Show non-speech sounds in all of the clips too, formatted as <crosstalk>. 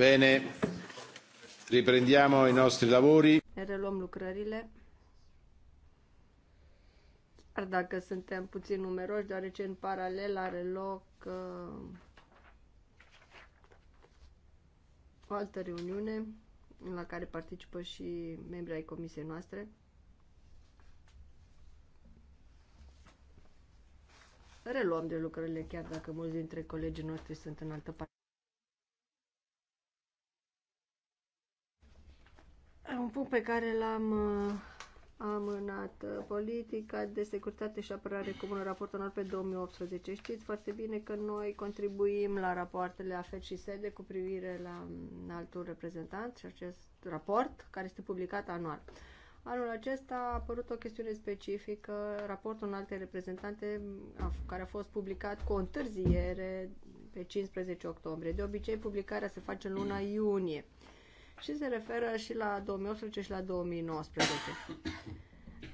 Bine, riprendiamo i nostri lavori. Ne reluăm lucrările. Dar dacă suntem puțin numeroși, deoarece în paralel are loc uh, o altă reuniune la care participă și membrii ai comisiei noastre. Reluăm de lucrările chiar dacă mulți dintre colegii noștri sunt în altă parte. Un punct pe care l-am uh, amânat politica de securitate și apărare comună, raportul anual pe 2018. Știți foarte bine că noi contribuim la rapoartele AFET și SEDE cu privire la altul reprezentant și acest raport care este publicat anual. Anul acesta a apărut o chestiune specifică, raportul în alte reprezentante, care a fost publicat cu o întârziere pe 15 octombrie. De obicei, publicarea se face în luna iunie și se referă și la 2018 și la 2019.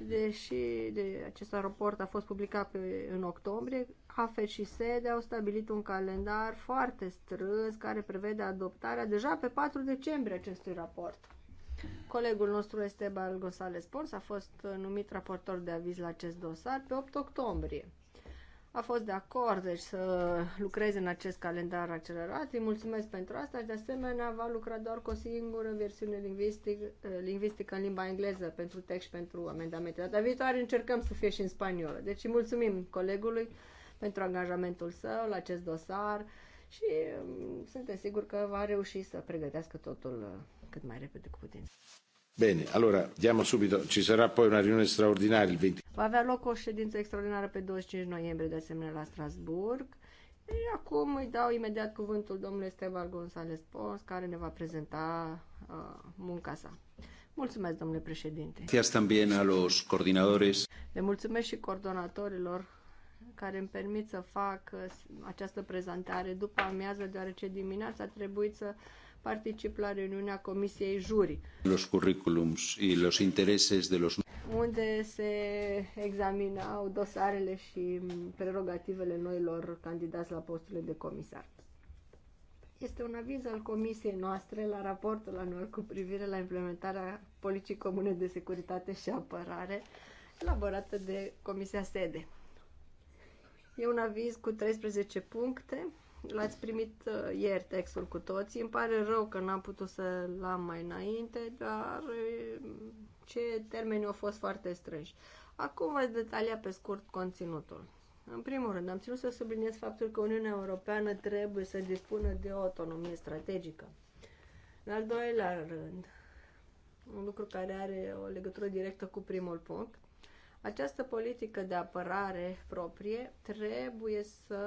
Deși de, acest raport a fost publicat pe, în octombrie, AFE și SEDE au stabilit un calendar foarte strâns care prevede adoptarea deja pe 4 decembrie acestui raport. Colegul nostru Esteban González Pons a fost numit raportor de aviz la acest dosar pe 8 octombrie a fost de acord deci, să lucreze în acest calendar accelerat. Îi mulțumesc pentru asta și de asemenea va lucra doar cu o singură versiune lingvistic, eh, lingvistică în limba engleză pentru text și pentru amendamente. Dar viitoare încercăm să fie și în spaniolă. Deci îi mulțumim colegului pentru angajamentul său la acest dosar și mm, suntem siguri că va reuși să pregătească totul eh, cât mai repede cu putință. Bine, allora diamo subito, ci sarà poi una riunione straordinaria il 20. Va avea loc o ședință extraordinară pe 25 noiembrie, de asemenea, la Strasburg. Și acum îi dau imediat cuvântul domnului Esteban González Pons, care ne va prezenta uh, munca sa. Mulțumesc, domnule președinte. Gracias también a los coordinadores. Le mulțumesc și coordonatorilor care îmi permit să fac uh, această prezentare după amiază, deoarece dimineața a trebuit să particip la reuniunea Comisiei Juri. Los curriculums y los intereses de los unde se examinau dosarele și prerogativele noilor candidați la posturile de comisar. Este un aviz al comisiei noastre la raportul anual cu privire la implementarea politicii comune de securitate și apărare elaborată de Comisia Sede. E un aviz cu 13 puncte l Ați primit uh, ieri textul cu toții. Îmi pare rău că n-am putut să-l am mai înainte, dar uh, ce termeni au fost foarte strânși. Acum vă detalia pe scurt conținutul. În primul rând, am ținut să subliniez faptul că Uniunea Europeană trebuie să dispună de o autonomie strategică. În al doilea rând, un lucru care are o legătură directă cu primul punct, această politică de apărare proprie trebuie să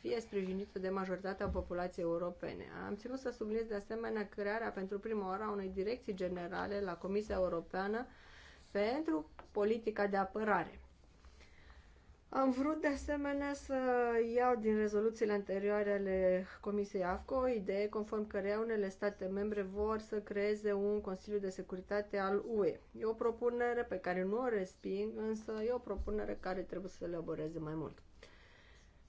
fie sprijinită de majoritatea populației europene. Am ținut să subliniez de asemenea crearea pentru prima oară a unei direcții generale la Comisia Europeană pentru politica de apărare. Am vrut de asemenea să iau din rezoluțiile anterioare ale Comisiei AFCO o idee conform căreia unele state membre vor să creeze un Consiliu de Securitate al UE. E o propunere pe care nu o resping, însă e o propunere care trebuie să elaboreze mai mult.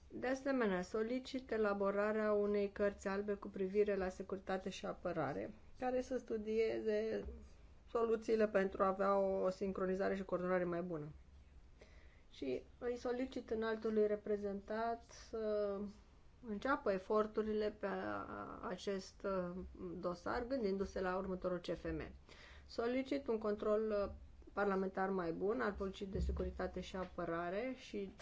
De asemenea, solicit elaborarea unei cărți albe cu privire la securitate și apărare, care să studieze soluțiile pentru a avea o sincronizare și coordonare mai bună și îi solicit înaltului reprezentat să înceapă eforturile pe acest uh, dosar, gândindu-se la următorul CFM. Solicit un control uh, parlamentar mai bun al politicii de securitate și apărare și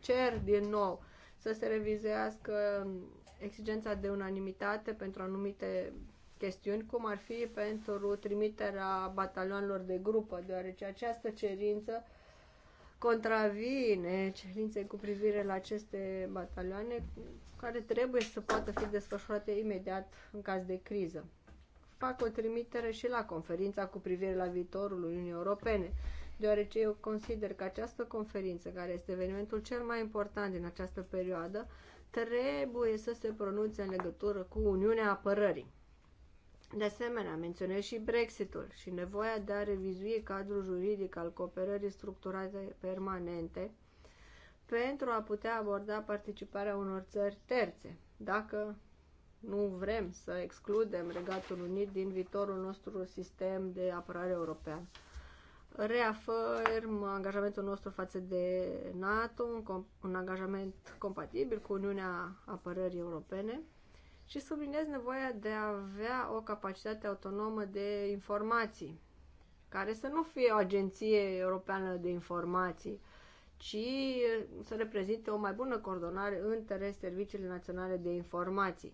cer din nou să se revizească um, exigența de unanimitate pentru anumite chestiuni, cum ar fi pentru trimiterea batalionelor de grupă, deoarece această cerință contravine cerințe cu privire la aceste batalioane care trebuie să poată fi desfășurate imediat în caz de criză. Fac o trimitere și la conferința cu privire la viitorul Uniunii Europene, deoarece eu consider că această conferință, care este evenimentul cel mai important din această perioadă, trebuie să se pronunțe în legătură cu Uniunea Apărării. De asemenea, menționez și Brexitul și nevoia de a revizui cadrul juridic al cooperării structurate permanente pentru a putea aborda participarea unor țări terțe, dacă nu vrem să excludem Regatul Unit din viitorul nostru sistem de apărare european. Reafirm angajamentul nostru față de NATO, un, un angajament compatibil cu Uniunea Apărării Europene și subliniez nevoia de a avea o capacitate autonomă de informații, care să nu fie o agenție europeană de informații, ci să reprezinte o mai bună coordonare între serviciile naționale de informații.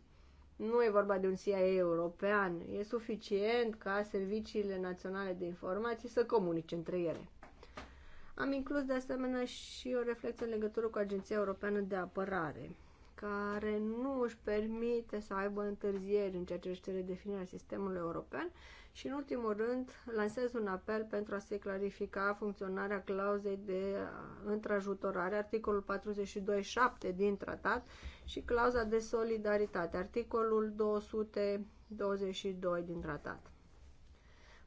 Nu e vorba de un CIA european, e suficient ca serviciile naționale de informații să comunice între ele. Am inclus de asemenea și o reflexie în legătură cu Agenția Europeană de Apărare care nu își permite să aibă întârzieri în ceea ce este redefinirea sistemului european și, în ultimul rând, lansez un apel pentru a se clarifica funcționarea clauzei de întrajutorare, articolul 42.7 din tratat și clauza de solidaritate, articolul 222 din tratat.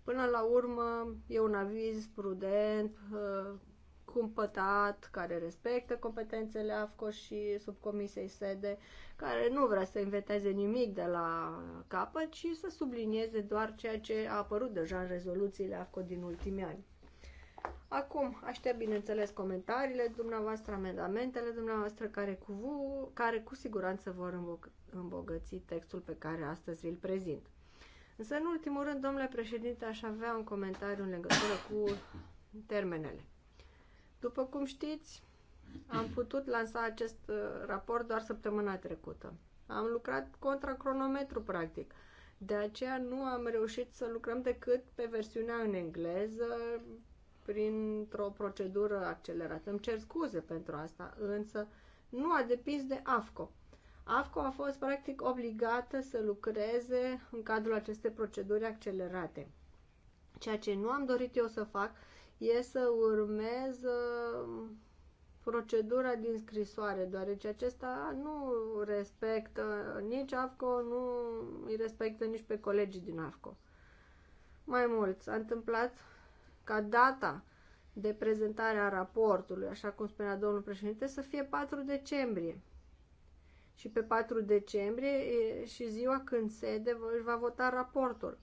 Până la urmă, e un aviz prudent, uh, cumpătat, care respectă competențele AFCO și subcomisiei sede, care nu vrea să inventeze nimic de la capăt, ci să sublinieze doar ceea ce a apărut deja în rezoluțiile AFCO din ultimii ani. Acum, aștept, bineînțeles, comentariile dumneavoastră, amendamentele dumneavoastră, care cu, vu, care cu siguranță vor îmbogăți textul pe care astăzi îl prezint. Însă, în ultimul rând, domnule președinte, aș avea un comentariu în legătură cu termenele. După cum știți, am putut lansa acest uh, raport doar săptămâna trecută. Am lucrat contra cronometru, practic. De aceea nu am reușit să lucrăm decât pe versiunea în engleză, printr-o procedură accelerată. Îmi cer scuze pentru asta, însă nu a depins de AFCO. AFCO a fost practic obligată să lucreze în cadrul acestei proceduri accelerate. Ceea ce nu am dorit eu să fac e să urmez uh, procedura din scrisoare, deoarece acesta nu respectă nici AFCO, nu îi respectă nici pe colegii din AFCO. Mai mult, s-a întâmplat ca data de prezentare a raportului, așa cum spunea domnul președinte, să fie 4 decembrie. Și pe 4 decembrie e și ziua când sede își va vota raportul.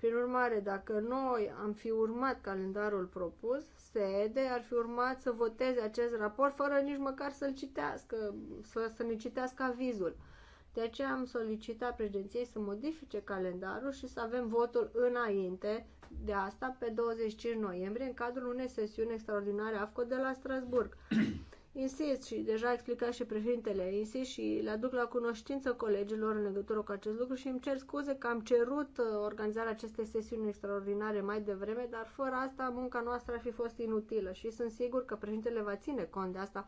Prin urmare, dacă noi am fi urmat calendarul propus, SEDE ar fi urmat să voteze acest raport fără nici măcar să-l citească, să, să ne citească avizul. De aceea am solicitat președinției să modifice calendarul și să avem votul înainte de asta, pe 25 noiembrie, în cadrul unei sesiuni extraordinare AFCO de la Strasburg. Insist și deja a explicat și președintele, insist și le aduc la cunoștință colegilor în legătură cu acest lucru și îmi cer scuze că am cerut uh, organizarea acestei sesiuni extraordinare mai devreme, dar fără asta munca noastră ar fi fost inutilă și sunt sigur că președintele va ține cont de asta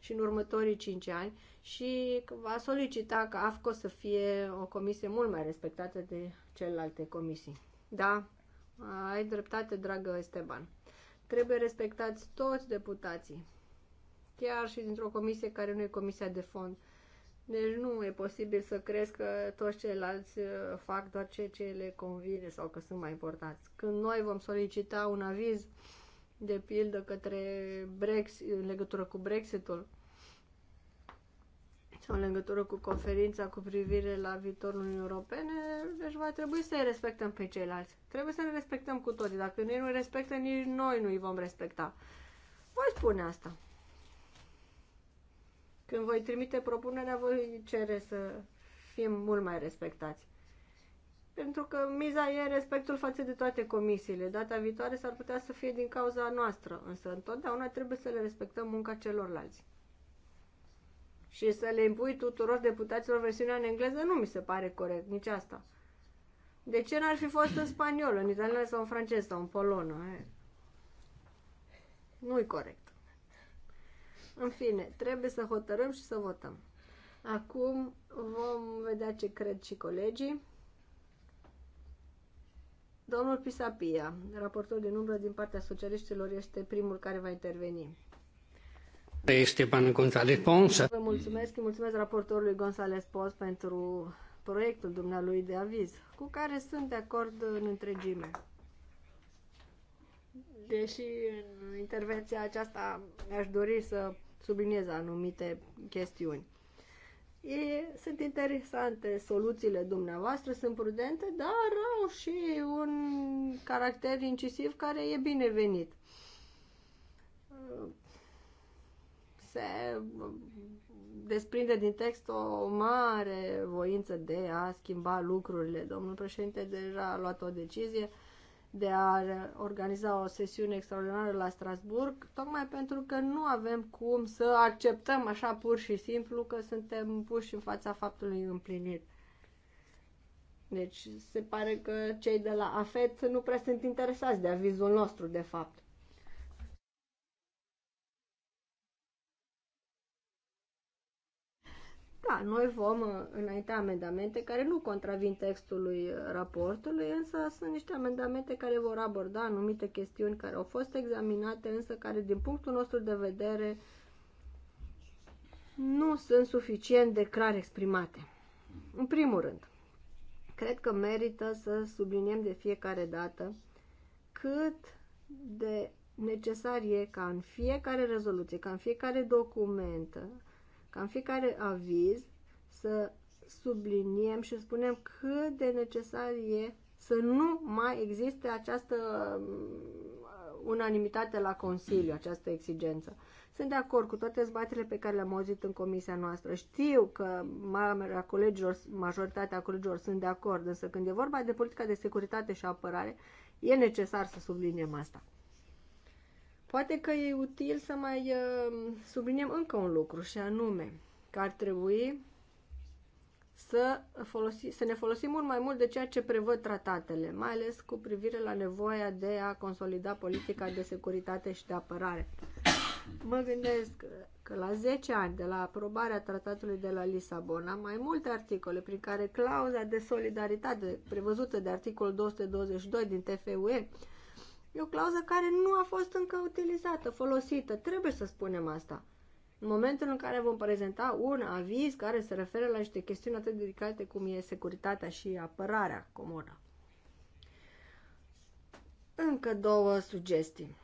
și în următorii 5 ani și va solicita ca AFCO să fie o comisie mult mai respectată de celelalte comisii. Da, ai dreptate, dragă Esteban. Trebuie respectați toți deputații chiar și dintr-o comisie care nu e comisia de fond. Deci nu e posibil să crezi că toți ceilalți uh, fac doar ce, ce le convine sau că sunt mai importanți. Când noi vom solicita un aviz, de pildă, către Brexit, în legătură cu Brexitul sau în legătură cu conferința cu privire la viitorul Uniunii Europene, deci va trebui să-i respectăm pe ceilalți. Trebuie să ne respectăm cu toții. Dacă nu i respectă, nici noi nu îi vom respecta. Voi spune asta. Când voi trimite propunerea, voi cere să fim mult mai respectați. Pentru că miza e respectul față de toate comisiile. Data viitoare s-ar putea să fie din cauza noastră, însă întotdeauna trebuie să le respectăm munca celorlalți. Și să le impui tuturor deputaților versiunea în engleză nu mi se pare corect, nici asta. De ce n-ar fi fost în spaniolă, în italiană sau în franceză sau în polonă? Nu-i corect. În fine, trebuie să hotărâm și să votăm. Acum vom vedea ce cred și colegii. Domnul Pisapia, raportor din umbră din partea socialiștilor, este primul care va interveni. Este Pan González Pons. Vă mulțumesc, îi mulțumesc raportorului González Pons pentru proiectul dumnealui de aviz, cu care sunt de acord în întregime. Deși în intervenția aceasta aș dori să subliniez anumite chestiuni. E, sunt interesante soluțiile dumneavoastră, sunt prudente, dar au și un caracter incisiv care e binevenit. Se desprinde din text o mare voință de a schimba lucrurile. Domnul președinte deja a luat o decizie de a organiza o sesiune extraordinară la Strasburg, tocmai pentru că nu avem cum să acceptăm așa pur și simplu că suntem puși în fața faptului împlinit. Deci se pare că cei de la AFET nu prea sunt interesați de avizul nostru, de fapt. Da, noi vom uh, înainta amendamente care nu contravin textului uh, raportului, însă sunt niște amendamente care vor aborda anumite chestiuni care au fost examinate, însă care, din punctul nostru de vedere, nu sunt suficient de clar exprimate. În primul rând, cred că merită să subliniem de fiecare dată cât de necesar e ca în fiecare rezoluție, ca în fiecare document, ca în fiecare aviz să subliniem și spunem cât de necesar e să nu mai existe această um, unanimitate la Consiliu, această exigență. Sunt de acord cu toate zbatele pe care le-am auzit în comisia noastră. Știu că marea colegilor, majoritatea colegilor sunt de acord, însă când e vorba de politica de securitate și apărare, e necesar să subliniem asta. Poate că e util să mai uh, subliniem încă un lucru și anume că ar trebui să, folosi, să ne folosim mult mai mult de ceea ce prevăd tratatele, mai ales cu privire la nevoia de a consolida politica de securitate și de apărare. Mă gândesc că la 10 ani de la aprobarea tratatului de la Lisabona, mai multe articole prin care clauza de solidaritate prevăzută de articolul 222 din TFUE E o clauză care nu a fost încă utilizată, folosită. Trebuie să spunem asta. În momentul în care vom prezenta un aviz care se referă la niște chestiuni atât de delicate cum e securitatea și apărarea comună. Încă două sugestii.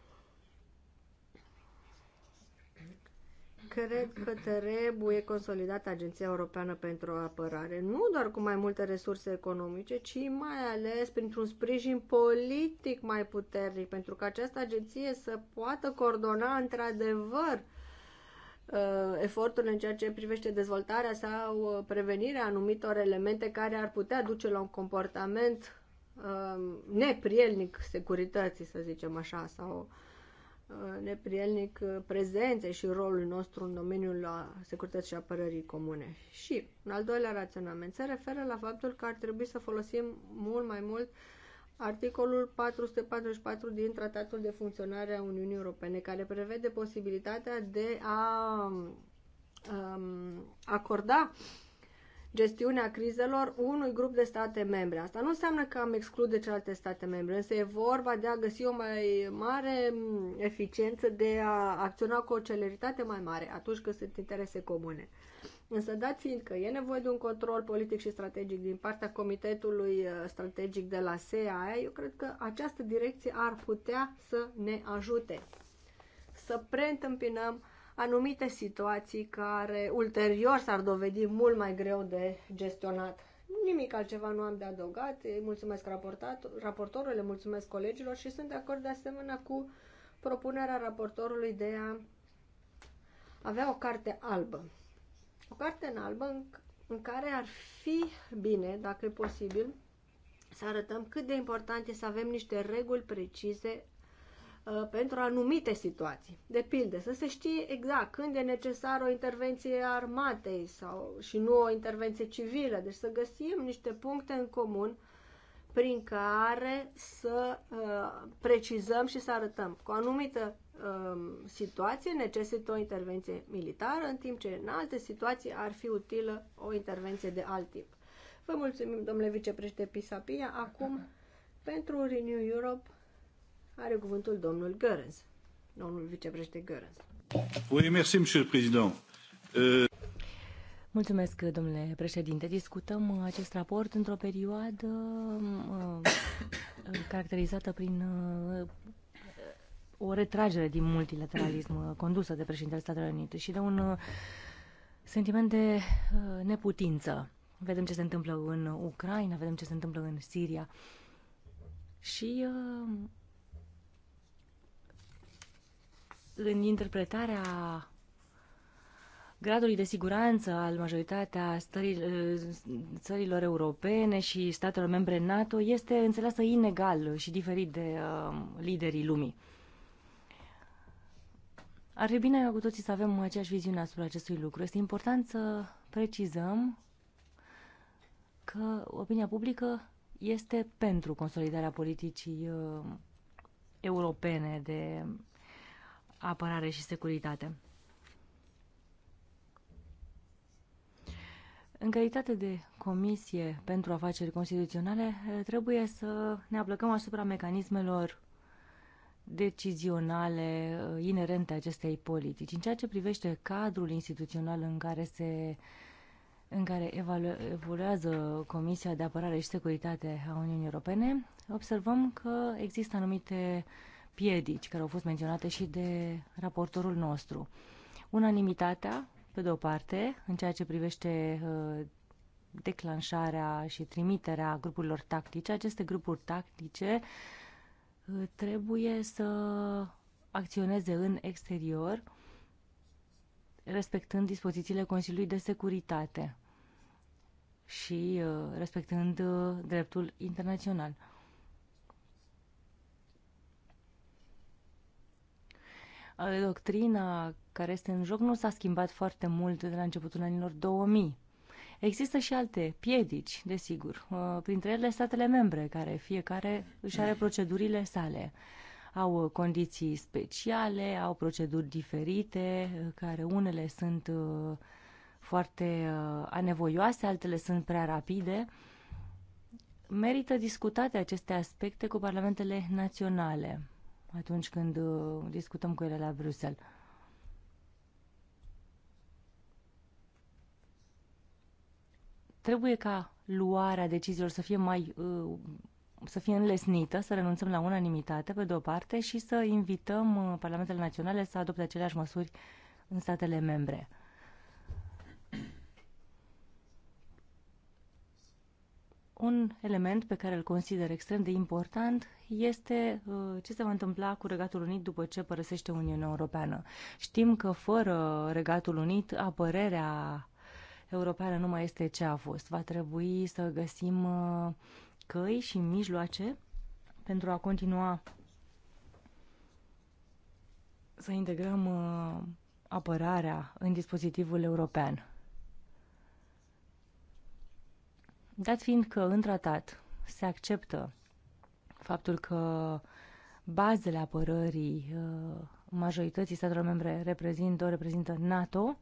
cred că trebuie consolidată Agenția Europeană pentru Apărare, nu doar cu mai multe resurse economice, ci mai ales printr-un sprijin politic mai puternic, pentru că această agenție să poată coordona într-adevăr uh, eforturile în ceea ce privește dezvoltarea sau uh, prevenirea anumitor elemente care ar putea duce la un comportament uh, neprielnic securității, să zicem așa, sau uh, Uh, neprielnic uh, prezenței și rolul nostru în domeniul uh, securității și apărării comune. Și un al doilea raționament se referă la faptul că ar trebui să folosim mult mai mult articolul 444 din Tratatul de Funcționare a Uniunii Europene, care prevede posibilitatea de a um, acorda uh, gestiunea crizelor unui grup de state membre. Asta nu înseamnă că am exclude celelalte state membre, însă e vorba de a găsi o mai mare mm, eficiență, de a acționa cu o celeritate mai mare atunci când sunt interese comune. Însă, dat fiind că e nevoie de un control politic și strategic din partea Comitetului uh, Strategic de la SEA, eu cred că această direcție ar putea să ne ajute să preîntâmpinăm uh, anumite situații care ulterior s-ar dovedi mult mai greu de gestionat. Nimic altceva nu am de adăugat. Îi mulțumesc raportorului, le mulțumesc colegilor și sunt de acord de asemenea cu propunerea raportorului de a avea o carte albă. O carte în albă în, în care ar fi bine, dacă e posibil, să arătăm cât de important e să avem niște reguli precise Uh, pentru anumite situații. De pildă, să se știe exact când e necesară o intervenție armatei sau și nu o intervenție civilă. Deci să găsim niște puncte în comun prin care să uh, precizăm și să arătăm că o anumită uh, situație necesită o intervenție militară, în timp ce în alte situații ar fi utilă o intervenție de alt tip. Vă mulțumim, domnule vicepreședinte Pisapia. Acum, pentru Renew Europe, are cuvântul domnul Gărâns, domnul vicepreședinte Gărâns. Oui, merci, monsieur le président. Uh... Mulțumesc, domnule președinte. Discutăm acest raport într-o perioadă uh, caracterizată prin uh, o retragere din multilateralism uh, condusă de președintele Statelor Unite și de un sentiment de neputință. Vedem ce se întâmplă în Ucraina, vedem ce se întâmplă în Siria. Și uh, în interpretarea gradului de siguranță al majoritatea țărilor eh, europene și statelor membre NATO este înțeleasă inegal și diferit de uh, liderii lumii. Ar fi bine ca cu toții să avem aceeași viziune asupra acestui lucru. Este important să precizăm că opinia publică este pentru consolidarea politicii uh, europene de apărare și securitate. În calitate de Comisie pentru Afaceri Constituționale, trebuie să ne aplăcăm asupra mecanismelor decizionale uh, inerente acestei politici. În ceea ce privește cadrul instituțional în care se în care evoluează Comisia de Apărare și Securitate a Uniunii Europene, observăm că există anumite uh, piedici care au fost menționate și de raportorul nostru. Unanimitatea, pe de o parte, în ceea ce privește uh, declanșarea și trimiterea grupurilor tactice. Aceste grupuri tactice uh, trebuie să acționeze în exterior, respectând dispozițiile Consiliului de Securitate și uh, respectând dreptul internațional. Doctrina care este în joc nu s-a schimbat foarte mult de la începutul anilor 2000. Există și alte piedici, desigur, uh, printre ele statele membre, care fiecare își are procedurile sale. Au uh, condiții speciale, au proceduri diferite, uh, care unele sunt foarte anevoioase, altele sunt prea rapide. Merită discutate aceste aspecte cu parlamentele naționale atunci când uh, discutăm cu ele la Bruxelles. Trebuie ca luarea deciziilor să fie mai uh, să fie înlesnită, să renunțăm la unanimitate, pe de-o parte, și să invităm uh, Parlamentele Naționale să adopte aceleași măsuri în statele membre. un element pe care îl consider extrem de important este uh, ce se va întâmpla cu Regatul Unit după ce părăsește Uniunea Europeană. Știm că fără Regatul Unit apărerea europeană nu mai este ce a fost. Va trebui să găsim uh, căi și mijloace pentru a continua să integrăm uh, apărarea în dispozitivul european. Dat fiind că în tratat se acceptă faptul că bazele apărării uh, majorității statelor membre reprezintă, o reprezintă NATO,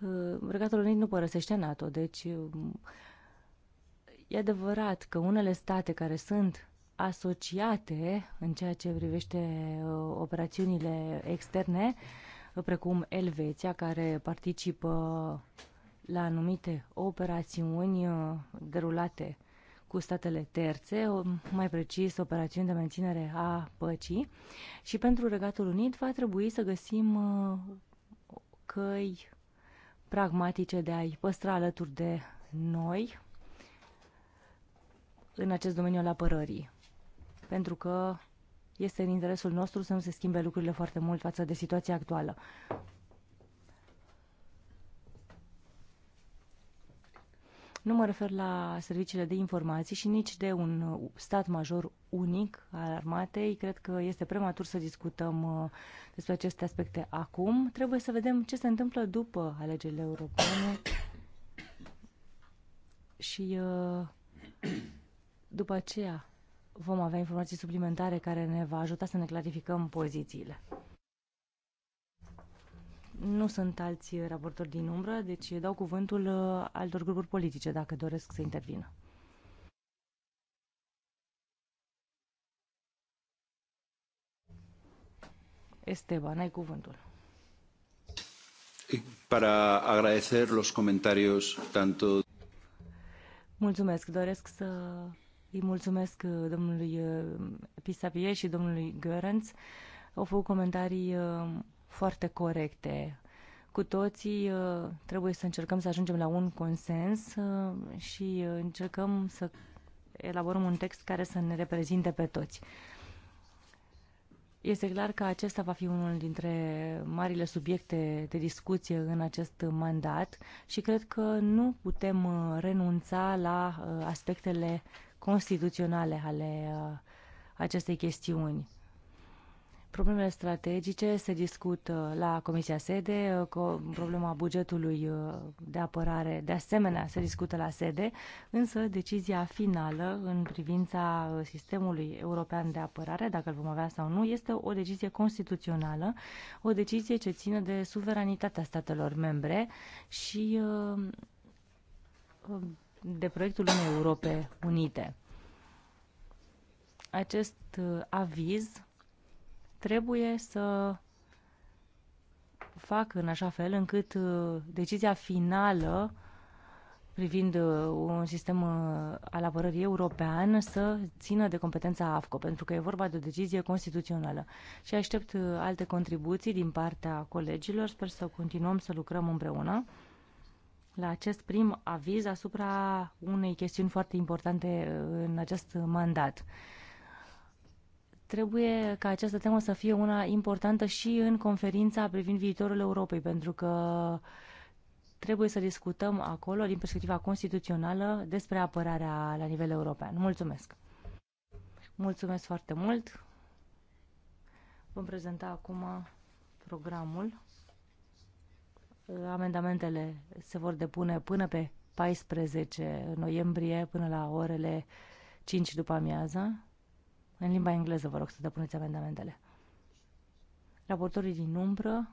uh, Regatul Unit nu părăsește NATO, deci uh, e adevărat că unele state care sunt asociate în ceea ce privește operațiunile externe, precum Elveția, care participă la anumite operațiuni uh, derulate cu statele terțe, uh, mai precis operațiuni de menținere a păcii și pentru Regatul Unit va trebui să găsim uh, căi pragmatice de a-i păstra alături de noi în acest domeniu al apărării. Pentru că este în interesul nostru să nu se schimbe lucrurile foarte mult față de situația actuală. Nu mă refer la serviciile de informații și nici de un stat major unic al armatei. Cred că este prematur să discutăm uh, despre aceste aspecte acum. Trebuie să vedem ce se întâmplă după alegerile europene și uh, după aceea vom avea informații suplimentare care ne va ajuta să ne clarificăm pozițiile. Nu sunt alți raportori din umbră, deci dau cuvântul uh, altor grupuri politice dacă doresc să intervină. Esteban, ai cuvântul. Para agradecer los comentarios tanto Mulțumesc. Doresc să îi mulțumesc uh, domnului uh, Pisapie și domnului Gărenț. Au făcut comentarii foarte corecte. Cu toții uh, trebuie să încercăm să ajungem la un consens uh, și uh, încercăm să elaborăm un text care să ne reprezinte pe toți. Este clar că acesta va fi unul dintre marile subiecte de discuție în acest mandat și cred că nu putem renunța la aspectele constituționale ale acestei chestiuni. Problemele strategice se discută la Comisia Sede, problema bugetului uh, de apărare de asemenea se discută la sede, însă decizia finală în privința uh, sistemului european de apărare, dacă îl vom avea sau nu, este o decizie constituțională, o decizie ce ține de suveranitatea statelor membre și uh, de proiectul unei Europe Unite. Acest aviz trebuie să fac în așa fel încât uh, decizia finală privind uh, un sistem uh, al apărării european să țină de competența AFCO, pentru că e vorba de o decizie constituțională. Și aștept alte contribuții din partea colegilor. Sper să continuăm să lucrăm împreună la acest prim aviz asupra unei chestiuni foarte importante în acest mandat. Trebuie ca această temă să fie una importantă și în conferința privind viitorul Europei, pentru că trebuie să discutăm acolo, din perspectiva constituțională, despre apărarea la nivel european. Mulțumesc! Mulțumesc foarte mult! Vom prezenta acum programul. Amendamentele se vor depune până pe 14 noiembrie, până la orele 5 după amiază. În limba engleză vă rog să depuneți amendamentele. Raportorii din umbră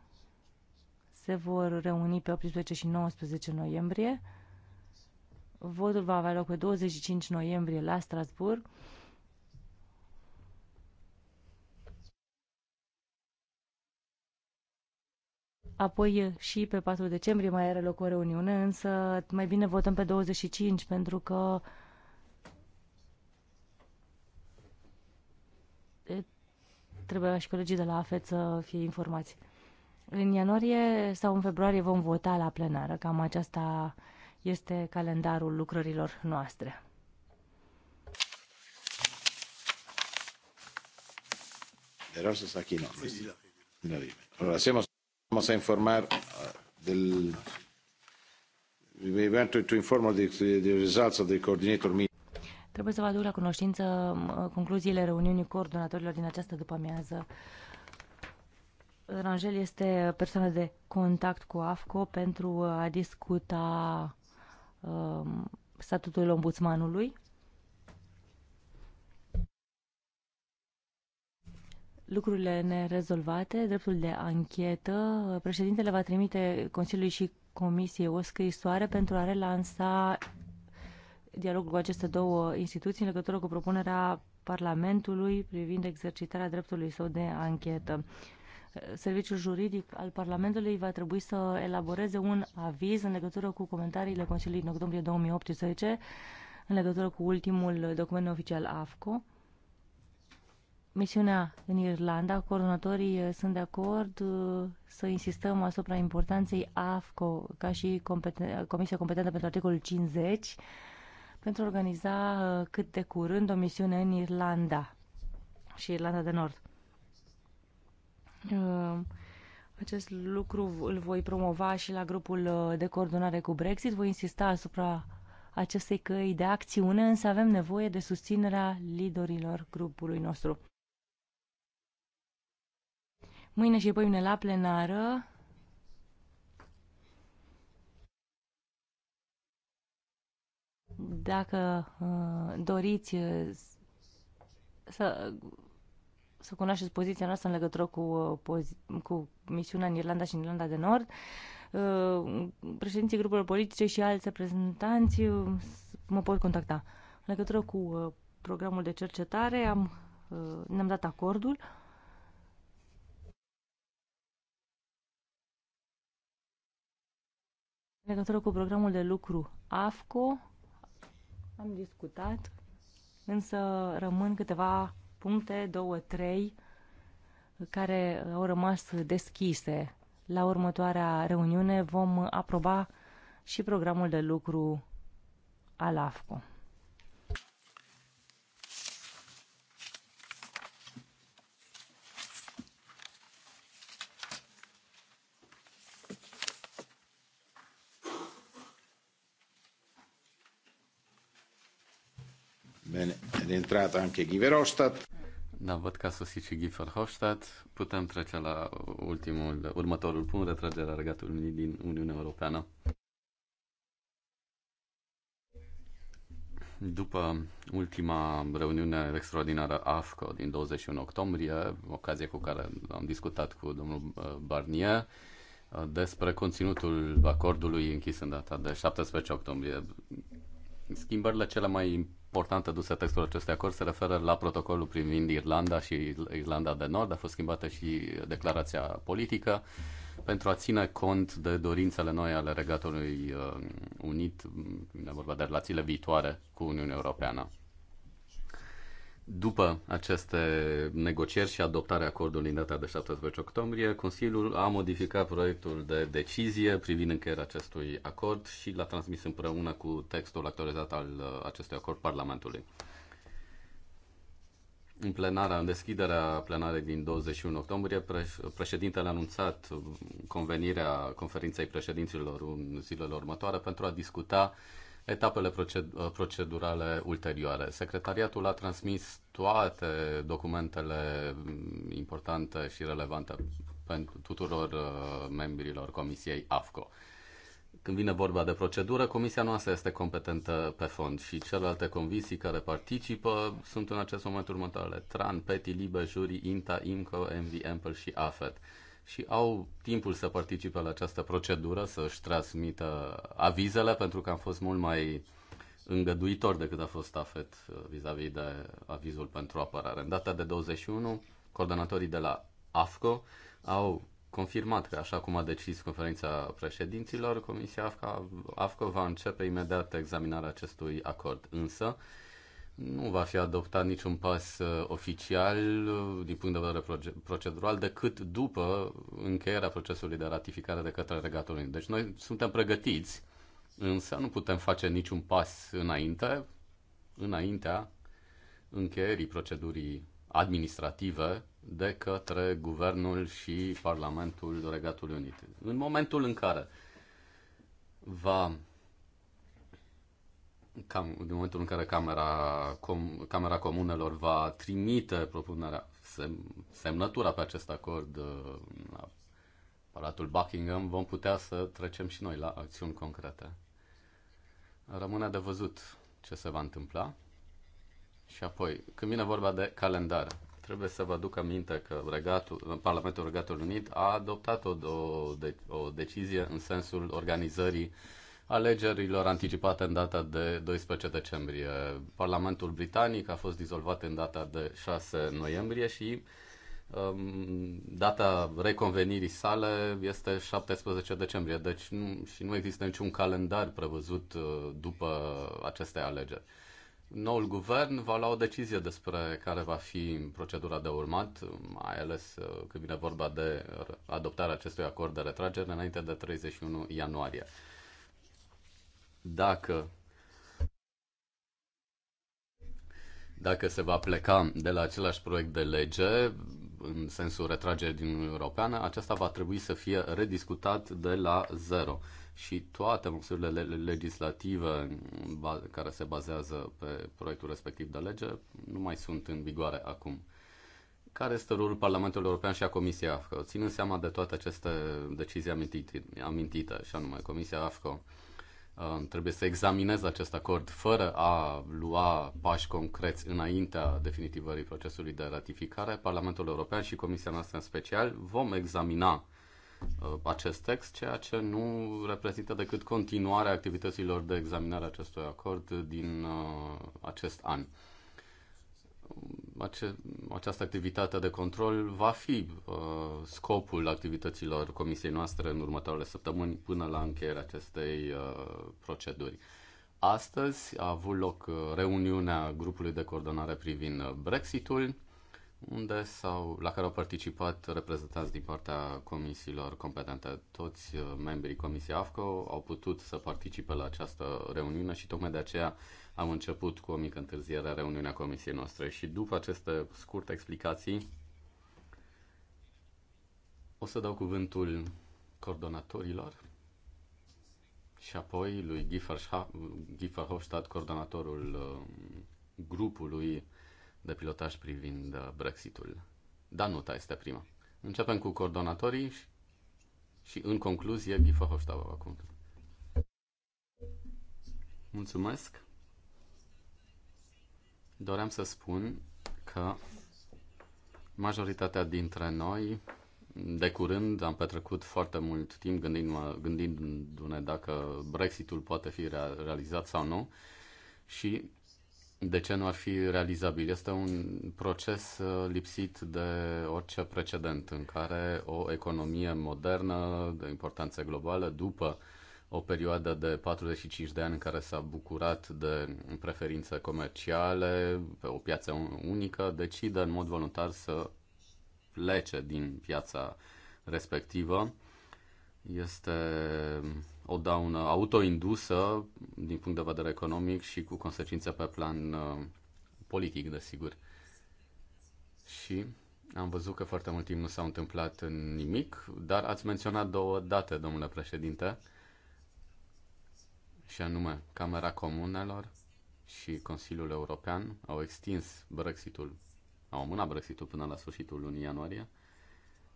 se vor reuni pe 18 și 19 noiembrie. Votul va avea loc pe 25 noiembrie la Strasburg. Apoi și pe 4 decembrie mai are loc o reuniune, însă mai bine votăm pe 25 pentru că Trebuie și colegii de la AFET să fie informați. În ianuarie sau în februarie vom vota la plenară. Cam aceasta este calendarul lucrărilor noastre. Pero eso está aquí, no. No dime. Ahora hacemos, vamos a informar uh, del. We want to, to inform the, the results of the coordinator meeting. Trebuie să vă aduc la cunoștință concluziile reuniunii coordonatorilor din această după-amiază. Rangel este persoană de contact cu AFCO pentru a discuta um, statutul ombudsmanului. Lucrurile nerezolvate, dreptul de anchetă, președintele va trimite Consiliului și Comisiei o scrisoare pentru a relansa dialogul cu aceste două instituții în legătură cu propunerea Parlamentului privind exercitarea dreptului său de anchetă. Serviciul juridic al Parlamentului va trebui să elaboreze un aviz în legătură cu comentariile Consiliului din octombrie 2018 în legătură cu ultimul document oficial AFCO. Misiunea în Irlanda, coordonatorii sunt de acord uh, să insistăm asupra importanței AFCO ca și competen- Comisia Competentă pentru Articolul 50 pentru a organiza uh, cât de curând o misiune în Irlanda și Irlanda de Nord. Uh, acest lucru îl voi promova și la grupul uh, de coordonare cu Brexit. Voi insista asupra acestei căi de acțiune, însă avem nevoie de susținerea liderilor grupului nostru. Mâine și poimne la plenară Dacă uh, doriți uh, să, să cunoașteți poziția noastră în legătură cu, uh, cu misiunea în Irlanda și în Irlanda de Nord, președinții grupurilor politice și alți reprezentanți mă pot contacta. În legătură cu programul de cercetare am, ne-am dat acordul În legătură cu programul de lucru AFCO, am discutat, însă rămân câteva puncte, două, trei, care au rămas deschise. La următoarea reuniune vom aproba și programul de lucru al AFCO. intrat anche Guy Verhofstadt. Da, văd că a sosit și Guy Verhofstadt. Putem trece la ultimul, următorul punct, retragerea regatului din Uniunea Europeană. După ultima reuniune extraordinară AFCO din 21 octombrie, ocazie cu care am discutat cu domnul uh, Barnier, uh, despre conținutul acordului închis în data de 17 octombrie. Schimbările cele mai importantă dusă textul acestui acord se referă la protocolul privind Irlanda și Irlanda de Nord. A fost schimbată și declarația politică pentru a ține cont de dorințele noi ale Regatului uh, Unit, ne vorba de relațiile viitoare cu Uniunea Europeană. După aceste negocieri și adoptarea acordului în data de 17 octombrie, Consiliul a modificat proiectul de decizie privind încheierea acestui acord și l-a transmis împreună cu textul actualizat al uh, acestui acord Parlamentului. În plenarea, în deschiderea plenarei din 21 octombrie, președintele a anunțat convenirea conferinței președinților în zilele următoare pentru a discuta uh, etapele uh, procedurale ulterioare. Secretariatul a transmis toate documentele mm, importante și relevante pentru tuturor uh, membrilor Comisiei AFCO. Când vine vorba de procedură, comisia noastră este competentă pe fond și celelalte comisii care participă sunt în acest moment următoarele. TRAN, PETI, LIBE, Juri, INTA, IMCO, MV, Ample și AFET și au timpul să participe la această procedură, să-și transmită avizele, pentru că am fost mult mai îngăduitor decât a fost AFET uh, vis-a-vis -vis de avizul pentru apărare. În data de 21, coordonatorii de la AFCO au confirmat că, așa cum a decis conferința președinților, Comisia AFCO, AFCO va începe imediat examinarea acestui acord. Însă, nu va fi adoptat niciun pas uh, oficial uh, din punct de vedere procedural decât după încheierea procesului de ratificare de către Regatul Unit. Deci noi suntem pregătiți, însă nu putem face niciun pas înainte, înaintea încheierii procedurii administrative de către Guvernul și Parlamentul Regatului Unit. În momentul în care va cam, din momentul în care Camera, com, Camera Comunelor va trimite propunerea, sem, semnătura pe acest acord uh, la Palatul Buckingham, vom putea să trecem și noi la acțiuni concrete. Rămâne de văzut ce se va întâmpla. Și apoi, când vine vorba de calendar, trebuie să vă aduc aminte că regatul, Parlamentul Regatului Unit a adoptat o, o, o decizie în sensul organizării uh, alegerilor anticipate în data de 12 decembrie. Parlamentul britanic a fost dizolvat în data de 6 noiembrie și um, data reconvenirii sale este 17 decembrie, deci nu, și nu există niciun calendar prevăzut uh, după aceste alegeri. Noul guvern va lua o decizie despre care va fi procedura de urmat, mai ales uh, când vine vorba de adoptarea acestui acord de retragere înainte de 31 ianuarie dacă dacă se va pleca de la același proiect de lege în sensul retragerii din Uniunea Europeană, acesta va trebui să fie rediscutat de la zero. Și toate măsurile legislative care se bazează pe proiectul respectiv de lege nu mai sunt în vigoare acum. Care este rolul Parlamentului European și a Comisiei AFCO? Ținând seama de toate aceste decizii amintite, amintite și anume Comisia AFCO Um, trebuie să examinez acest acord fără a lua pași concreți înaintea definitivării procesului de ratificare, Parlamentul European și Comisia noastră în special vom examina uh, acest text, ceea ce nu reprezintă decât continuarea activităților de examinare a acestui acord din uh, acest an ace- această activitate de control va fi uh, scopul activităților comisiei noastre în următoarele săptămâni până la încheierea acestei uh, proceduri. Astăzi a avut loc uh, reuniunea grupului de coordonare privind uh, Brexitul, unde sau la care au participat reprezentanți din partea comisiilor competente. Toți uh, membrii Comisiei AFCO au putut să participe la această reuniune și tocmai de aceea am început cu o mică întârziere reuniunea comisiei noastre și după aceste scurte explicații o să dau cuvântul coordonatorilor și apoi lui Giffer Hofstadt, coordonatorul uh, grupului de pilotaj privind uh, Brexitul. Danuta este prima. Începem cu coordonatorii și, și în concluzie Giffer Hofstadt acum. Mulțumesc. Doream să spun că majoritatea dintre noi de curând am petrecut foarte mult timp gândindu-ne, dacă Brexitul poate fi realizat sau nu și de ce nu ar fi realizabil? Este un proces uh, lipsit de orice precedent în care o economie modernă de importanță globală, după o perioadă de 45 de ani în care s-a bucurat de preferințe comerciale pe o piață unică, decide în mod voluntar să plece din piața respectivă. Este o daună autoindusă din punct de vedere economic și cu consecințe pe plan uh, politic, desigur. Și am văzut că foarte mult timp nu s-a întâmplat nimic, dar ați menționat două date, domnule președinte și anume Camera Comunelor și Consiliul European au extins Brexitul, au amânat Brexitul până la sfârșitul lunii ianuarie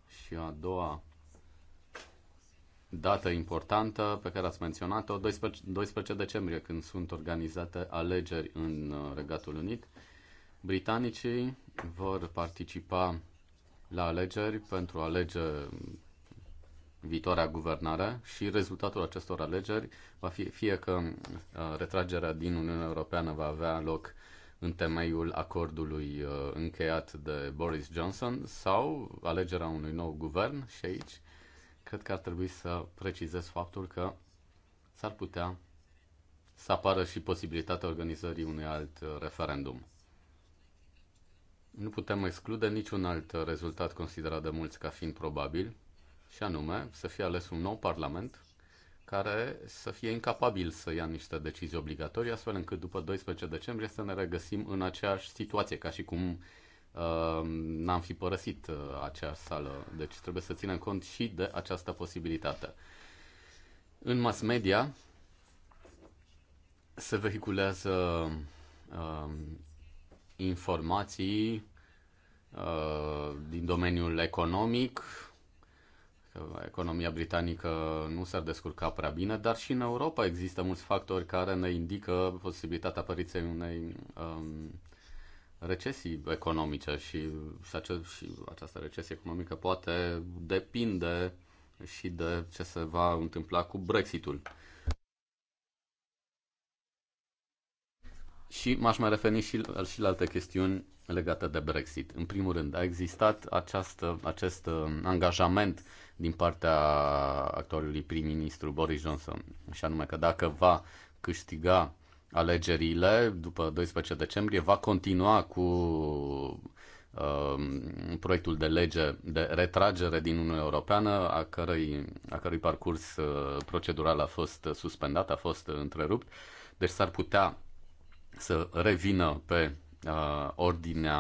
și a doua dată importantă pe care ați menționat-o, 12, 12 decembrie, când sunt organizate alegeri în uh, Regatul Unit. Britanicii vor participa la alegeri pentru a alege viitoarea guvernare și rezultatul acestor alegeri va fi fie că uh, retragerea din Uniunea Europeană va avea loc în temeiul acordului uh, încheiat de Boris Johnson sau alegerea unui nou guvern și aici cred că ar trebui să precizez faptul că s-ar putea să apară și posibilitatea organizării unui alt uh, referendum. Nu putem exclude niciun alt rezultat considerat de mulți ca fiind probabil, și anume să fie ales un nou parlament care să fie incapabil să ia niște decizii obligatorii, astfel încât după 12 decembrie să ne regăsim în aceeași situație, ca și cum uh, n-am fi părăsit uh, acea sală. Deci trebuie să ținem cont și de această posibilitate. În mass media se vehiculează uh, informații uh, din domeniul economic, economia britanică nu s-ar descurca prea bine, dar și în Europa există mulți factori care ne indică posibilitatea apariției unei um, recesii economice și, și, ace- și această recesie economică poate depinde și de ce se va întâmpla cu Brexitul. Și m-aș mai referi și, și la alte chestiuni legată de Brexit. În primul rând, a existat această, acest um, angajament din partea actualului prim-ministru Boris Johnson, și anume că dacă va câștiga alegerile după 12 decembrie, va continua cu uh, proiectul de lege de retragere din Uniunea Europeană, a cărui, a cărui parcurs uh, procedural a fost suspendat, a fost întrerupt. Deci s-ar putea să revină pe uh, ordinea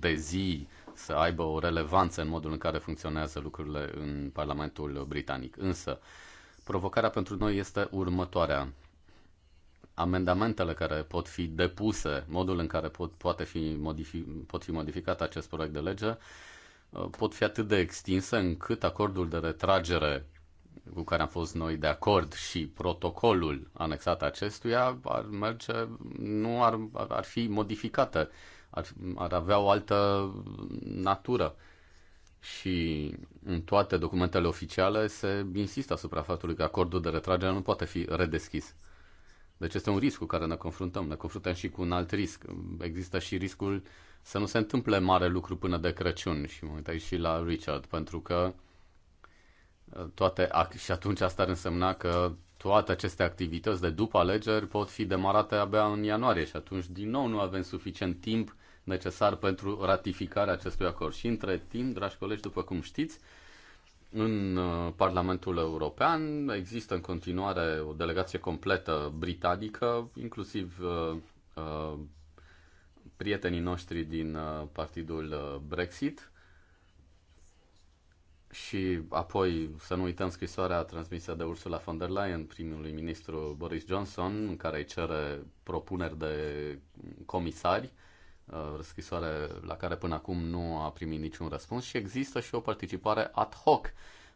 de zi să aibă o relevanță în modul în care funcționează lucrurile în Parlamentul Britanic. Însă, provocarea pentru noi este următoarea. Amendamentele care pot fi depuse, modul în care pot, poate fi modifi- pot fi modificat acest proiect de lege, uh, pot fi atât de extinse încât acordul de retragere cu care am fost noi de acord și protocolul anexat acestuia ar merge, nu ar, ar fi modificată, ar, ar avea o altă natură. Și în toate documentele oficiale se insistă asupra faptului că acordul de retragere nu poate fi redeschis. Deci este un risc cu care ne confruntăm. Ne confruntăm și cu un alt risc. Există și riscul să nu se întâmple mare lucru până de Crăciun. Și mă uitai și la Richard, pentru că uh, toate și atunci asta ar însemna că toate aceste activități de după alegeri pot fi demarate abia în ianuarie și atunci din nou nu avem suficient timp necesar pentru ratificarea acestui acord. Și între timp, dragi colegi, după cum știți, în uh, Parlamentul European există în continuare o delegație completă britanică, inclusiv uh, uh, prietenii noștri din uh, partidul uh, Brexit, și apoi să nu uităm scrisoarea transmisă de Ursula von der Leyen primului ministru Boris Johnson, în care îi cere propuneri de comisari, uh, scrisoare la care până acum nu a primit niciun răspuns și există și o participare ad hoc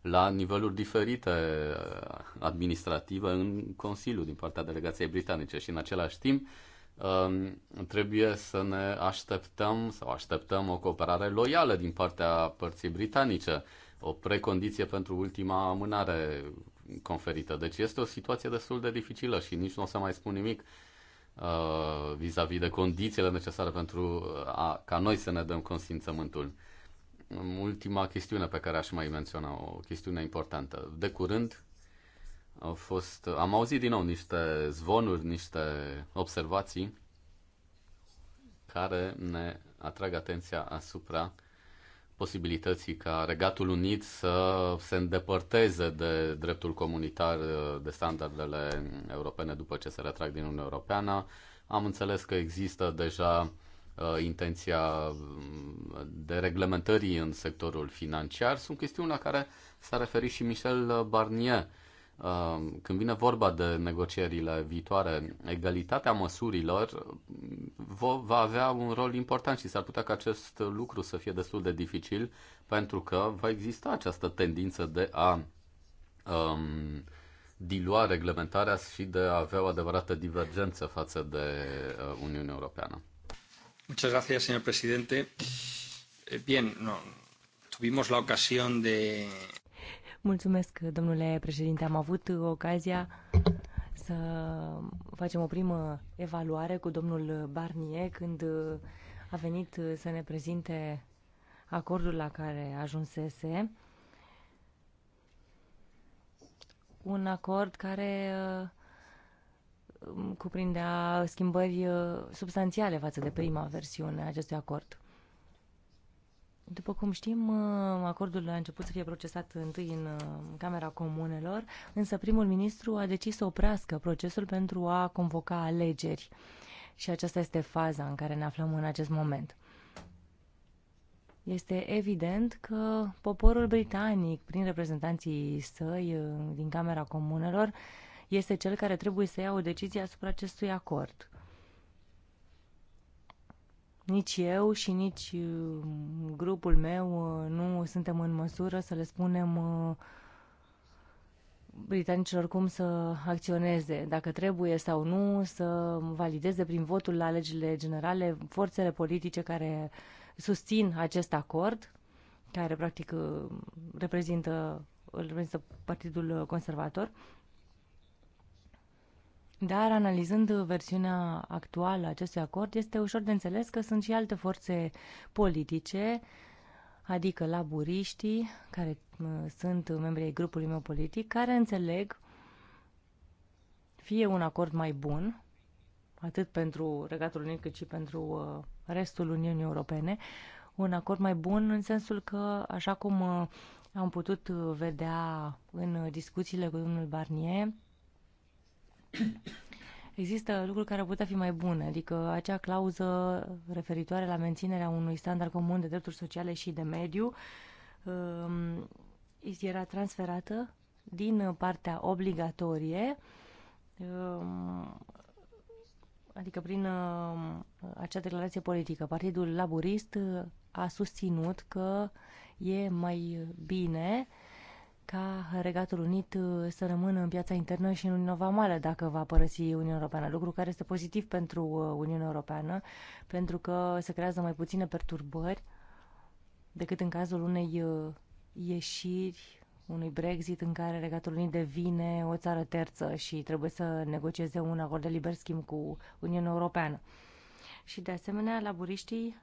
la niveluri diferite uh, administrative în Consiliu din partea delegației britanice și în același timp um, trebuie să ne așteptăm sau așteptăm o cooperare loială din partea părții britanice o precondiție pentru ultima amânare conferită. Deci este o situație destul de dificilă și nici nu o să mai spun nimic uh, vis-a-vis -vis de condițiile necesare pentru uh, a, ca noi să ne dăm consimțământul. Ultima chestiune pe care aș mai menționa, o chestiune importantă. De curând au fost, am auzit din nou niște zvonuri, niște observații care ne atrag atenția asupra posibilității ca Regatul Unit să se îndepărteze de dreptul comunitar, uh, de standardele europene după ce se retrag din Uniunea Europeană. Am înțeles că există deja uh, intenția mm, de reglementării în sectorul financiar. Sunt chestiuni la care s-a referit și Michel Barnier Um, când vine vorba de negocierile viitoare, egalitatea măsurilor um, va avea un rol important și s-ar putea ca acest lucru să fie destul de dificil pentru că va exista această tendință de a um, dilua reglementarea și de a avea o adevărată divergență față de uh, Uniunea Europeană. Muchas gracias, señor presidente. Eh, bien, no, tuvimos la ocasión de Mulțumesc, domnule președinte. Am avut ocazia să facem o primă evaluare cu domnul Barnier când a venit să ne prezinte acordul la care ajunsese. Un acord care uh, cuprindea schimbări uh, substanțiale față de prima versiune a acestui acord. După cum știm, uh, acordul a început să fie procesat întâi în uh, Camera Comunelor, însă primul ministru a decis să oprească procesul pentru a convoca alegeri. Și aceasta este faza în care ne aflăm în acest moment. Este evident că poporul britanic, prin reprezentanții săi uh, din Camera Comunelor, este cel care trebuie să ia o decizie asupra acestui acord. Nici eu și nici uh, grupul meu uh, nu suntem în măsură să le spunem uh, britanicilor cum să acționeze, dacă trebuie sau nu să valideze prin votul la alegerile generale forțele politice care susțin acest acord, care practic reprezintă, reprezintă Partidul Conservator. Dar analizând versiunea actuală a acestui acord, este ușor de înțeles că sunt și alte forțe politice, adică laburiștii, care sunt membrii grupului meu politic, care înțeleg fie un acord mai bun, atât pentru Regatul Unit cât și pentru uh, restul Uniunii Europene, un acord mai bun în sensul că, așa cum uh, am putut vedea în discuțiile cu domnul Barnier, <coughs> Există lucruri care ar putea fi mai bune, adică acea clauză referitoare la menținerea unui standard comun de drepturi sociale și de mediu um, era transferată din partea obligatorie, um, adică prin um, acea declarație politică. Partidul Laburist a susținut că e mai bine uh, ca Regatul Unit uh, să rămână în piața internă și în Uniunea Vamală dacă va părăsi Uniunea Europeană, lucru care este pozitiv pentru uh, Uniunea Europeană, pentru că se creează mai puține perturbări decât în cazul unei uh, ieșiri, unui Brexit în care Regatul Unit devine o țară terță și trebuie să negocieze un acord de liber schimb cu Uniunea Europeană. Și de asemenea, laburiștii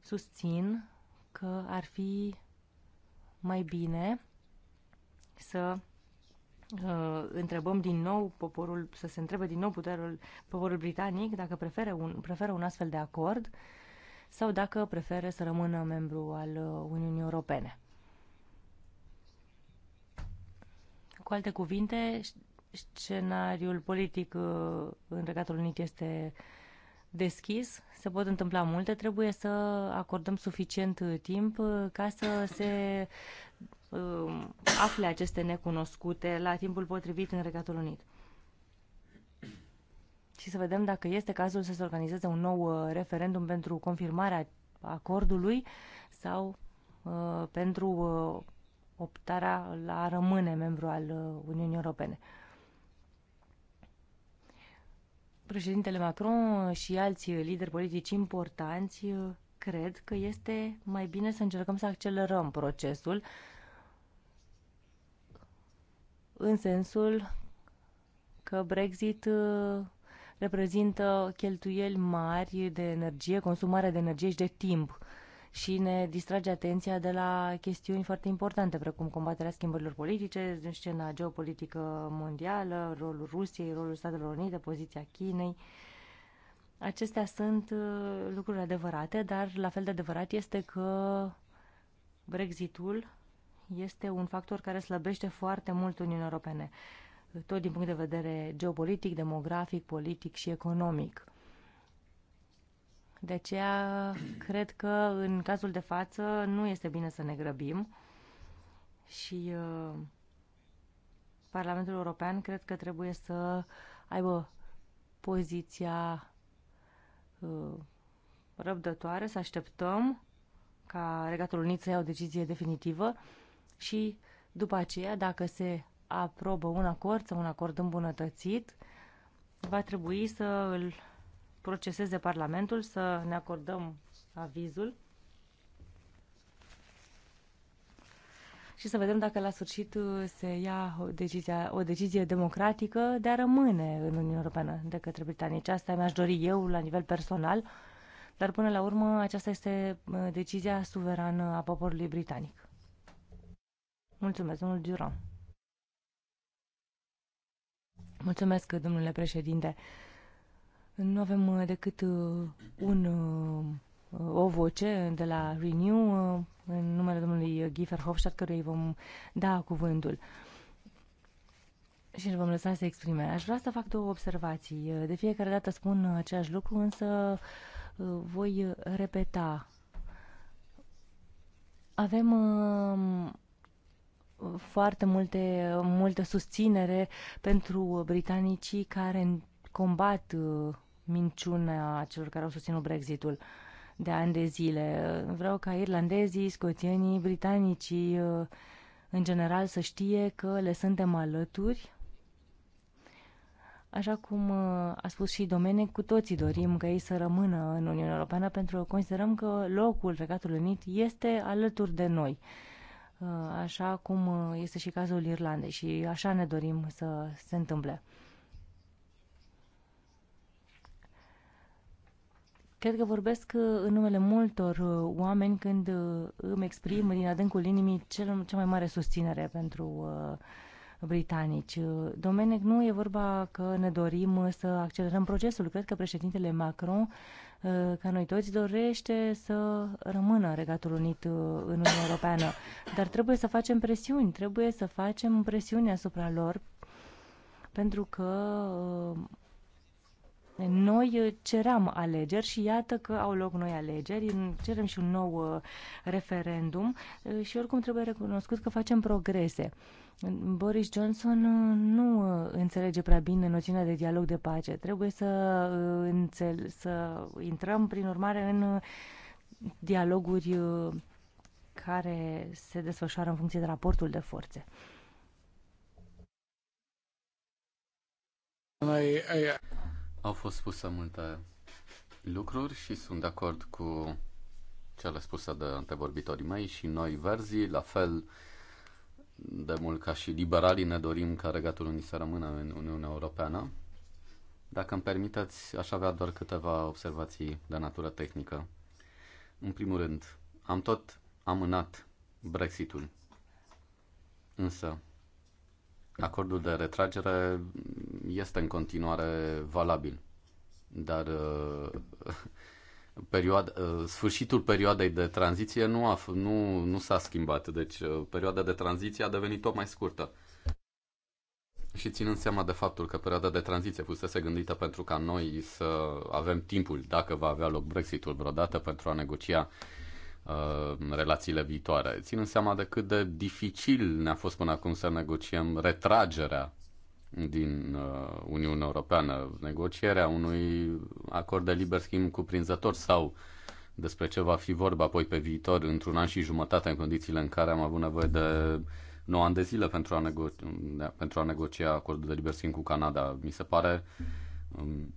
susțin că ar fi mai bine să uh, întrebăm din nou poporul, să se întrebe din nou puterul, poporul britanic dacă preferă un, preferă un astfel de acord sau dacă preferă să rămână membru al uh, Uniunii Europene. Cu alte cuvinte, scenariul politic uh, în Regatul Unit este deschis, se pot întâmpla multe, trebuie să acordăm suficient uh, timp ca să se Um, afle aceste necunoscute la timpul potrivit în Regatul Unit. Și să vedem dacă este cazul să se organizeze un nou uh, referendum pentru confirmarea acordului sau uh, pentru uh, optarea la a rămâne membru al uh, Uniunii Europene. Președintele Macron și alți lideri politici importanți uh, cred că este mai bine să încercăm să accelerăm procesul în sensul că Brexit uh, reprezintă cheltuieli mari de energie, consumare de energie și de timp și ne distrage atenția de la chestiuni foarte importante, precum combaterea schimbărilor politice, scena geopolitică mondială, rolul Rusiei, rolul Statelor Unite, poziția Chinei. Acestea sunt uh, lucruri adevărate, dar la fel de adevărat este că Brexitul este un factor care slăbește foarte mult Uniunea Europene, tot din punct de vedere geopolitic, demografic, politic și economic. De aceea, cred că în cazul de față nu este bine să ne grăbim și uh, Parlamentul European cred că trebuie să aibă poziția uh, răbdătoare, să așteptăm ca Regatul Unit să ia o decizie definitivă și după aceea, dacă se aprobă un acord sau un acord îmbunătățit, va trebui să îl proceseze Parlamentul, să ne acordăm avizul și să vedem dacă la sfârșit uh, se ia o decizie, o decizie democratică de a rămâne în Uniunea Europeană de către britanici. Asta mi-aș dori eu la nivel personal, dar până la urmă aceasta este uh, decizia suverană a poporului britanic. Mulțumesc, domnul Duran. Mulțumesc, domnule președinte. Nu avem uh, decât uh, un, uh, o voce de la Renew în numele domnului Giefer Hofstadt, căruia îi vom da cuvântul și îl vom lăsa să exprime. Aș vrea să fac două observații. De fiecare dată spun același lucru, însă voi repeta. Avem foarte multe, multă susținere pentru britanicii care combat uh, minciunea celor care au susținut Brexitul de ani de zile. Vreau ca irlandezii, scoțienii, britanicii uh, în general să știe că le suntem alături. Așa cum uh, a spus și Domenic, cu toții dorim că ei să rămână în Uniunea Europeană pentru că considerăm că locul Regatului Unit este alături de noi. Uh, așa cum uh, este și cazul Irlandei și așa ne dorim să se întâmple. Cred că vorbesc uh, în numele multor oameni când îmi exprim din adâncul inimii cel, cea mai mare susținere pentru britanici. Domenic, nu e vorba că ne dorim să accelerăm procesul. Cred că președintele Macron Uh, ca noi toți, dorește să rămână Regatul Unit uh, în Uniunea Europeană. Dar trebuie să facem presiuni, trebuie să facem presiuni asupra lor, pentru că uh, noi ceream alegeri și iată că au loc noi alegeri, cerem și un nou referendum și oricum trebuie recunoscut că facem progrese. Boris Johnson uh, nu uh, înțelege prea bine noțiunea de dialog de pace. Trebuie să, uh, înțel- să intrăm, prin urmare, în dialoguri care se desfășoară în funcție de raportul de forțe. Au fost spuse multe lucruri și sunt de acord cu cele spuse de antevorbitorii mei și noi verzii, la fel de mult ca și liberalii ne dorim ca Regatul Unii să rămână în Uniunea Europeană. Dacă îmi permiteți, aș avea doar câteva observații de natură tehnică. În primul rând, am tot amânat Brexitul. Însă, acordul de retragere este în continuare valabil. Dar uh, perioada, uh, sfârșitul perioadei de tranziție nu, a, nu, nu s-a schimbat, deci uh, perioada de tranziție a devenit tot mai scurtă. Și ținând seama de faptul că perioada de tranziție fusese gândită pentru ca noi să avem timpul, dacă va avea loc Brexitul vreodată, pentru a negocia uh, relațiile viitoare. Ținând seama de cât de dificil ne-a fost până acum să negociem retragerea din uh, Uniunea Europeană, negocierea unui acord de liber schimb cuprinzător sau despre ce va fi vorba apoi pe viitor, într-un an și jumătate, în condițiile în care am avut nevoie de 9 ani de zile pentru a, nego- pentru a negocia acordul de liber schimb cu Canada. Mi se pare um,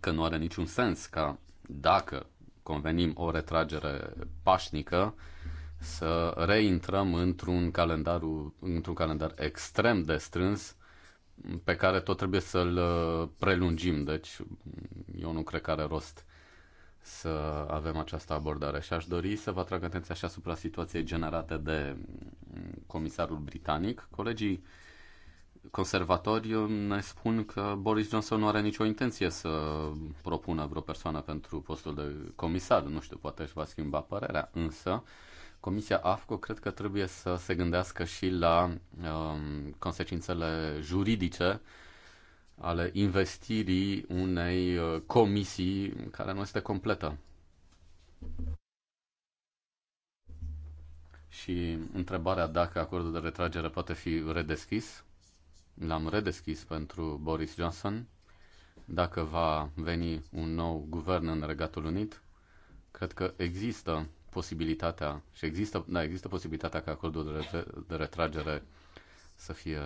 că nu are niciun sens ca dacă convenim o retragere pașnică, uh, să reintrăm într-un calendar, într-un calendar extrem de strâns pe care tot trebuie să-l uh, prelungim. Deci eu nu cred că are rost să avem această abordare și aș dori să vă atrag atenția și asupra situației generate de mm, comisarul britanic. Colegii conservatori uh, ne spun că Boris Johnson nu are nicio intenție să propună vreo persoană pentru postul de comisar. Nu știu, poate își va schimba părerea, însă uh, Comisia AFCO cred că trebuie să se gândească și la um, consecințele juridice ale investirii unei uh, comisii care nu este completă. Și întrebarea dacă acordul de retragere poate fi redeschis, l-am redeschis pentru Boris Johnson, dacă va veni un nou guvern în Regatul Unit, cred că există posibilitatea și există, da, există posibilitatea ca acordul de, retre, de retragere să fie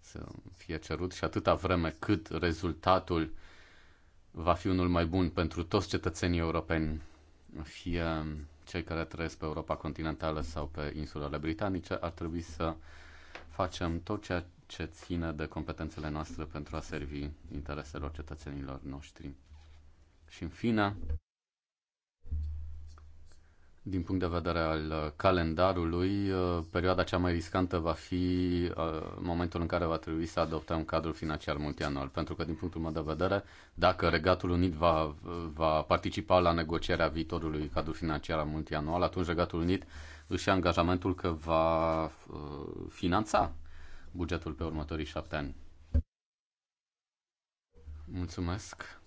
să fie cerut și atâta vreme cât rezultatul va fi unul mai bun pentru toți cetățenii europeni, fie cei care trăiesc pe Europa continentală sau pe insulele britanice, ar trebui să facem tot ceea ce ține de competențele noastre pentru a servi intereselor cetățenilor noștri. Și în fine, din punct de vedere al uh, calendarului, uh, perioada cea mai riscantă va fi uh, momentul în care va trebui să adoptăm cadru financiar multianual, pentru că, din punctul meu de vedere, dacă Regatul Unit va, va participa la negocierea viitorului cadru financiar multianual, atunci Regatul Unit își ia angajamentul că va finanța bugetul pe următorii șapte ani. Mulțumesc!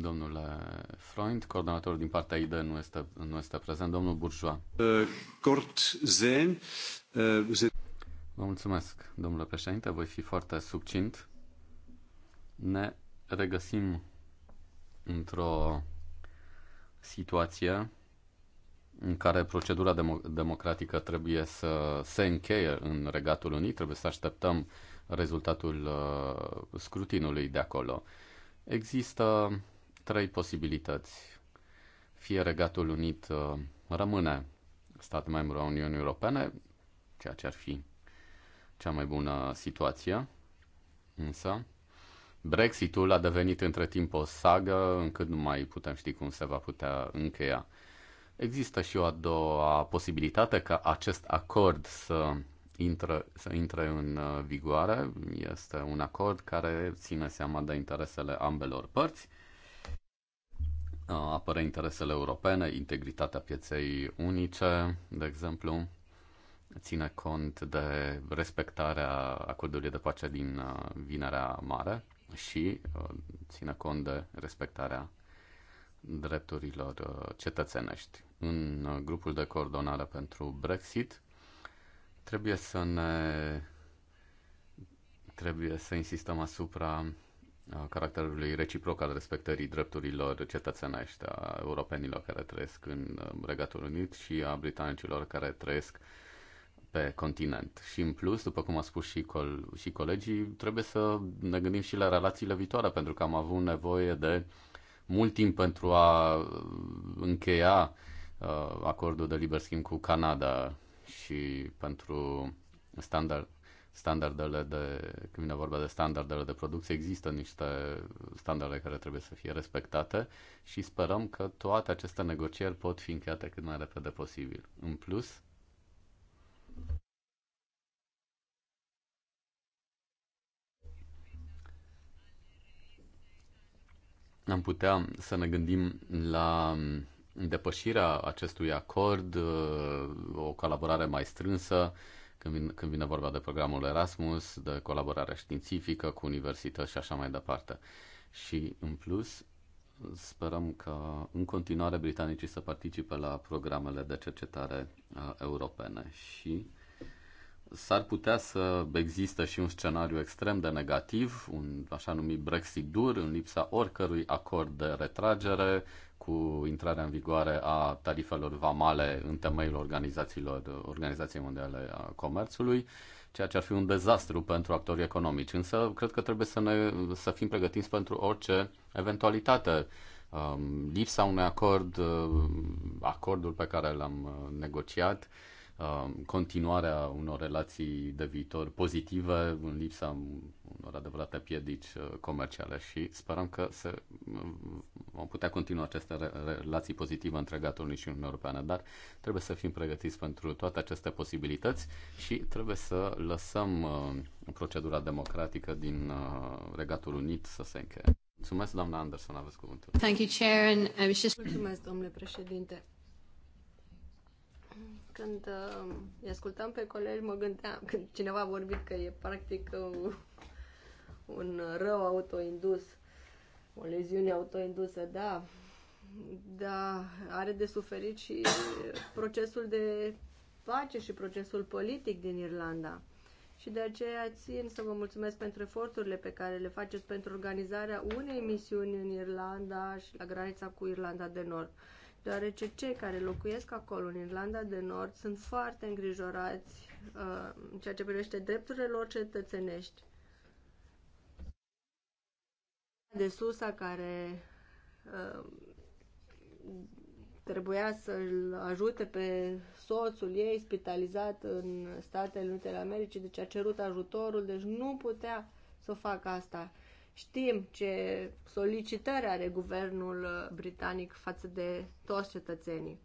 Domnule Freund, coordonatorul din partea ID nu este, nu este prezent. Domnul Burjoa. Uh, uh, Vă mulțumesc, domnule președinte. Voi fi foarte succint. Ne regăsim într-o situație în care procedura democ- democratică trebuie să se încheie în Regatul Unit, trebuie să așteptăm rezultatul uh, scrutinului de acolo. Există trei posibilități. Fie Regatul Unit uh, rămâne stat membru a Uniunii Europene, ceea ce ar fi cea mai bună situație, însă Brexitul a devenit între timp o sagă încât nu mai putem ști cum se va putea încheia. Există și o a doua posibilitate ca acest acord să intre, să intre în uh, vigoare. Este un acord care ține seama de interesele ambelor părți Uh, apără interesele europene, integritatea pieței unice, de exemplu, ține cont de respectarea acordului de pace din uh, Vinerea Mare și uh, ține cont de respectarea drepturilor cetățenești. În grupul de coordonare pentru Brexit trebuie să ne trebuie să insistăm asupra caracterului reciproc al respectării drepturilor cetățenești a europenilor care trăiesc în um, Regatul Unit și a britanicilor care trăiesc pe continent. Și în plus, după cum a spus și, col- și colegii, trebuie să ne gândim și la relațiile viitoare, pentru că am avut nevoie de mult timp pentru a um, încheia uh, acordul de liber schimb cu Canada și pentru standard, standardele de, când vine vorba de standardele de producție, există niște standarde care trebuie să fie respectate și sperăm că toate aceste negocieri pot fi încheiate cât mai repede posibil. În plus, am putea să ne gândim la depășirea acestui acord, o colaborare mai strânsă, când vine, când vine vorba de programul Erasmus, de colaborare științifică cu universități și așa mai departe. Și, în plus, sperăm că în continuare britanicii să participe la programele de cercetare uh, europene și s-ar putea să există și un scenariu extrem de negativ, un așa numit Brexit dur, în lipsa oricărui acord de retragere, cu intrarea în vigoare a tarifelor vamale în temeiul organizațiilor, Organizației Mondiale a Comerțului, ceea ce ar fi un dezastru pentru actorii economici. Însă, cred că trebuie să, ne, să fim pregătiți pentru orice eventualitate. Um, lipsa unui acord, uh, acordul pe care l-am uh, negociat, Um, continuarea unor relații de viitor pozitive în lipsa unor adevărate piedici uh, comerciale și sperăm că se, um, vom putea continua aceste relații pozitive între Gatul și Uniunea Europeană, dar trebuie să fim pregătiți pentru toate aceste posibilități și trebuie să lăsăm uh, procedura democratică din uh, Regatul Unit să se încheie. Mulțumesc, doamna Anderson, aveți cuvântul. Thank you, Chair, and I just... Mulțumesc, domnule președinte. Când uh, îi ascultam pe colegi, mă gândeam, <laughs> când cineva a vorbit că e practic uh, un rău autoindus, o leziune autoindusă, da, da, are de suferit și procesul de pace și procesul politic din Irlanda. Și de aceea țin să vă mulțumesc pentru eforturile pe care le faceți pentru organizarea unei misiuni în Irlanda și la granița cu Irlanda de Nord deoarece cei care locuiesc acolo, în Irlanda de Nord, sunt foarte îngrijorați uh, în ceea ce privește drepturile lor cetățenești. De Susa, care uh, trebuia să-l ajute pe soțul ei spitalizat în Statele Unite ale Americii, deci a cerut ajutorul, deci nu putea să facă asta. Știm ce solicitări are guvernul uh, britanic față de toți cetățenii.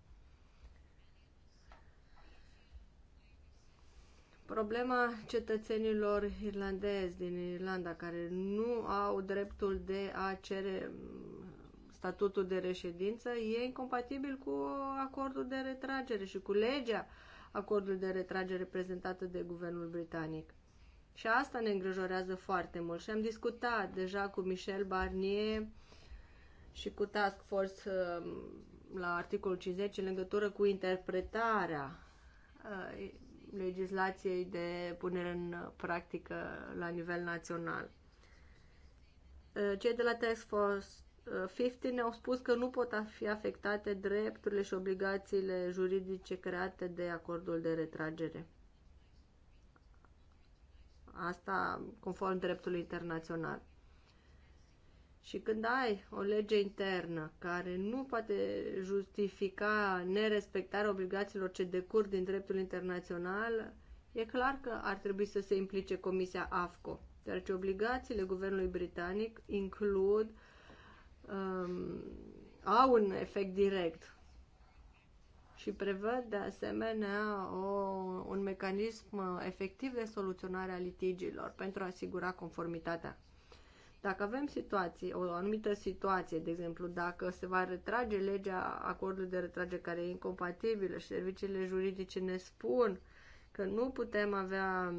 Problema cetățenilor irlandezi din Irlanda care nu au dreptul de a cere mm, statutul de reședință e incompatibil cu acordul de retragere și cu legea acordului de retragere prezentată de guvernul britanic. Și asta ne îngrijorează foarte mult. Și am discutat deja cu Michel Barnier și cu Task Force um, la articolul 50 în legătură cu interpretarea uh, legislației de punere în practică la nivel național. Uh, cei de la Task Force 50 uh, ne-au spus că nu pot fi afectate drepturile și obligațiile juridice create de acordul de retragere. Asta conform dreptului internațional. Și când ai o lege internă care nu poate justifica nerespectarea obligațiilor ce decur din dreptul internațional, e clar că ar trebui să se implice Comisia AFCO, deoarece obligațiile guvernului britanic includ, um, au un efect direct și prevăd de asemenea o, un mecanism efectiv de soluționare a litigiilor pentru a asigura conformitatea. Dacă avem situații, o anumită situație, de exemplu, dacă se va retrage legea acordului de retrage care e incompatibilă și serviciile juridice ne spun că nu putem avea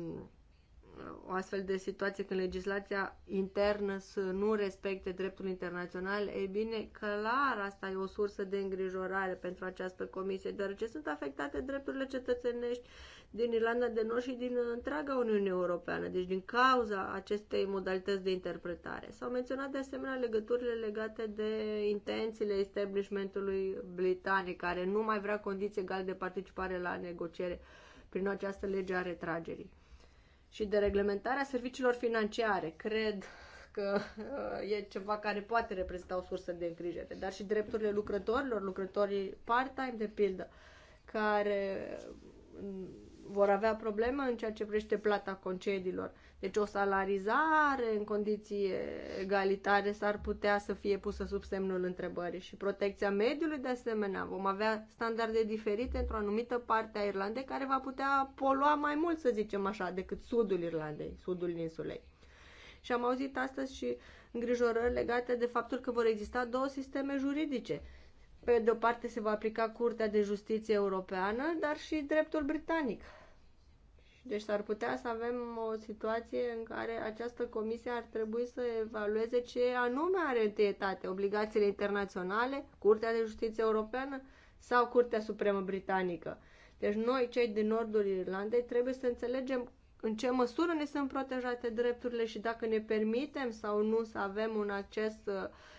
o astfel de situație când legislația internă să nu respecte dreptul internațional, e bine, clar, asta e o sursă de îngrijorare pentru această comisie, deoarece sunt afectate drepturile cetățenești din Irlanda de Nord și din întreaga Uniune Europeană, deci din cauza acestei modalități de interpretare. S-au menționat de asemenea legăturile legate de intențiile establishmentului britanic, care nu mai vrea condiții egale de participare la negociere prin această lege a retragerii și de reglementarea serviciilor financiare. Cred că uh, e ceva care poate reprezenta o sursă de îngrijire, dar și drepturile lucrătorilor, lucrătorii part-time, de pildă, care mm, vor avea probleme în ceea ce privește plata concediilor. Deci o salarizare în condiții egalitare s-ar putea să fie pusă sub semnul întrebării și protecția mediului de asemenea. Vom avea standarde diferite într-o anumită parte a Irlandei care va putea polua mai mult, să zicem așa, decât sudul Irlandei, sudul insulei. Și am auzit astăzi și îngrijorări legate de faptul că vor exista două sisteme juridice. Pe de o parte se va aplica Curtea de Justiție Europeană, dar și dreptul britanic. Deci s-ar putea să avem o situație în care această comisie ar trebui să evalueze ce anume are întâietate, obligațiile internaționale, Curtea de Justiție Europeană sau Curtea Supremă Britanică. Deci noi, cei din nordul Irlandei, trebuie să înțelegem în ce măsură ne sunt protejate drepturile și dacă ne permitem sau nu să avem un acces uh,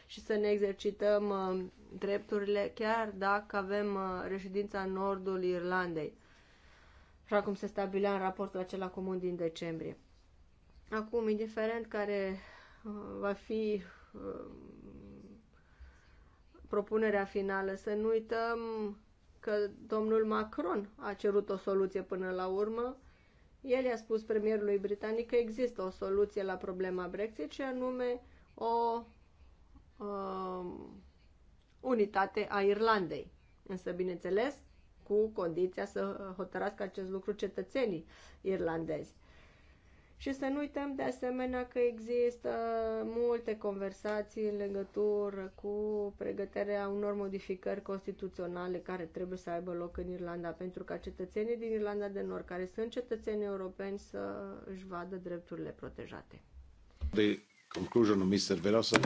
și să ne exercităm uh, drepturile, chiar dacă avem uh, reședința în nordul Irlandei așa cum se stabilea în raportul acela comun din decembrie. Acum, indiferent care uh, va fi uh, propunerea finală, să nu uităm că domnul Macron a cerut o soluție până la urmă. El i-a spus premierului britanic că există o soluție la problema Brexit și anume o um, unitate a Irlandei. Însă, bineînțeles, cu condiția să hotărască acest lucru cetățenii irlandezi. Și să nu uităm de asemenea că există multe conversații în legătură cu pregătirea unor modificări constituționale care trebuie să aibă loc în Irlanda pentru ca cetățenii din Irlanda de Nord, care sunt cetățeni europeni, să își vadă drepturile protejate. De conclusion Mr. Velosa.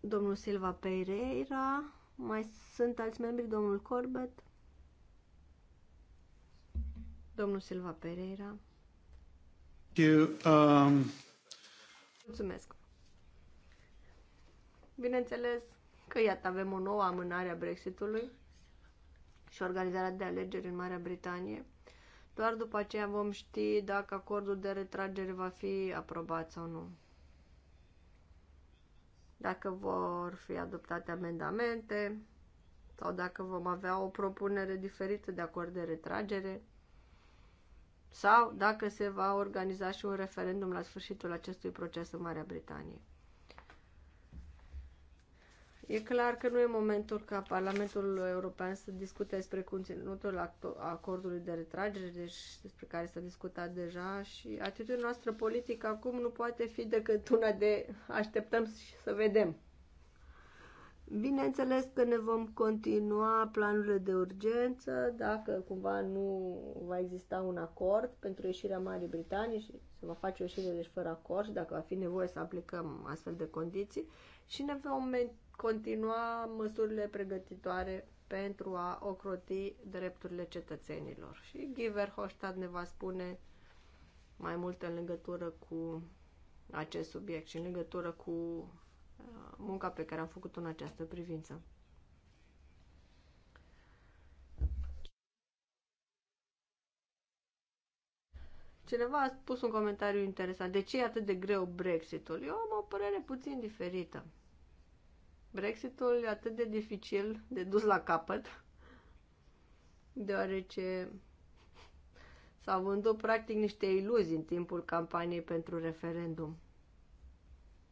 Domnul Silva Pereira mai sunt alți membri, domnul Corbett, domnul Silva Pereira. You, um... Mulțumesc. Bineînțeles că, iată, avem o nouă amânare a Brexitului și organizarea de alegeri în Marea Britanie. Doar după aceea vom ști dacă acordul de retragere va fi aprobat sau nu dacă vor fi adoptate amendamente sau dacă vom avea o propunere diferită de acord de retragere sau dacă se va organiza și un referendum la sfârșitul acestui proces în Marea Britanie. E clar că nu e momentul ca Parlamentul European să discute despre conținutul acordului de retragere, deci despre care s-a discutat deja și atitudinea noastră politică acum nu poate fi decât una de așteptăm și să vedem. Bineînțeles că ne vom continua planurile de urgență dacă cumva nu va exista un acord pentru ieșirea Marii Britanii și se va face o ieșire deci fără acord și dacă va fi nevoie să aplicăm astfel de condiții și ne vom menține continua măsurile pregătitoare pentru a ocroti drepturile cetățenilor. Și Giver Hoștad ne va spune mai multe în legătură cu acest subiect și în legătură cu uh, munca pe care am făcut-o în această privință. Cineva a spus un comentariu interesant. De ce e atât de greu Brexitul? Eu am o părere puțin diferită. Brexitul e atât de dificil de dus la capăt, deoarece s-au vândut practic niște iluzii în timpul campaniei pentru referendum.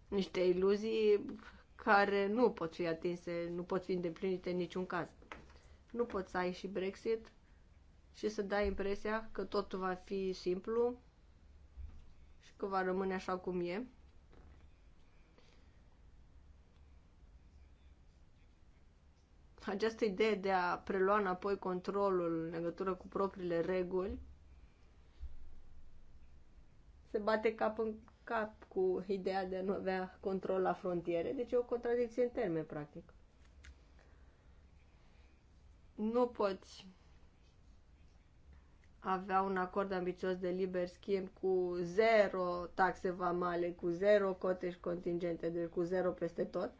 Niște iluzii care nu pot fi atinse, nu pot fi îndeplinite în niciun caz. Nu poți să ai și Brexit și să dai impresia că totul va fi simplu și că va rămâne așa cum e. această idee de a prelua înapoi controlul în legătură cu propriile reguli se bate cap în cap cu ideea de a nu avea control la frontiere, deci e o contradicție în termen, practic. Nu poți avea un acord ambițios de liber schimb cu zero taxe vamale, cu zero cote și contingente, deci cu zero peste tot,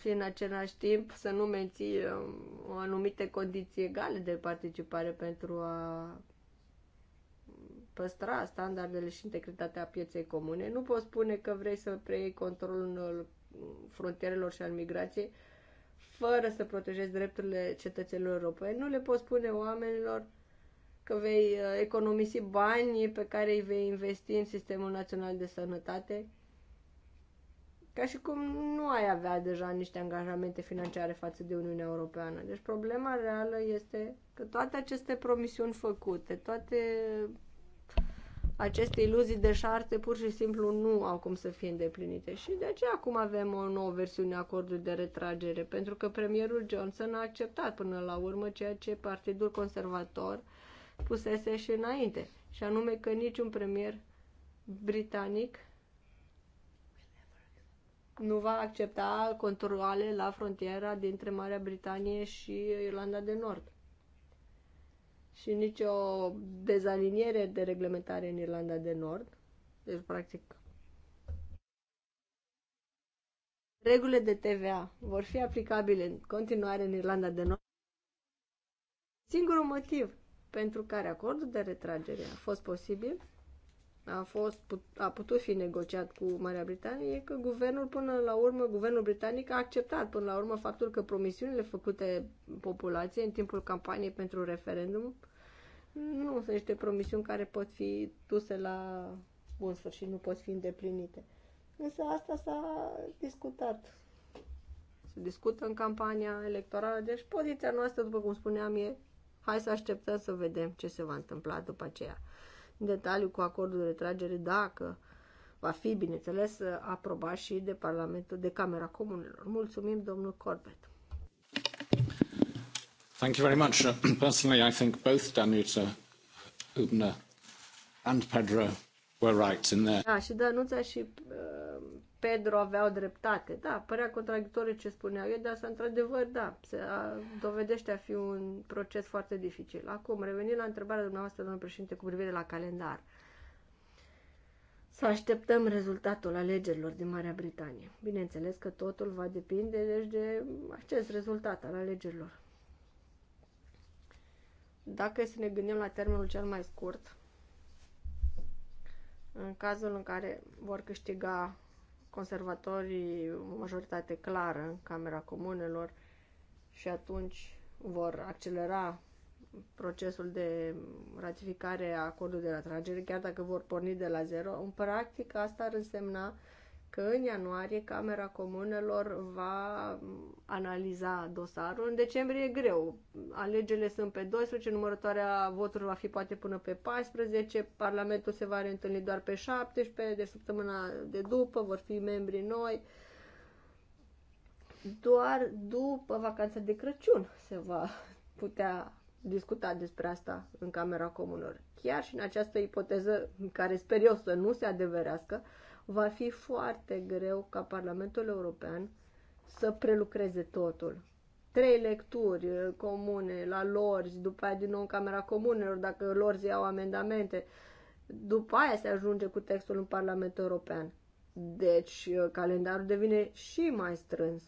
și în același timp să nu menții um, o anumite condiții egale de participare pentru a păstra standardele și integritatea pieței comune. Nu poți spune că vrei să preiei controlul frontierelor și al migrației fără să protejezi drepturile cetățenilor europeni. Nu le poți spune oamenilor că vei uh, economisi banii pe care îi vei investi în sistemul național de sănătate ca și cum nu ai avea deja niște angajamente financiare față de Uniunea Europeană. Deci problema reală este că toate aceste promisiuni făcute, toate aceste iluzii de șarte pur și simplu nu au cum să fie îndeplinite și de aceea acum avem o nouă versiune a acordului de retragere, pentru că premierul Johnson a acceptat până la urmă ceea ce Partidul Conservator pusese și înainte, și anume că niciun premier britanic nu va accepta controle la frontiera dintre Marea Britanie și Irlanda de Nord. Și nici o dezaliniere de reglementare în Irlanda de Nord. Deci, practic, regulile de TVA vor fi aplicabile în continuare în Irlanda de Nord. Singurul motiv pentru care acordul de retragere a fost posibil a, fost, a putut fi negociat cu Marea Britanie e că guvernul până la urmă, guvernul britanic a acceptat până la urmă faptul că promisiunile făcute populației în timpul campaniei pentru referendum nu sunt niște promisiuni care pot fi duse la bun sfârșit, nu pot fi îndeplinite. Însă asta s-a discutat. Se discută în campania electorală, deci poziția noastră, după cum spuneam, e hai să așteptăm să vedem ce se va întâmpla după aceea în detaliu cu acordul de retragere dacă va fi, bineînțeles, aprobat și de Parlamentul de Camera Comunelor. Mulțumim, domnul Corbett. Thank you very much. Uh, <clears throat> personally, I think both Danuta Hübner and Pedro were right in there. Da, și Danuta și uh, Pedro o dreptate. Da, părea contradictoriu ce spunea eu, dar asta într-adevăr, da, se a, dovedește a fi un proces foarte dificil. Acum, revenind la întrebarea dumneavoastră, domnul președinte, cu privire la calendar. Să așteptăm rezultatul alegerilor din Marea Britanie. Bineînțeles că totul va depinde deci, de acest rezultat al alegerilor. Dacă să ne gândim la termenul cel mai scurt, în cazul în care vor câștiga conservatorii o majoritate clară în Camera Comunelor și atunci vor accelera procesul de ratificare a acordului de retragere, chiar dacă vor porni de la zero, în practică asta ar însemna că în ianuarie Camera Comunelor va analiza dosarul. În decembrie e greu. Alegerile sunt pe 12, numărătoarea voturilor va fi poate până pe 14, Parlamentul se va reîntâlni doar pe 17, de deci săptămâna de după vor fi membrii noi. Doar după vacanța de Crăciun se va putea discuta despre asta în Camera Comunelor. Chiar și în această ipoteză, care sper eu să nu se adeverească, uh, va fi foarte greu ca Parlamentul European să prelucreze totul. Trei lecturi uh, comune la Lorzi, după aia din nou în Camera Comunelor, dacă Lorzi iau amendamente, după aia se ajunge cu textul în Parlamentul European. Deci uh, calendarul devine și mai strâns.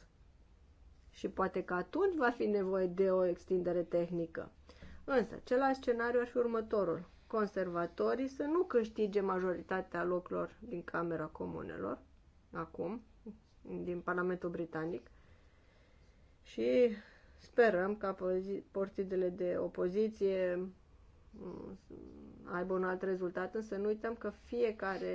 Și poate că atunci va fi nevoie de o extindere tehnică. Însă, același scenariu ar fi următorul conservatorii să nu câștige majoritatea locurilor din Camera Comunelor, acum, din Parlamentul Britanic, și sperăm ca partidele de opoziție mm, aibă un alt rezultat, însă nu uităm că fiecare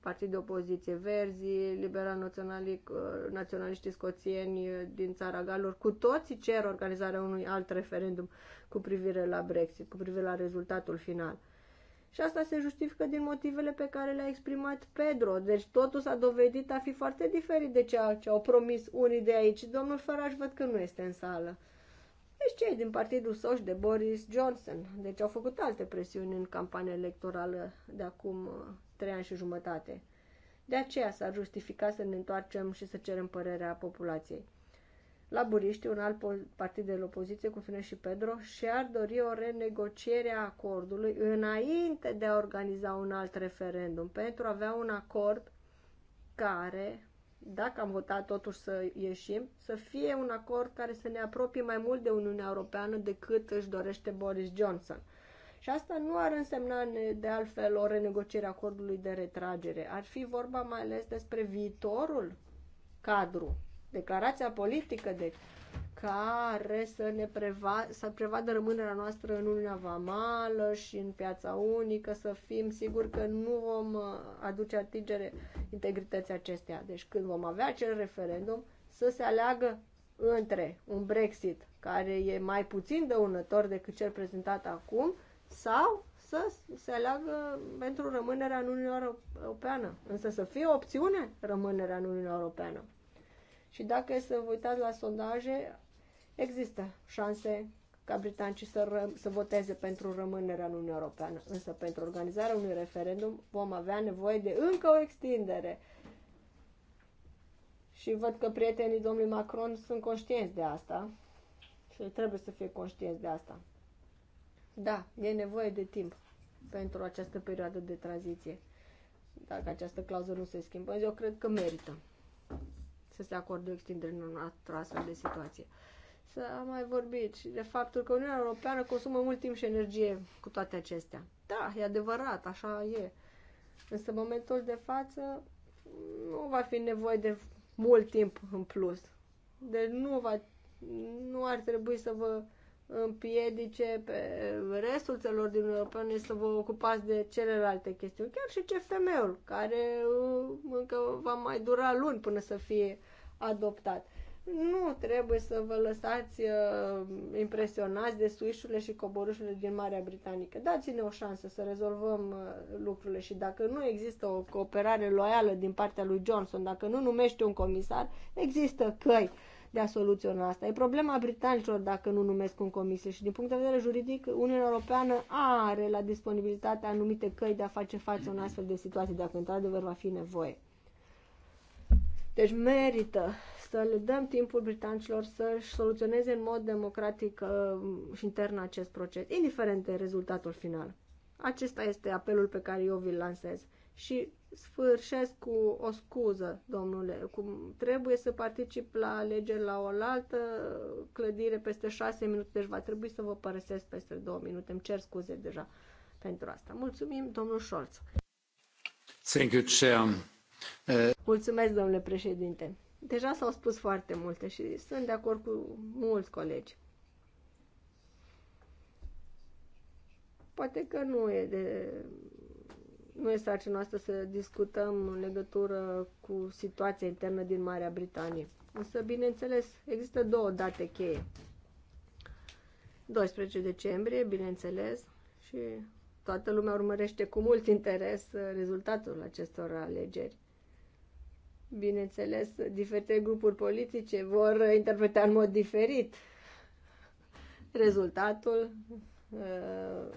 partid de opoziție, verzi, liberal naționali, uh, naționaliștii scoțieni uh, din țara Galor, cu toții cer organizarea unui alt referendum cu privire la Brexit, cu privire la rezultatul final. Și asta se justifică din motivele pe care le-a exprimat Pedro. Deci totul s-a dovedit a fi foarte diferit de ceea ce au promis unii de aici. Domnul Farage văd că nu este în sală. Deci cei din partidul său de Boris Johnson. Deci au făcut alte presiuni în campania electorală de acum uh, trei ani și jumătate. De aceea s-ar justifica să ne întoarcem și să cerem părerea populației. Laburiștii, un alt partid de opoziție, cu fine și Pedro, și-ar dori o renegociere a acordului înainte de a organiza un alt referendum, pentru a avea un acord care, dacă am votat totuși să ieșim, să fie un acord care să ne apropie mai mult de Uniunea Europeană decât își dorește Boris Johnson. Și asta nu ar însemna de altfel o renegociere a acordului de retragere. Ar fi vorba mai ales despre viitorul cadru declarația politică, de care să ne preva, să prevadă rămânerea noastră în Uniunea Vamală și în piața unică, să fim siguri că nu vom uh, aduce atingere integrității acesteia. Deci când vom avea acel referendum, să se aleagă între un Brexit care e mai puțin dăunător decât cel prezentat acum sau să se aleagă pentru rămânerea în Uniunea Europeană. Însă să fie opțiune rămânerea în Uniunea Europeană. Și dacă să vă uitați la sondaje, există șanse ca britanicii să, ră- să voteze pentru rămânerea în Uniunea Europeană. Însă pentru organizarea unui referendum vom avea nevoie de încă o extindere. Și văd că prietenii domnului Macron sunt conștienți de asta și trebuie să fie conștienți de asta. Da, e nevoie de timp pentru această perioadă de tranziție. Dacă această clauză nu se schimbă, eu cred că merită să se acorde o extindere în o astfel de situație. să am mai vorbit și de faptul că Uniunea Europeană consumă mult timp și energie cu toate acestea. Da, e adevărat, așa e. Însă, în momentul de față, nu va fi nevoie de mult timp în plus. Deci nu, va, nu ar trebui să vă împiedice pe restul țelor din Europa să vă ocupați de celelalte chestiuni, chiar și CFM-ul, care uh, încă va mai dura luni până să fie adoptat. Nu trebuie să vă lăsați uh, impresionați de suișurile și coborușurile din Marea Britanică. Dați-ne o șansă să rezolvăm uh, lucrurile și dacă nu există o cooperare loială din partea lui Johnson, dacă nu numește un comisar, există căi de a soluționa asta. E problema britanicilor dacă nu numesc un comisie și din punct de vedere juridic Uniunea Europeană are la disponibilitate anumite căi de a face față în astfel de situații dacă într-adevăr va fi nevoie. Deci merită să le dăm timpul britanicilor să-și soluționeze în mod democratic uh, și intern acest proces, indiferent de rezultatul final. Acesta este apelul pe care eu vi-l lansez. Și sfârșesc cu o scuză, domnule, cum trebuie să particip la alegeri la o altă uh, clădire peste șase minute, deci va trebui să vă părăsesc peste două minute. Îmi cer scuze deja pentru asta. Mulțumim, domnul Scholz. Thank you, Chair. Mulțumesc, domnule președinte. Deja s-au spus foarte multe și sunt de acord cu mulți colegi. Poate că nu e de nu e sarcina noastră să discutăm în legătură cu situația internă din Marea Britanie. Însă, bineînțeles, există două date cheie. 12 decembrie, bineînțeles, și toată lumea urmărește cu mult interes rezultatul acestor alegeri. Bineînțeles, diferite grupuri politice vor interpreta în mod diferit rezultatul uh,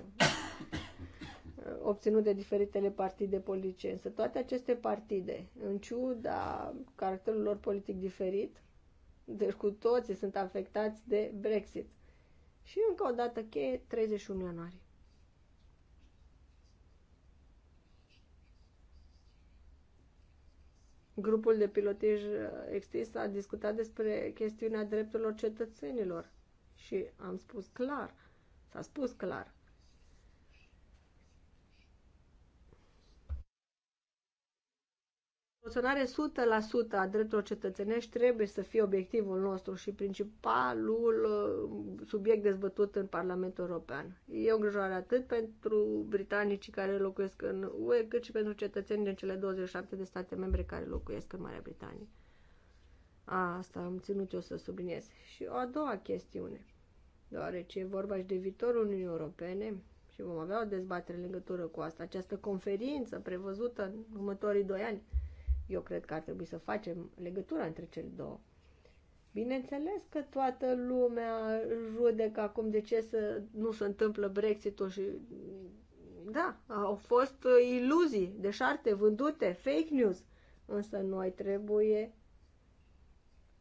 obținut de diferitele partide politice. Însă toate aceste partide, în ciuda caracterului lor politic diferit, deci cu toții sunt afectați de Brexit. Și încă o dată cheie 31 ianuarie. Grupul de pilotaj uh, extins a discutat despre chestiunea drepturilor cetățenilor și am spus clar, s-a spus clar soluționare 100% a drepturilor cetățenești trebuie să fie obiectivul nostru și principalul uh, subiect dezbătut în Parlamentul European. E o îngrijorare atât pentru britanicii care locuiesc în UE, cât și pentru cetățenii din cele 27 de state membre care locuiesc în Marea Britanie. Asta am ținut eu să subliniez. Și o a doua chestiune, deoarece e vorba și de viitorul Uniunii Europene, și vom avea o dezbatere în legătură cu asta, această conferință prevăzută în următorii doi ani, eu cred că ar trebui să facem legătura între cele două. Bineînțeles că toată lumea judecă acum de ce să nu se întâmplă Brexit-ul și da, au fost iluzii, deșarte, vândute, fake news. Însă noi trebuie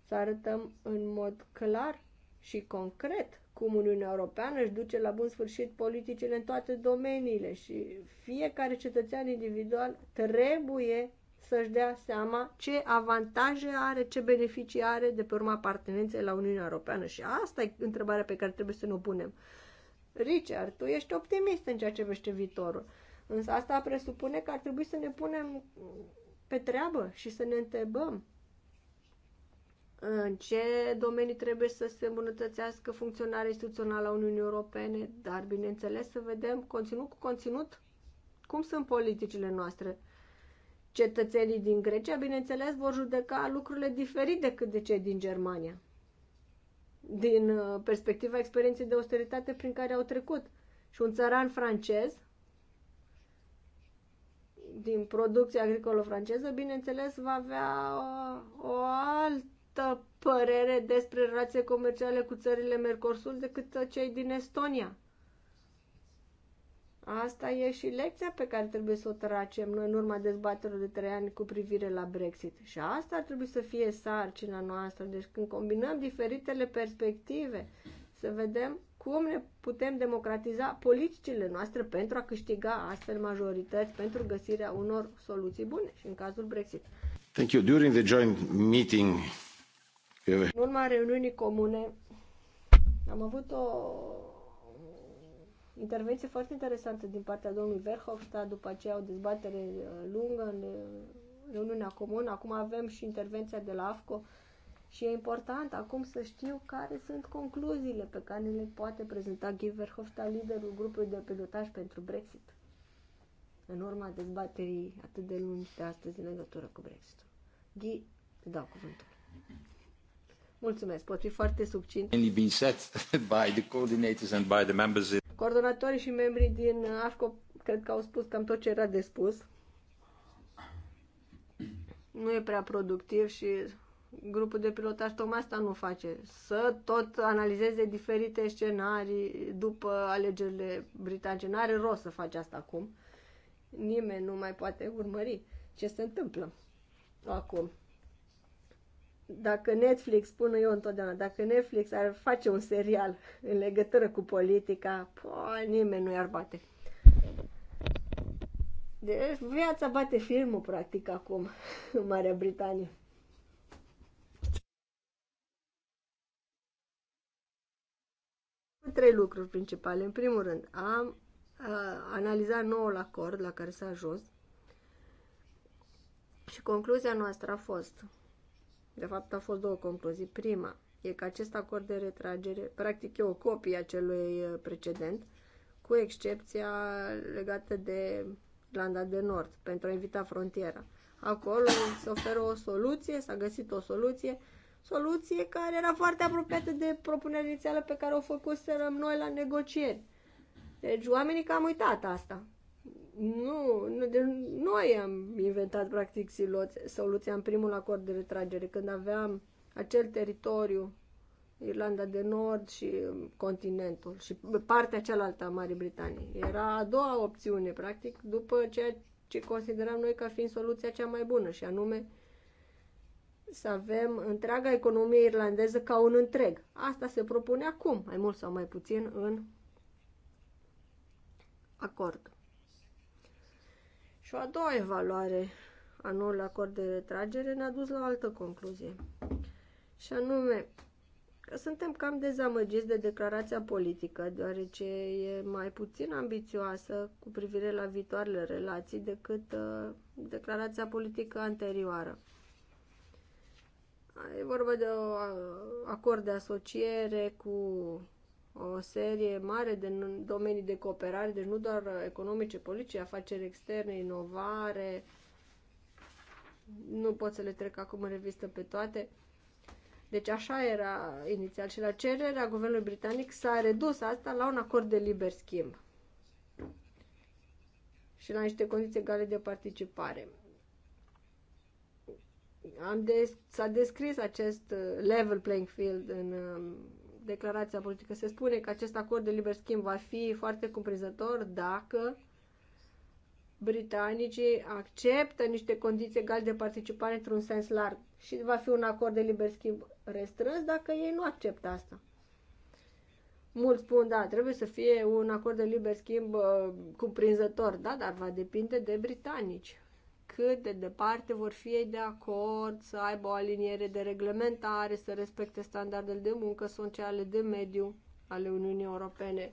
să arătăm în mod clar și concret cum Uniunea Europeană își duce la bun sfârșit politicile în toate domeniile și fiecare cetățean individual trebuie să-și dea seama ce avantaje are, ce beneficii are de pe urma apartenenței la Uniunea Europeană. Și asta e întrebarea pe care trebuie să ne punem. Richard, tu ești optimist în ceea ce vește viitorul. Însă asta presupune că ar trebui să ne punem pe treabă și să ne întrebăm în ce domenii trebuie să se îmbunătățească funcționarea instituțională a Uniunii Europene, dar bineînțeles să vedem conținut cu conținut cum sunt politicile noastre cetățenii din Grecia, bineînțeles, vor judeca lucrurile diferit decât de cei din Germania, din uh, perspectiva experienței de austeritate prin care au trecut. Și un țăran francez, din producția agricolă franceză, bineînțeles, va avea o, uh, o altă părere despre relații comerciale cu țările Mercosul decât cei din Estonia Asta e și lecția pe care trebuie să o tracem noi în urma dezbaterilor de trei ani cu privire la Brexit. Și asta ar trebui să fie sarcina noastră. Deci când combinăm diferitele perspective, să vedem cum ne putem democratiza politicile noastre pentru a câștiga astfel majorități, pentru găsirea unor soluții bune și în cazul Brexit. Thank you. During the joint meeting... În urma reuniunii comune am avut o intervenție foarte interesantă din partea domnului Verhofstadt, după aceea o dezbatere uh, lungă în reuniunea uh, comună. Acum avem și intervenția de la AFCO și e important acum să știu care sunt concluziile pe care le poate prezenta Guy Verhofstadt, liderul grupului de pilotaj pentru Brexit, în urma dezbaterii atât de lungi de astăzi în legătură cu Brexit. Guy, te dau cuvântul. Mulțumesc, pot fi foarte subțin. <laughs> Coordonatorii și membrii din uh, AFCO cred că au spus cam tot ce era de spus. Nu e prea productiv și grupul de pilotaj tocmai asta nu face. Să tot analizeze diferite scenarii după alegerile britanice. N-are rost să faci asta acum. Nimeni nu mai poate urmări ce se întâmplă acum dacă Netflix, spun eu întotdeauna, dacă Netflix ar face un serial în legătură cu politica, po, nimeni nu i-ar bate. Deci viața bate filmul, practic, acum, <laughs> în Marea Britanie. Trei lucruri principale. În primul rând, am analizat noul acord la care s-a ajuns și concluzia noastră a fost de fapt, au fost două concluzii. Prima e că acest acord de retragere, practic, e o copie a celui precedent, cu excepția legată de Irlanda de Nord, pentru a evita frontiera. Acolo se oferă o soluție, s-a găsit o soluție, soluție care era foarte apropiată de propunerea inițială pe care o făcuserăm noi la negocieri. Deci oamenii cam uitat asta. Nu, nu, deci noi am inventat practic soluția în primul acord de retragere, când aveam acel teritoriu, Irlanda de Nord și continentul și partea cealaltă a Marii Britanii. Era a doua opțiune, practic, după ceea ce consideram noi ca fiind soluția cea mai bună, și anume să avem întreaga economie irlandeză ca un întreg. Asta se propune acum, mai mult sau mai puțin, în acord. Și o a doua evaluare a noului acord de retragere ne-a dus la o altă concluzie. Și anume, că suntem cam dezamăgiți de declarația politică, deoarece e mai puțin ambițioasă cu privire la viitoarele relații decât uh, declarația politică anterioară. E vorba de un uh, acord de asociere cu o serie mare de domenii de cooperare, deci nu doar economice, politice, afaceri externe, inovare. Nu pot să le trec acum în revistă pe toate. Deci așa era inițial și la cererea guvernului britanic s-a redus asta la un acord de liber schimb și la niște condiții egale de participare. Am des- s-a descris acest uh, level playing field în um, declarația politică. Se spune că acest acord de liber schimb va fi foarte cuprinzător dacă britanicii acceptă niște condiții egale de participare într-un sens larg și va fi un acord de liber schimb restrâns dacă ei nu acceptă asta. Mulți spun, da, trebuie să fie un acord de liber schimb uh, cuprinzător, da, dar va depinde de britanici cât de departe vor fi ei de acord să aibă o aliniere de reglementare, să respecte standardele de muncă sociale, de mediu ale Uniunii Europene.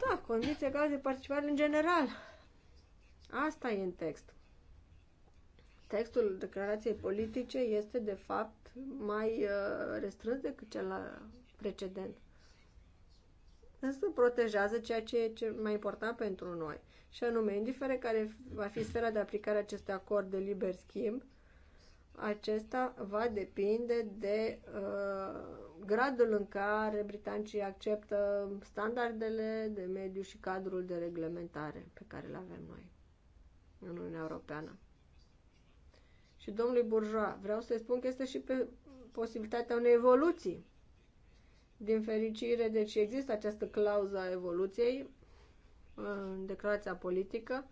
Da, condiții egale de participare în general. Asta e în text. Textul declarației politice este, de fapt, mai uh, restrâns decât cel precedent. Însă protejează ceea ce e cel mai important pentru noi. Și anume, indiferent care va fi sfera de aplicare a acestui acord de liber schimb, acesta va depinde de uh, gradul în care britanicii acceptă standardele de mediu și cadrul de reglementare pe care le avem noi în Uniunea Europeană. Și domnului Bourgeois, vreau să-i spun că este și pe posibilitatea unei evoluții. Din fericire, deci există această clauză a evoluției, în declarația politică,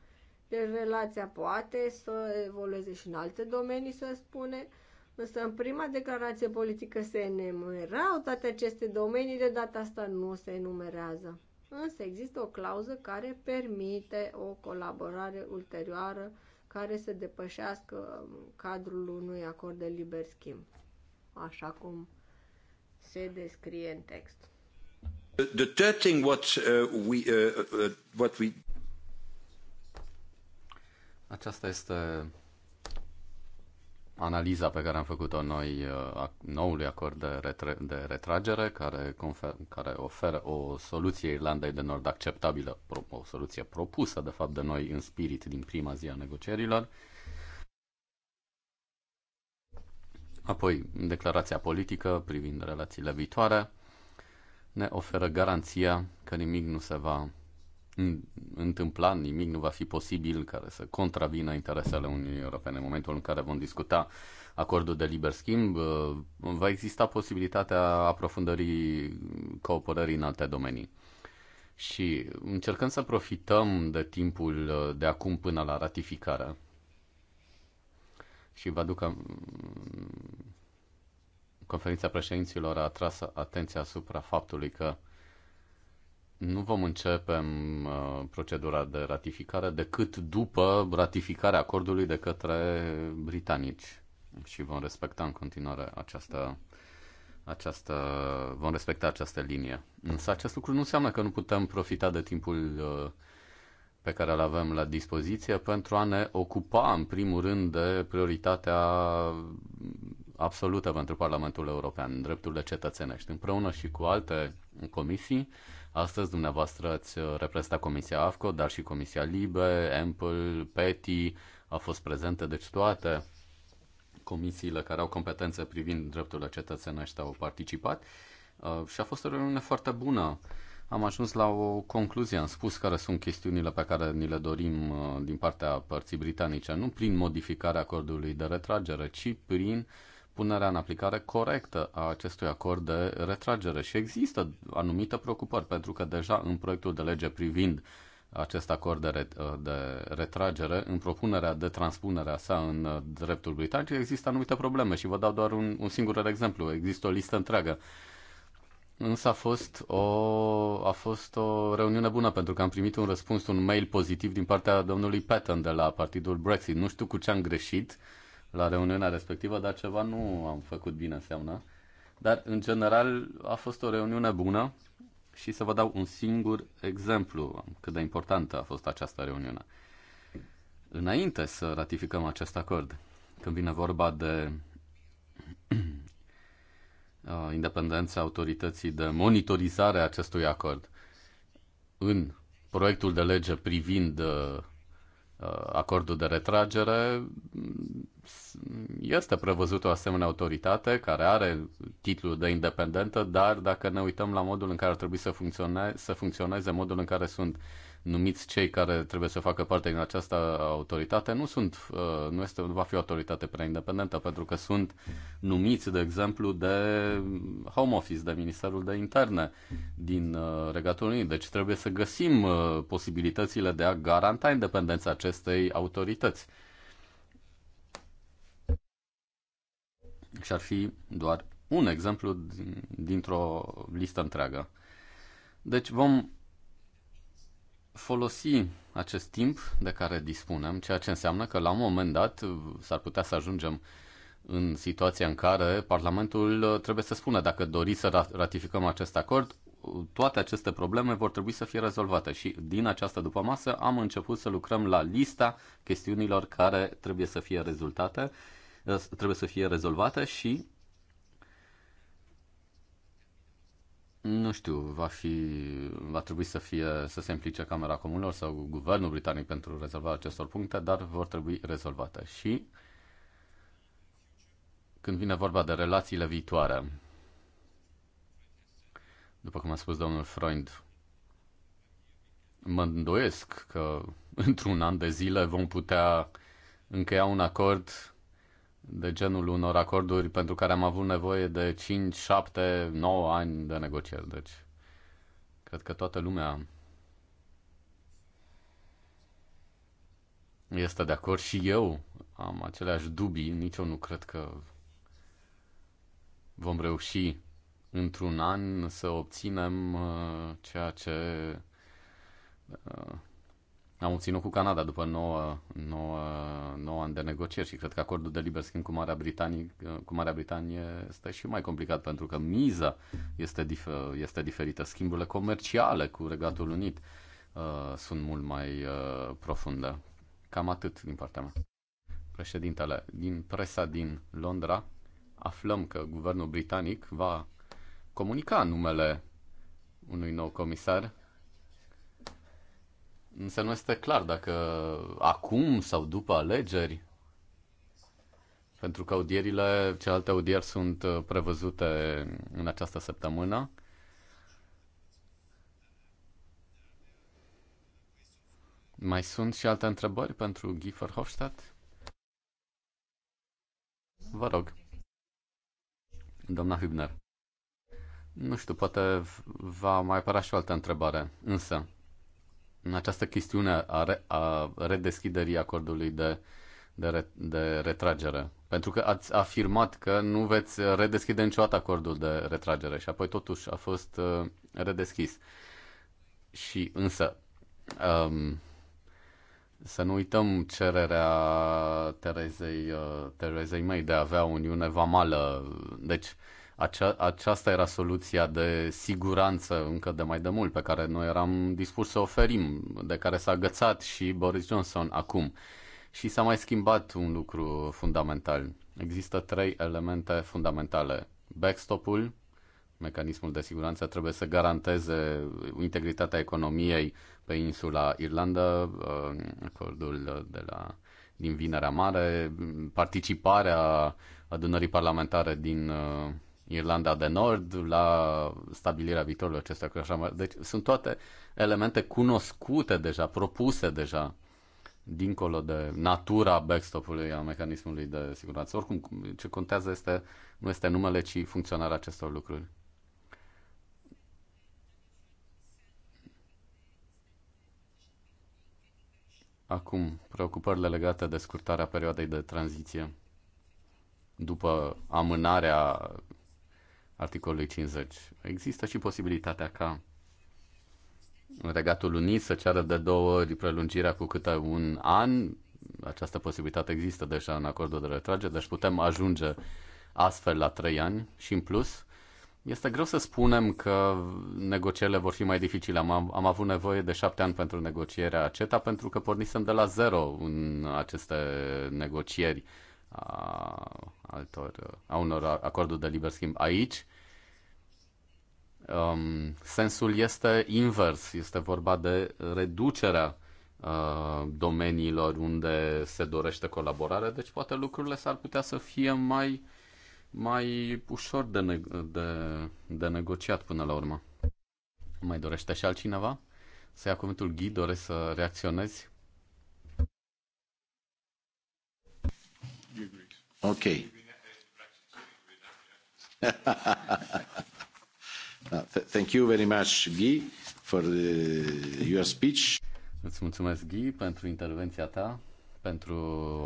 deci relația poate să evolueze și în alte domenii, să spune, însă în prima declarație politică se enumerau toate aceste domenii, de data asta nu se enumerează. Însă există o clauză care permite o colaborare ulterioară care să depășească cadrul unui acord de liber schimb, așa cum se descrie în text. The third thing what uh, we uh, uh, what we Aceasta este analiza pe care am făcut-o noi uh, noului acord de, retre- de retragere care, confer- care oferă o soluție Irlandei de Nord acceptabilă, o soluție propusă de fapt de noi în spirit din prima zi a negocierilor. Apoi, declarația politică privind relațiile viitoare ne oferă garanția că nimic nu se va întâmpla, nimic nu va fi posibil care să contravină interesele Uniunii Europene. În momentul în care vom discuta acordul de liber schimb, uh, va exista posibilitatea aprofundării cooperării în alte domenii. Și încercăm să profităm de timpul uh, de acum până la ratificare. Și vă aduc conferința președinților a atras atenția asupra faptului că nu vom începe uh, procedura de ratificare decât după ratificarea acordului de către britanici și vom respecta în continuare această, această, vom respecta această linie. Însă acest lucru nu înseamnă că nu putem profita de timpul uh, pe care îl avem la dispoziție pentru a ne ocupa în primul rând de prioritatea absolută pentru Parlamentul European, drepturile cetățenești, împreună și cu alte comisii. Astăzi dumneavoastră ați uh, reprezenta Comisia AFCO, dar și Comisia LIBE, EMPL, PETI, a fost prezentă, deci toate comisiile care au competențe privind drepturile cetățenești au participat uh, și a fost o reuniune foarte bună. Am ajuns la o concluzie, am spus care sunt chestiunile pe care ni le dorim uh, din partea părții britanice, nu prin modificarea acordului de retragere, ci prin uh, punerea în aplicare corectă a acestui acord de retragere și există anumite preocupări pentru că deja în proiectul de lege privind acest acord de, re- de retragere, în propunerea de transpunere a sa în dreptul britanic, există anumite probleme și vă dau doar un, un singur exemplu. Există o listă întreagă Însă a fost, o, a fost o reuniune bună pentru că am primit un răspuns, un mail pozitiv din partea domnului Patton de la partidul Brexit. Nu știu cu ce am greșit, la reuniunea respectivă, dar ceva nu am făcut bine, înseamnă. Dar, în general, a fost o reuniune bună și să vă dau un singur exemplu cât de importantă a fost această reuniune. Înainte să ratificăm acest acord, când vine vorba de <clears throat> uh, independența autorității de monitorizare a acestui acord, în proiectul de lege privind uh, Uh, acordul de retragere, este prevăzut o asemenea autoritate care are titlul de independentă, dar dacă ne uităm la modul în care ar trebui să, funcționeze, să funcționeze, modul în care sunt numiți cei care trebuie să facă parte din această autoritate nu sunt, uh, nu este, va fi o autoritate prea independentă, pentru că sunt numiți, de exemplu, de Home Office, de Ministerul de Interne din uh, Regatul Unit. Deci trebuie să găsim uh, posibilitățile de a garanta independența acestei autorități. Și ar fi doar un exemplu dintr-o listă întreagă. Deci vom folosi acest timp de care dispunem, ceea ce înseamnă că la un moment dat s-ar putea să ajungem în situația în care Parlamentul uh, trebuie să spună dacă doriți să ratificăm acest acord, toate aceste probleme vor trebui să fie rezolvate și din această masă am început să lucrăm la lista chestiunilor care trebuie să fie rezultate, uh, trebuie să fie rezolvate și Nu știu, va, fi, va trebui să, fie, să se implice Camera Comunilor sau Guvernul Britanic pentru rezolvarea acestor puncte, dar vor trebui rezolvate. Și când vine vorba de relațiile viitoare, după cum a spus domnul Freund, mă îndoiesc că <laughs> într-un an de zile vom putea încheia un acord de genul unor acorduri pentru care am avut nevoie de 5, 7, 9 ani de negocieri. Deci, cred că toată lumea este de acord și eu am aceleași dubii, nici eu nu cred că vom reuși într-un an să obținem uh, ceea ce uh, am obținut cu Canada după 9, 9, 9 ani de negocieri și cred că acordul de liber schimb cu Marea, Britanie, cu Marea Britanie este și mai complicat pentru că miza este, dif- este diferită. Schimburile comerciale cu Regatul Unit uh, sunt mult mai uh, profunde. Cam atât din partea mea. Președintele, din presa din Londra aflăm că guvernul britanic va comunica numele unui nou comisar Însă nu este clar dacă acum sau după alegeri, pentru că audierile, celelalte audieri sunt uh, prevăzute în această săptămână. Mai sunt și alte întrebări pentru Gifford Hofstadt? Vă rog. Doamna Hübner. Nu știu, poate va mai apărea și o altă întrebare. Însă, în această chestiune a, re, a redeschiderii acordului de, de, re, de retragere. Pentru că ați afirmat că nu veți redeschide niciodată acordul de retragere și apoi totuși a fost uh, redeschis. Și însă, um, să nu uităm cererea Terezei, uh, Terezei May de a avea o Uniune Vamală. Deci, uh, acea, aceasta era soluția de siguranță încă de mai de mult pe care noi eram dispuși să oferim, de care s-a agățat și Boris Johnson acum. Și s-a mai schimbat un lucru fundamental. Există trei elemente fundamentale. Backstop-ul, mecanismul de siguranță, trebuie să garanteze integritatea economiei pe insula Irlanda, uh, acordul de la, din Vinerea Mare, participarea adunării parlamentare din uh, Irlanda de Nord, la stabilirea viitorului acesta așa mai Deci sunt toate elemente cunoscute deja, propuse deja, dincolo de natura backstop-ului, a mecanismului de siguranță. Oricum, ce contează este, nu este numele, ci funcționarea acestor lucruri. Acum, preocupările legate de scurtarea perioadei de tranziție după amânarea articolului 50. Există și posibilitatea ca Regatul Unit să ceară de două ori prelungirea cu câte un an. Această posibilitate există deja în acordul de retragere, deci putem ajunge astfel la trei ani și în plus. Este greu să spunem că negocierile vor fi mai dificile. Am, am avut nevoie de șapte ani pentru negocierea CETA pentru că pornisem de la zero în aceste negocieri a, altor, a unor acorduri de liber schimb. Aici, um, sensul este invers, este vorba de reducerea uh, domeniilor unde se dorește colaborare, deci poate lucrurile s-ar putea să fie mai, mai ușor de, ne- de, de negociat până la urmă. Mai dorește și altcineva? Să ia cuvântul Ghi, doresc să reacționezi? thank you very much, Guy, for the, your speech. Îți mulțumesc, Guy, pentru intervenția ta, pentru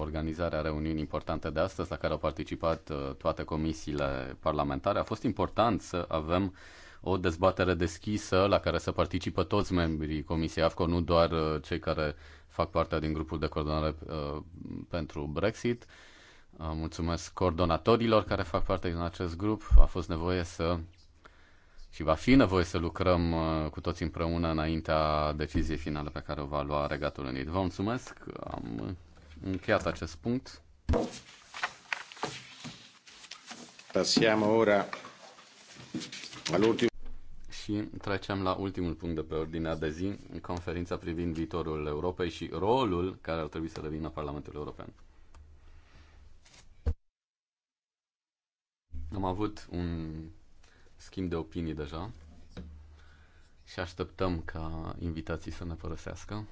organizarea reuniunii importante de astăzi, la care au participat uh, toate comisiile parlamentare. A fost important să avem o dezbatere deschisă la care să participă toți membrii Comisiei AFCO, nu doar uh, cei care fac parte din grupul de coordonare uh, pentru Brexit Uh, mulțumesc coordonatorilor care fac parte din acest grup. A fost nevoie să și va fi nevoie să lucrăm uh, cu toți împreună înaintea deciziei finale pe care o va lua Regatul Unit. Vă mulțumesc, am încheiat acest punct. Passiamo ora all'ultimo. Și trecem la ultimul punct de pe ordinea de zi, conferința privind viitorul Europei și rolul care ar trebui să revină Parlamentul European. Am avut un schimb de opinii deja și așteptăm ca invitații să ne părăsească.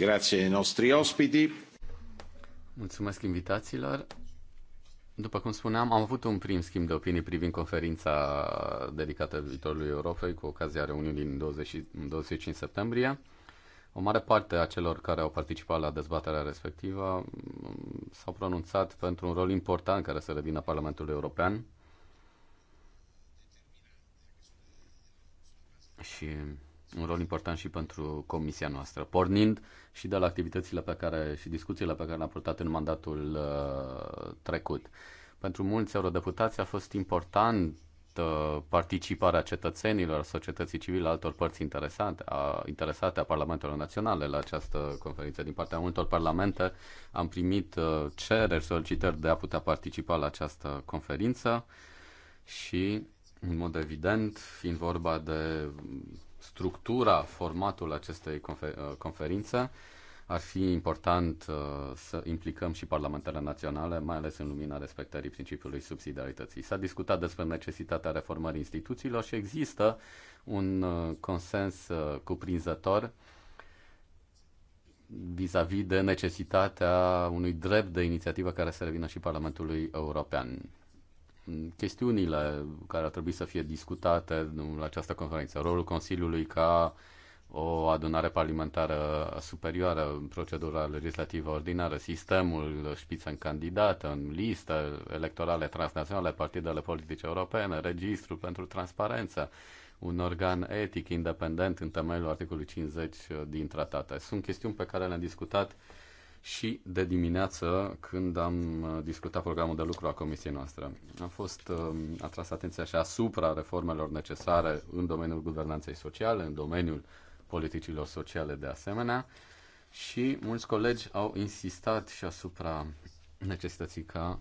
Grazie ai nostri ospiti. Mulțumesc invitațiilor. După cum spuneam, am avut un prim schimb de opinii privind conferința dedicată viitorului Europei cu ocazia reuniunii din 20, 25 septembrie. O mare parte a celor care au participat la dezbaterea respectivă mm, s-au pronunțat pentru un rol important care să revină Parlamentului European și un rol important și pentru comisia noastră, pornind și de la activitățile pe care și discuțiile pe care le-am purtat în mandatul uh, trecut. Pentru mulți eurodeputați a fost important uh, participarea cetățenilor, societății civile, altor părți interesate, a, interesate a Parlamentelor Naționale la această conferință. Din partea multor parlamente am primit uh, cereri, solicitări de a putea participa la această conferință și în mod evident, fiind vorba de structura, formatul acestei uh, conferințe. Ar fi important uh, să implicăm și parlamentele naționale, mai ales în lumina respectării principiului subsidiarității. S-a discutat despre necesitatea reformării instituțiilor și există un uh, consens cuprinzător vis-a-vis -vis de necesitatea unui drept de inițiativă care să revină și Parlamentului European chestiunile care ar trebui să fie discutate la această conferință, rolul Consiliului ca o adunare parlamentară superioară, procedura legislativă ordinară, sistemul șpiță în candidată, în listă electorale transnaționale, partidele politice europene, registru pentru transparență, un organ etic independent în temeiul articolului 50 din tratate. Sunt chestiuni pe care le-am discutat uh, și de dimineață când am uh, discutat programul de lucru a comisiei noastre. A fost uh, atras atenția și asupra reformelor necesare în domeniul guvernanței sociale, în domeniul politicilor sociale de asemenea și mulți colegi au insistat și asupra necesității ca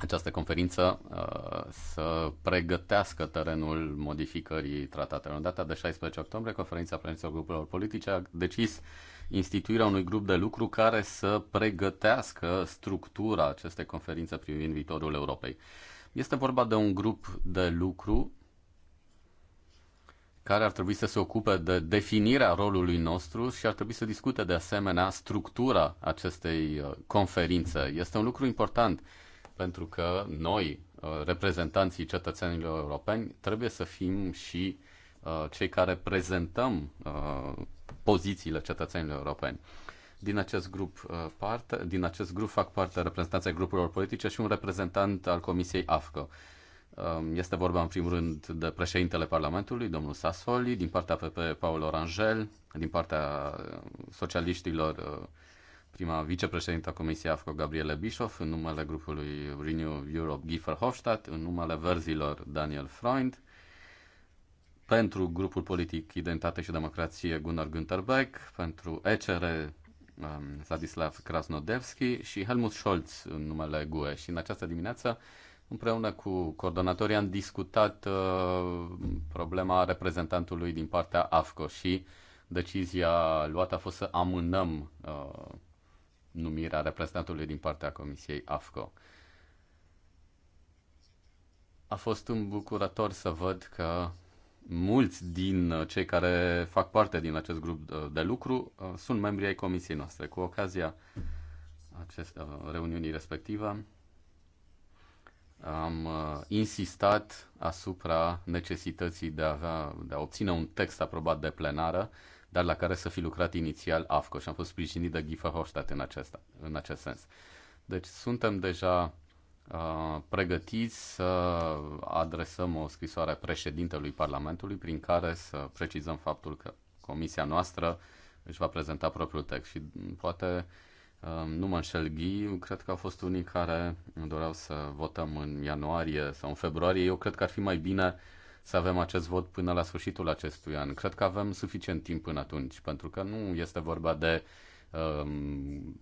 această conferință uh, să pregătească terenul modificării tratatelor. În data de 16 octombrie, conferința președinților grupurilor politice a decis instituirea unui grup de lucru care să pregătească structura acestei conferințe privind viitorul Europei. Este vorba de un grup de lucru care ar trebui să se ocupe de definirea rolului nostru și ar trebui să discute de asemenea structura acestei uh, conferințe. Este un lucru important pentru că noi, uh, reprezentanții cetățenilor europeni, trebuie să fim și uh, cei care prezentăm pozițiile cetățenilor europeni. Din acest, grup, uh, parte, din acest grup fac parte reprezentanții grupurilor politice și un reprezentant al Comisiei AFCO. Um, este vorba în primul rând de președintele Parlamentului, domnul Sassoli, din partea PP Paul Orangel, din partea uh, socialiștilor uh, prima vicepreședintă a Comisiei AFCO Gabriele Bischoff, în numele grupului Renew Europe Giefer Hofstadt, în numele verzilor Daniel Freund, pentru grupul politic Identitate și Democrație Gunnar Günther Beck, pentru ECR um, Vladislav Krasnodevski și Helmut Scholz în numele GUE. Și în această dimineață, împreună cu coordonatorii, am discutat uh, problema reprezentantului din partea AFCO și decizia luată a fost să amânăm uh, numirea reprezentantului din partea Comisiei AFCO. A fost îmbucurător să văd că mulți din uh, cei care fac parte din acest grup uh, de lucru uh, sunt membri ai comisiei noastre. Cu ocazia acest, reuniunii respective am insistat asupra necesității de a, avea, de a obține un text aprobat de plenară, dar la care să fi lucrat inițial AFCO și am fost sprijinit de Guy Verhofstadt în acest, în acest sens. Deci suntem deja Uh, pregătiți să adresăm o scrisoare președintelui Parlamentului prin care să precizăm faptul că comisia noastră își va prezenta propriul text și poate um, nu mă înșel, Ghi, cred că au fost unii care doreau să votăm în ianuarie sau în februarie. Eu cred că ar fi mai bine să avem acest vot până la sfârșitul acestui an. Cred că avem suficient timp până atunci, pentru că nu este vorba de um,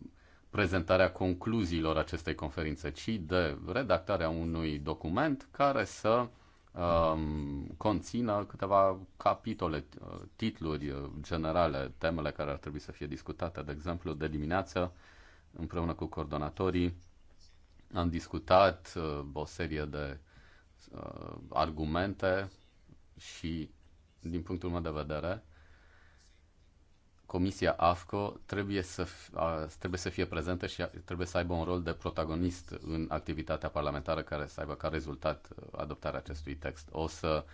prezentarea concluziilor acestei conferințe, ci de redactarea unui document care să um, conțină câteva capitole, uh, titluri uh, generale, temele care ar trebui să fie discutate. De exemplu, de dimineață, împreună cu coordonatorii, am discutat uh, o serie de uh, argumente și, din punctul meu de vedere, Comisia AFCO trebuie să, trebuie să fie prezentă și trebuie să aibă un rol de protagonist în activitatea parlamentară care să aibă ca rezultat uh, adoptarea acestui text. O să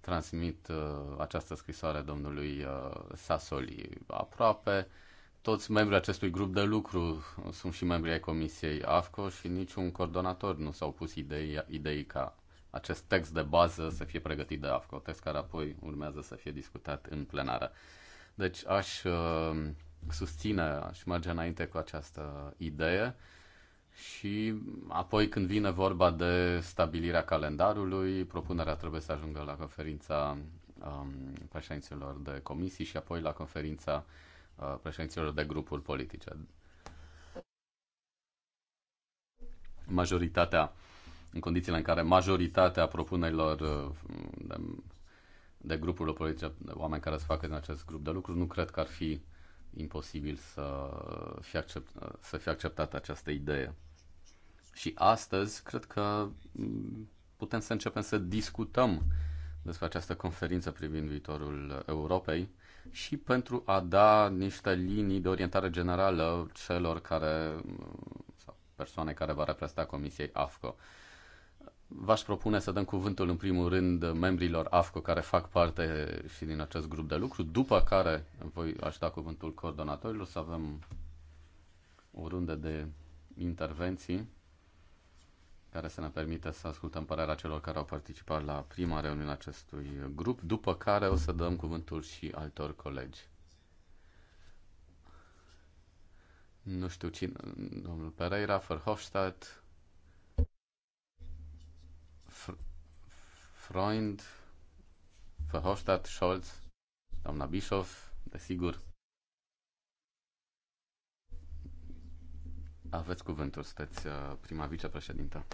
transmit uh, această scrisoare domnului uh, Sasoli aproape. Toți membrii acestui grup de lucru sunt și membrii ai Comisiei AFCO și niciun coordonator nu s-au pus idei, idei ca acest text de bază să fie pregătit de AFCO, text care apoi urmează să fie discutat în plenară. Deci aș uh, susține, aș merge înainte cu această idee și apoi când vine vorba de stabilirea calendarului, propunerea trebuie să ajungă la conferința um, președinților de comisii și apoi la conferința uh, președinților de grupuri politice. Majoritatea, în condițiile în care majoritatea propunerilor uh, de de de politice, de oameni care se facă din acest grup de lucru, nu cred că ar fi imposibil să fie, accept, să fie acceptată această idee. Și astăzi, cred că mm, putem să începem să discutăm despre această conferință privind viitorul Europei și pentru a da niște linii de orientare generală celor care mm, sau persoane care va reprezenta Comisiei AFCO. V-aș propune să dăm cuvântul în primul rând membrilor AFCO care fac parte și din acest grup de lucru, după care voi aș da cuvântul coordonatorilor să avem o rundă de intervenții care să ne permită să ascultăm părerea celor care au participat la prima reuniune a acestui grup, după care o să dăm cuvântul și altor colegi. Nu știu cine, domnul Pereira, Verhofstadt, Freund, Verhofstadt, Scholz, doamna Bischoff, desigur. Aveți cuvântul, sunteți uh, prima vicepreședintă.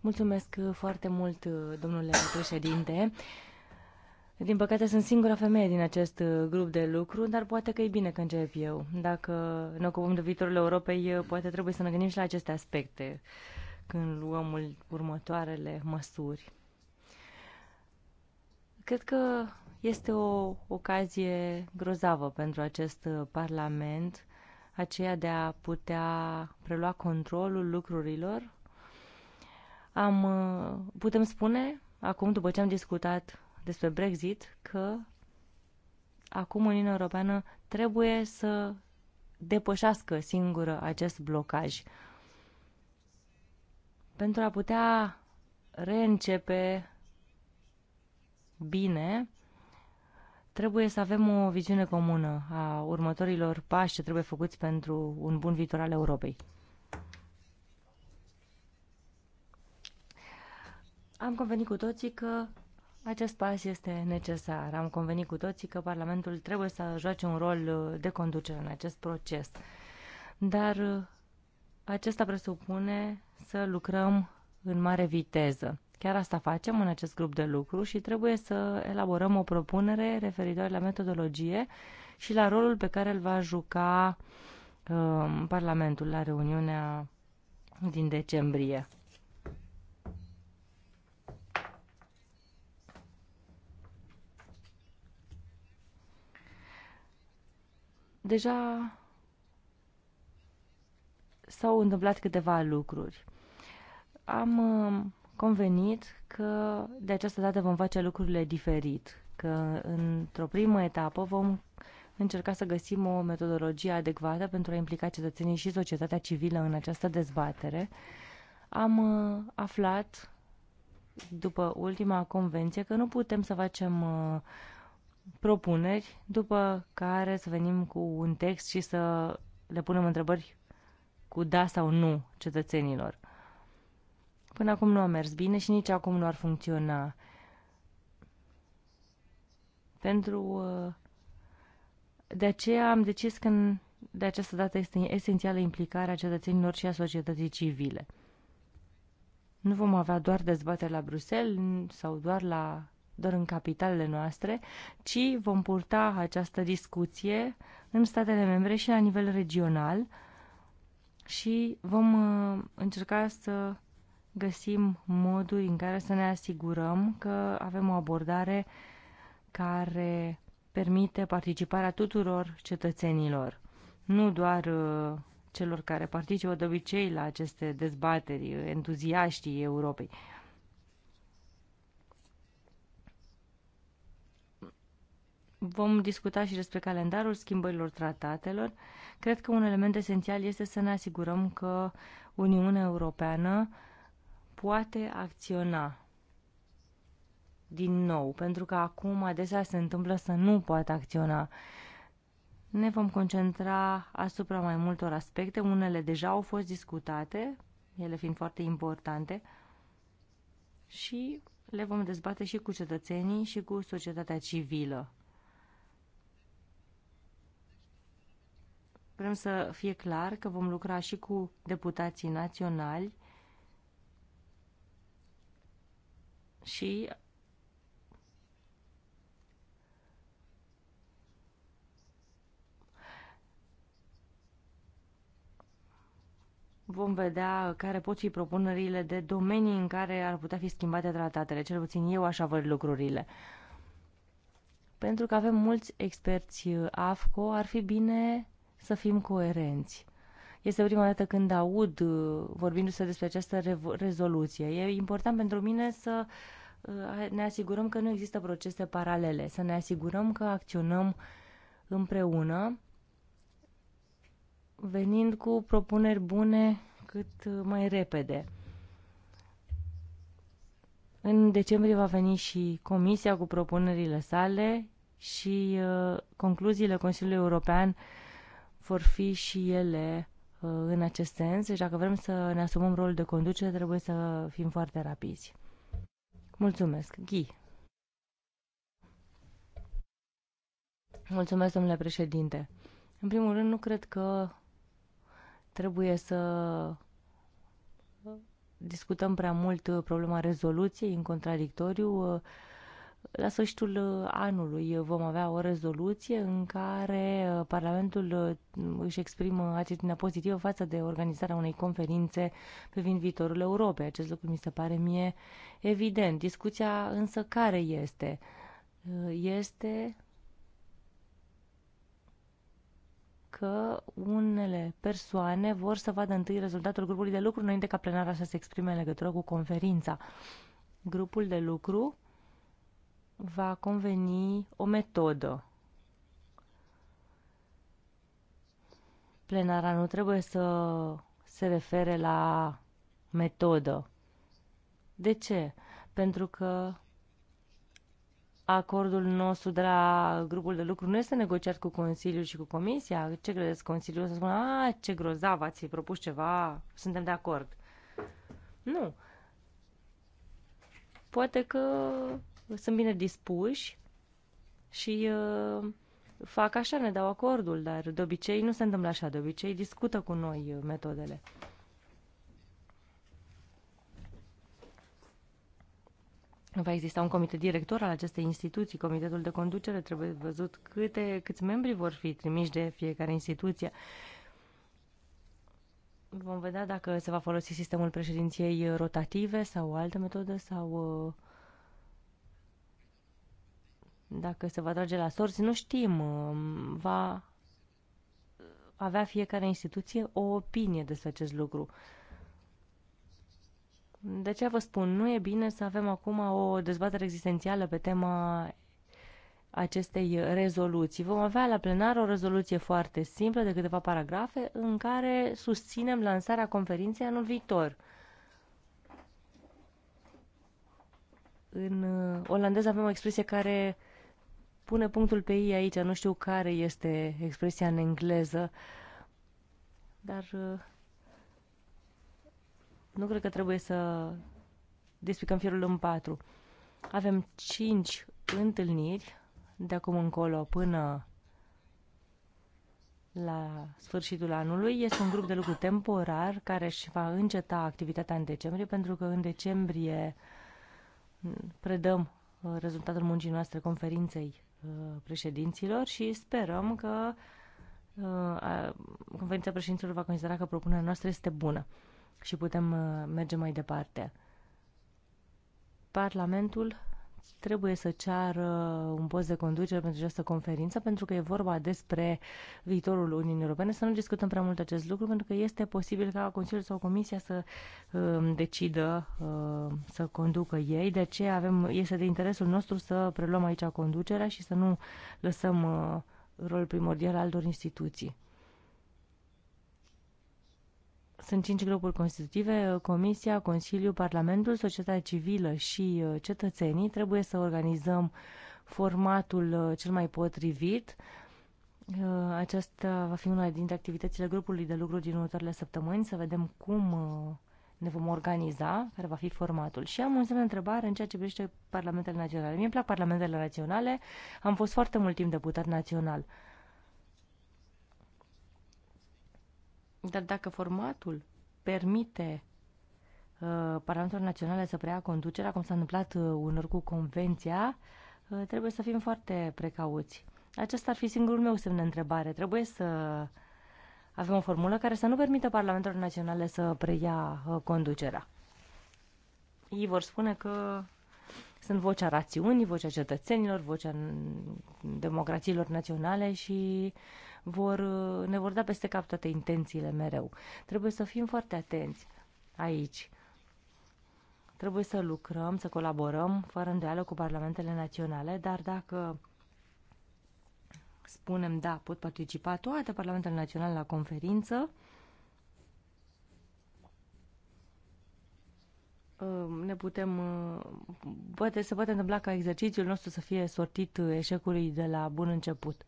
Mulțumesc foarte mult, domnule președinte. Din păcate sunt singura femeie din acest uh, grup de lucru, dar poate că e bine că încep eu. Dacă ne ocupăm de viitorul Europei, uh, poate trebuie să ne gândim și la aceste aspecte când luăm următoarele măsuri. Cred că este o ocazie grozavă pentru acest uh, Parlament, aceea de a putea prelua controlul lucrurilor. Am, putem spune, acum, după ce am discutat despre Brexit că acum Uniunea Europeană trebuie să depășească singură acest blocaj pentru a putea reîncepe bine, trebuie să avem o viziune comună a următorilor pași ce trebuie făcuți pentru un bun viitor al Europei. Am convenit cu toții că acest pas este necesar. Am convenit cu toții că Parlamentul trebuie să joace un rol de conducere în acest proces. Dar uh, acesta presupune să lucrăm în mare viteză. Chiar asta facem în acest grup de lucru și trebuie să elaborăm o propunere referitoare la metodologie și la rolul pe care îl va juca uh, Parlamentul la reuniunea din decembrie. deja s-au întâmplat câteva lucruri. Am uh, convenit că de această dată vom face lucrurile diferit, că într-o primă etapă vom încerca să găsim o metodologie adecvată pentru a implica cetățenii și societatea civilă în această dezbatere. Am uh, aflat după ultima convenție că nu putem să facem uh, propuneri, după care să venim cu un text și să le punem întrebări cu da sau nu cetățenilor. Până acum nu a mers bine și nici acum nu ar funcționa. Pentru... Uh, de aceea am decis că de această dată este esențială implicarea cetățenilor și a societății civile. Nu vom avea doar dezbateri la Bruxelles sau doar la doar în capitalele noastre, ci vom purta această discuție în statele membre și la nivel regional și vom uh, încerca să găsim moduri în care să ne asigurăm că avem o abordare care permite participarea tuturor cetățenilor, nu doar uh, celor care participă de obicei la aceste dezbateri, entuziaștii Europei. Vom discuta și despre calendarul schimbărilor tratatelor. Cred că un element esențial este să ne asigurăm că Uniunea Europeană poate acționa din nou, pentru că acum adesea se întâmplă să nu poată acționa. Ne vom concentra asupra mai multor aspecte, unele deja au fost discutate, ele fiind foarte importante, și le vom dezbate și cu cetățenii și cu societatea civilă. vrem să fie clar că vom lucra și cu deputații naționali și vom vedea care pot fi propunerile de domenii în care ar putea fi schimbate tratatele. Cel puțin eu așa văd lucrurile. Pentru că avem mulți experți uh, AFCO, ar fi bine să fim coerenți. Este prima dată când aud uh, vorbindu-se despre această rezoluție. E important pentru mine să uh, ne asigurăm că nu există procese paralele, să ne asigurăm că acționăm împreună, venind cu propuneri bune cât uh, mai repede. În decembrie va veni și comisia cu propunerile sale și concluziile Consiliului European vor fi și ele uh, în acest sens. Deci dacă vrem să ne asumăm rolul de conducere, trebuie să fim foarte rapizi. Mulțumesc. Ghi. Mulțumesc, domnule președinte. În primul rând, nu cred că trebuie să discutăm prea mult uh, problema rezoluției în contradictoriu. Uh, la sfârșitul uh, anului vom avea o rezoluție în care uh, Parlamentul uh, își exprimă atitudinea pozitivă față de organizarea unei conferințe privind viitorul Europei. Acest lucru mi se pare mie evident. Discuția însă care este? Este că unele persoane vor să vadă întâi rezultatul grupului de lucru înainte ca plenara să se exprime în legătură cu conferința. Grupul de lucru va conveni o metodă. Plenara nu trebuie să se refere la metodă. De ce? Pentru că acordul nostru de la grupul de lucru nu este negociat cu Consiliul și cu Comisia. Ce credeți? Consiliul să spună, a, ce grozav, ați propus ceva, suntem de acord. Nu. Poate că sunt bine dispuși și uh, fac așa, ne dau acordul, dar de obicei nu se întâmplă așa, de obicei discută cu noi uh, metodele. Va exista un comitet director al acestei instituții, comitetul de conducere, trebuie văzut câte, câți membri vor fi trimiși de fiecare instituție. Vom vedea dacă se va folosi sistemul președinției rotative sau o altă metodă sau uh, dacă se va trage la sorți, nu știm. Uh, va avea fiecare instituție o opinie despre acest lucru. De ce vă spun? Nu e bine să avem acum o dezbatere existențială pe tema acestei rezoluții. Vom avea la plenar o rezoluție foarte simplă de câteva paragrafe în care susținem lansarea conferinței anul viitor. În uh, olandez avem o expresie care uh, pune punctul pe ei aici. Nu știu care este expresia în engleză, dar uh, nu cred că trebuie să despicăm firul în patru. Avem cinci întâlniri de acum încolo până la sfârșitul anului. Este un grup de lucru temporar care își va înceta activitatea în decembrie, pentru că în decembrie predăm uh, rezultatul muncii noastre conferinței Uh, președinților și sperăm că uh, conferința președinților va considera că propunerea noastră este bună și putem uh, merge mai departe. Parlamentul trebuie să ceară un post de conducere pentru această conferință, pentru că e vorba despre viitorul Uniunii Europene. Să nu discutăm prea mult acest lucru, pentru că este posibil ca Consiliul sau Comisia să uh, decidă uh, să conducă ei. De aceea avem, este de interesul nostru să preluăm aici conducerea și să nu lăsăm uh, rolul primordial altor instituții. Sunt cinci grupuri constitutive, uh, Comisia, Consiliul, Parlamentul, societatea civilă și uh, cetățenii. Trebuie să organizăm formatul uh, cel mai potrivit. Aceasta va fi una dintre activitățile grupului de lucru din următoarele săptămâni, să vedem cum ne vom organiza, care va fi formatul. Și am un semn de întrebare în ceea ce privește parlamentele naționale. Mie îmi plac parlamentele naționale, am fost foarte mult timp deputat național. Dar dacă formatul permite uh, Parlamentul Național să preia conducerea, cum s-a întâmplat uh, unor cu convenția, uh, trebuie să fim foarte precauți. Acesta ar fi singurul meu semn de întrebare. Trebuie să avem o formulă care să nu permită Parlamentul Național să preia uh, conducerea. Ei vor spune că sunt vocea rațiunii, vocea cetățenilor, vocea democrațiilor naționale și uh, vor, uh, ne vor da peste cap toate intențiile mereu. Trebuie să fim foarte atenți aici. Trebuie să lucrăm, să colaborăm fără îndoială cu parlamentele naționale, dar dacă spunem da, pot participa toate parlamentele naționale la conferință, uh, ne putem, uh, poate se poate întâmpla ca exercițiul nostru să fie sortit eșecului de la bun început.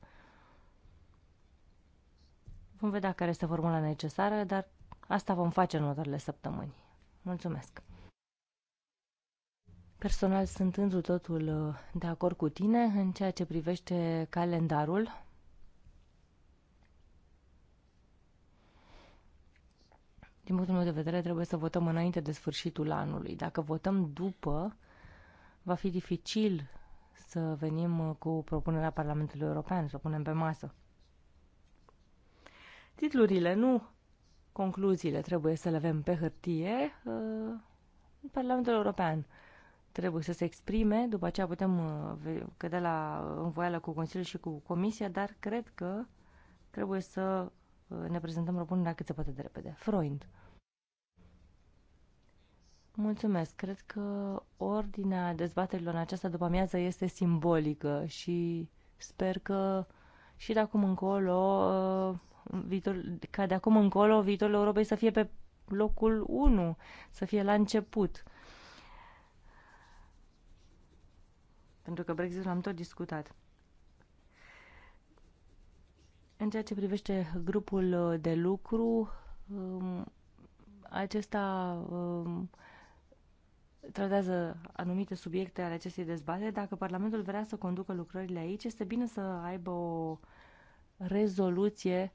Vom vedea care este formula necesară, dar asta vom face în următoarele săptămâni. Mulțumesc! Personal sunt întru totul uh, de acord cu tine în ceea ce privește calendarul. Din punctul meu de vedere, trebuie să votăm înainte de sfârșitul anului. Dacă votăm după, va fi dificil să venim uh, cu propunerea Parlamentului European, să o punem pe masă. Titlurile, nu concluziile, trebuie să le avem pe hârtie. Uh, Parlamentul European trebuie să se exprime, după aceea putem uh, cădea la învoială cu Consiliul și cu Comisia, dar cred că trebuie să uh, ne prezentăm propunerea cât se poate de repede. Freund. Mulțumesc. Cred că ordinea dezbaterilor în această după amiază este simbolică și sper că și de acum încolo viitor, ca de acum încolo viitorul Europei să fie pe locul 1, să fie la început. Pentru că l am tot discutat. În ceea ce privește grupul de lucru, um, acesta um, tratează anumite subiecte ale acestei dezbateri. Dacă Parlamentul vrea să conducă lucrările aici, este bine să aibă o rezoluție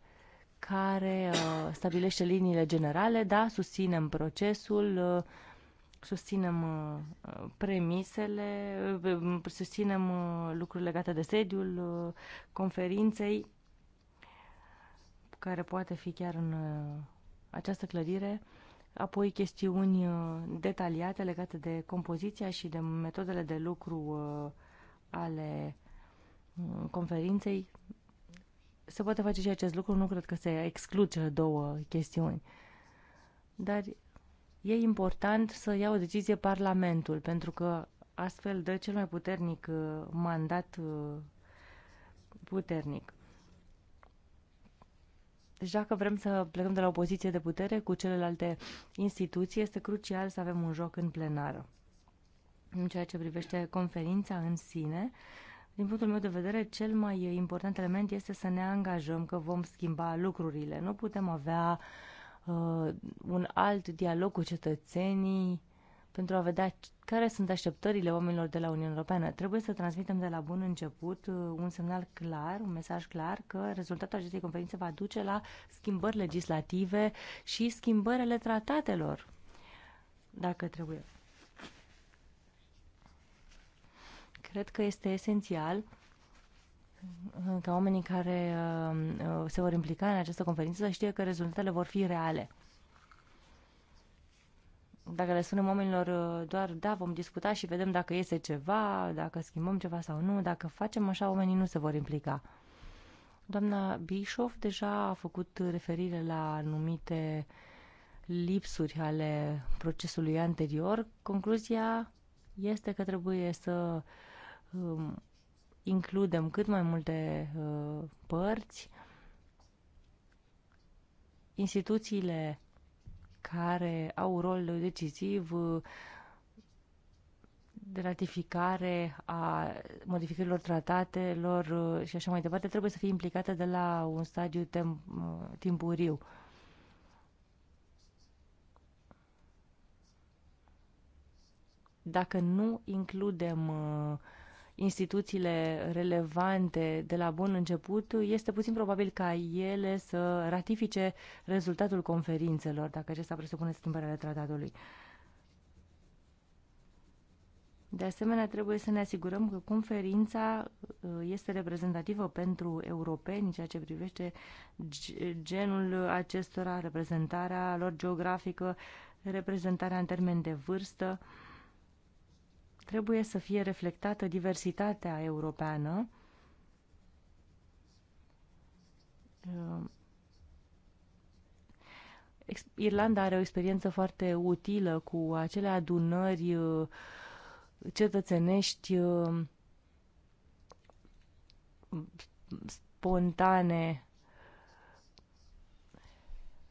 care uh, stabilește liniile generale, da, susținem procesul, uh, susținem uh, premisele, uh, susținem uh, lucruri legate de sediul uh, conferinței, care poate fi chiar în uh, această clădire, apoi chestiuni uh, detaliate legate de compoziția și de metodele de lucru uh, ale uh, conferinței, se poate face și acest lucru, nu cred că se exclud cele două chestiuni. Dar e important să ia o decizie Parlamentul, pentru că astfel dă cel mai puternic uh, mandat uh, puternic. Deci dacă vrem să plecăm de la o poziție de putere cu celelalte instituții, este crucial să avem un joc în plenară. În ceea ce privește conferința în sine, uh, din punctul meu de vedere, cel mai important element este să ne angajăm că vom schimba lucrurile. Nu putem avea uh, un alt dialog cu cetățenii pentru a vedea care sunt așteptările oamenilor de la Uniunea Europeană. Trebuie să transmitem de la bun început uh, un semnal clar, un mesaj clar că rezultatul acestei conferințe va duce la schimbări legislative și schimbările tratatelor, dacă trebuie. Cred că este esențial uh, ca oamenii care uh, uh, se vor implica în această conferință să știe că rezultatele vor fi reale. Dacă le spunem oamenilor doar da, vom discuta și vedem dacă iese ceva, dacă schimbăm ceva sau nu, dacă facem așa, oamenii nu se vor implica. Doamna Bischoff deja a făcut referire la anumite lipsuri ale procesului anterior. Concluzia este că trebuie să uh, includem cât mai multe uh, părți, instituțiile care au rol decisiv uh, de ratificare a modificărilor tratatelor uh, și așa mai departe, trebuie să fie implicate de la un stadiu tem, timpuriu. Dacă nu includem uh, instituțiile relevante de la bun început, este puțin probabil ca ele să ratifice rezultatul conferințelor, dacă acesta presupune schimbarea tratatului. De asemenea, trebuie să ne asigurăm că conferința uh, este reprezentativă pentru europeni ceea ce privește genul acestora, reprezentarea lor geografică, reprezentarea în termen de vârstă, Trebuie să fie reflectată diversitatea europeană ehm, Irlanda are o experiență foarte utilă cu acele adunări uh, cetățenești uh, spontane,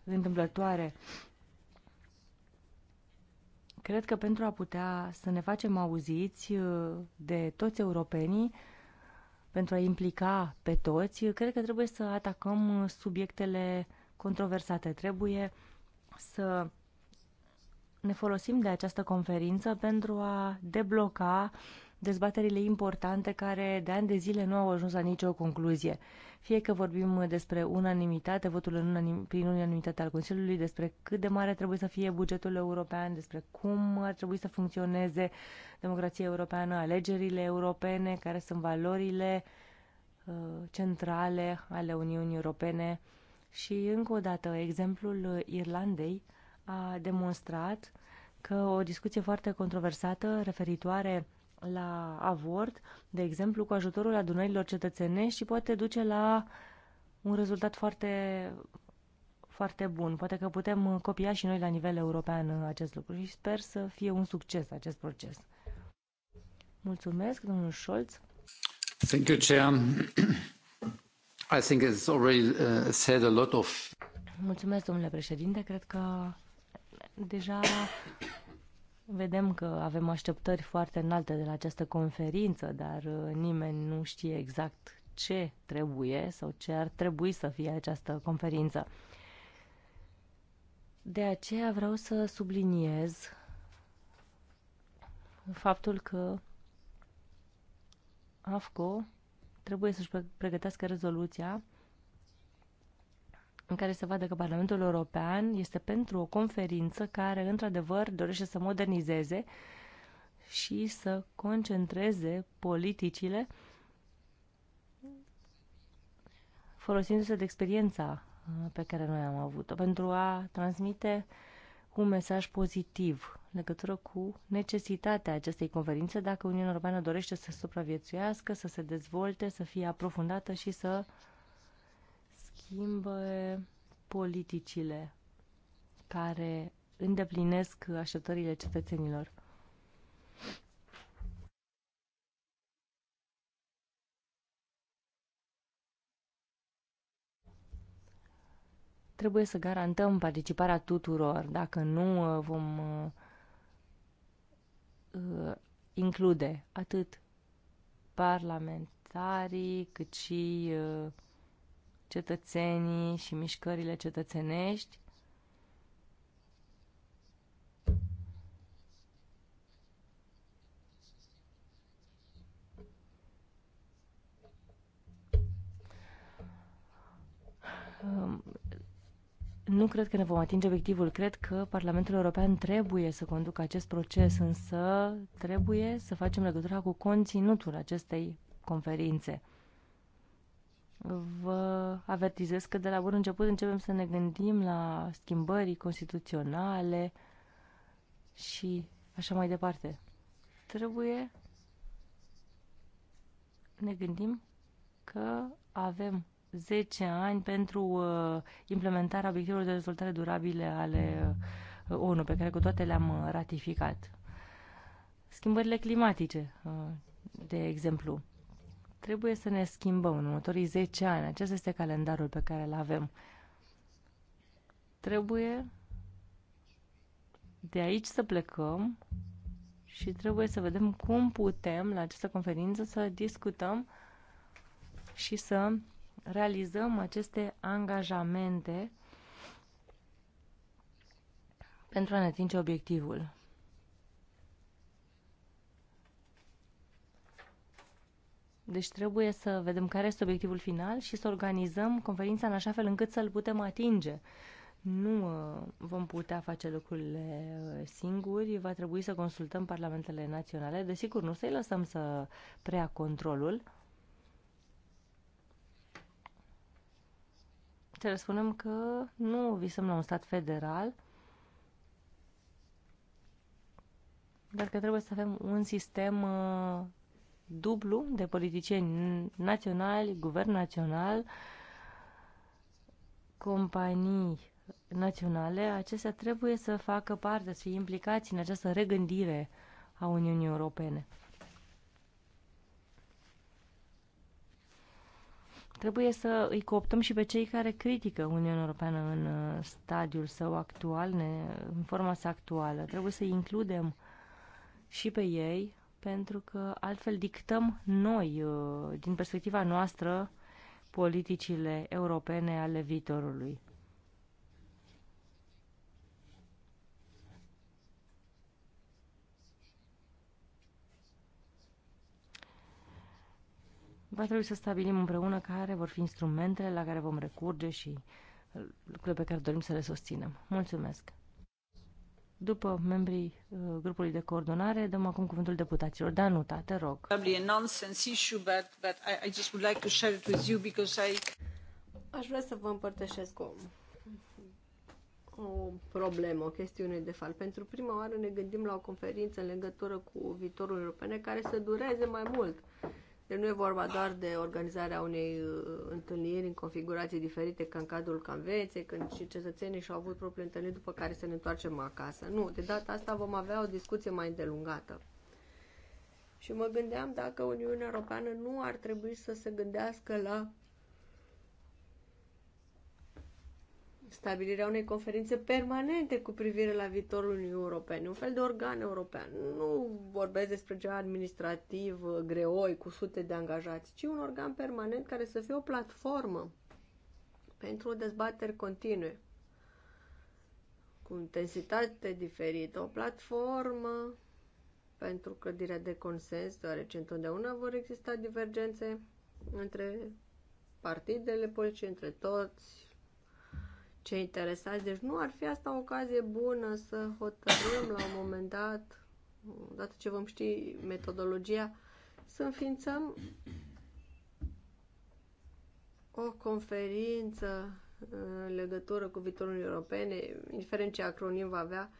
întâmplătoare. Cred că pentru a putea să ne facem auziți uh, de toți europenii, pentru a implica pe toți, uh, cred că trebuie să atacăm uh, subiectele controversate. Trebuie să ne folosim de această conferință pentru a debloca dezbaterile importante care de ani de zile nu au ajuns la nicio concluzie fie că vorbim despre unanimitate, votul în unanim, prin unanimitate al Consiliului, despre cât de mare trebuie să fie bugetul european, despre cum ar trebui să funcționeze democrația europeană, alegerile europene, care sunt valorile uh, centrale ale Uniunii Europene. Și, încă o dată, exemplul Irlandei a demonstrat că o discuție foarte controversată referitoare la avort, de exemplu, cu ajutorul adunărilor cetățenești și poate duce la un rezultat foarte, foarte bun. Poate că putem copia și noi la nivel european acest lucru și sper să fie un succes acest proces. Mulțumesc, domnul Scholz. Thank you, Chair. I think it's already uh, said a lot of... Mulțumesc, domnule președinte. Cred că deja Vedem că avem așteptări foarte înalte de la această conferință, dar uh, nimeni nu știe exact ce trebuie sau ce ar trebui să fie această conferință. De aceea vreau să subliniez faptul că AFCO trebuie să-și pregătească rezoluția în care se vadă că Parlamentul European este pentru o conferință care, într-adevăr, dorește să modernizeze și să concentreze politicile folosindu-se de experiența uh, pe care noi am avut-o, pentru a transmite un mesaj pozitiv în legătură cu necesitatea acestei conferințe dacă Uniunea Europeană dorește să supraviețuiască, să se dezvolte, să fie aprofundată și să schimbă politicile care îndeplinesc așteptările cetățenilor. Trebuie să garantăm participarea tuturor. Dacă nu, vom uh, include atât parlamentarii cât și uh, cetățenii și mișcările cetățenești. Nu cred că ne vom atinge obiectivul. Cred că Parlamentul European trebuie să conducă acest proces, însă trebuie să facem legătura cu conținutul acestei conferințe vă avertizez că de la bun început începem să ne gândim la schimbări constituționale și așa mai departe. Trebuie ne gândim că avem 10 ani pentru uh, implementarea obiectivelor de dezvoltare durabile ale uh, ONU, pe care cu toate le-am uh, ratificat. Schimbările climatice, uh, de exemplu. Trebuie să ne schimbăm în următorii 10 ani. Acesta este calendarul pe care îl avem. Trebuie de aici să plecăm și trebuie să vedem cum putem la această conferință să discutăm și să realizăm aceste angajamente pentru a ne atinge obiectivul. Deci trebuie să vedem care este obiectivul final și să organizăm conferința în așa fel încât să-l putem atinge. Nu uh, vom putea face lucrurile uh, singuri, va trebui să consultăm parlamentele naționale. Desigur, nu să-i lăsăm să preia controlul. Să le spunem că nu visăm la un stat federal, dar că trebuie să avem un sistem uh, dublu de politicieni naționali, guvern național, companii naționale, acestea trebuie să facă parte, să fie implicați în această regândire a Uniunii Europene. Trebuie să îi cooptăm și pe cei care critică Uniunea Europeană în uh, stadiul său actual, în forma sa actuală. Trebuie să i includem și pe ei pentru că altfel dictăm noi, uh, din perspectiva noastră, politicile europene ale viitorului. Va trebui să stabilim împreună care vor fi instrumentele la care vom recurge și uh, lucrurile pe care dorim să le susținem. Mulțumesc! După membrii uh, grupului de coordonare, dăm acum cuvântul deputaților. Danuta, te rog. Aș vrea să vă împărtășesc o, o problemă, o chestiune de fapt. Pentru prima oară ne gândim la o conferință în legătură cu viitorul european care să dureze mai mult. Uh, deci nu e vorba doar de organizarea unei uh, întâlniri în configurații diferite, ca în cadrul canveței, când și cetățenii și-au avut propriul întâlniri după care să ne întoarcem acasă. Nu, de data asta vom avea o discuție mai îndelungată. Și mă gândeam dacă Uniunea Europeană nu ar trebui să se gândească la stabilirea unei conferințe permanente cu privire la viitorul Uniunii Europene, un fel de organ european. Nu vorbesc despre ceva administrativ uh, greoi cu sute de angajați, ci un organ permanent care să fie o platformă pentru o dezbatere continue, cu intensitate diferită, o platformă pentru clădirea de consens, deoarece întotdeauna vor exista divergențe între partidele politice, între toți cei interesați. Deci nu ar fi asta o ocazie bună să hotărâm la un moment dat, odată ce vom ști metodologia, să înființăm o conferință în legătură cu viitorul europene, indiferent ce acronim va avea,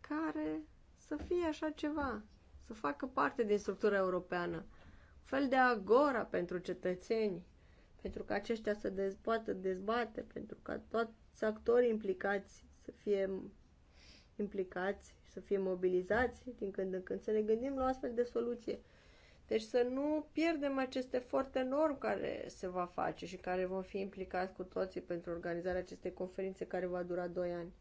care să fie așa ceva, să facă parte din structura europeană. Un fel de agora pentru cetățeni, pentru că aceștia să dez, poată dezbate, pentru ca toată toți actorii implicați să fie implicați, să fie mobilizați din când în când, să ne gândim la o astfel de soluție. Deci să nu pierdem acest efort enorm care se va face și care vom fi implicați cu toții pentru organizarea acestei conferințe care va dura 2 ani.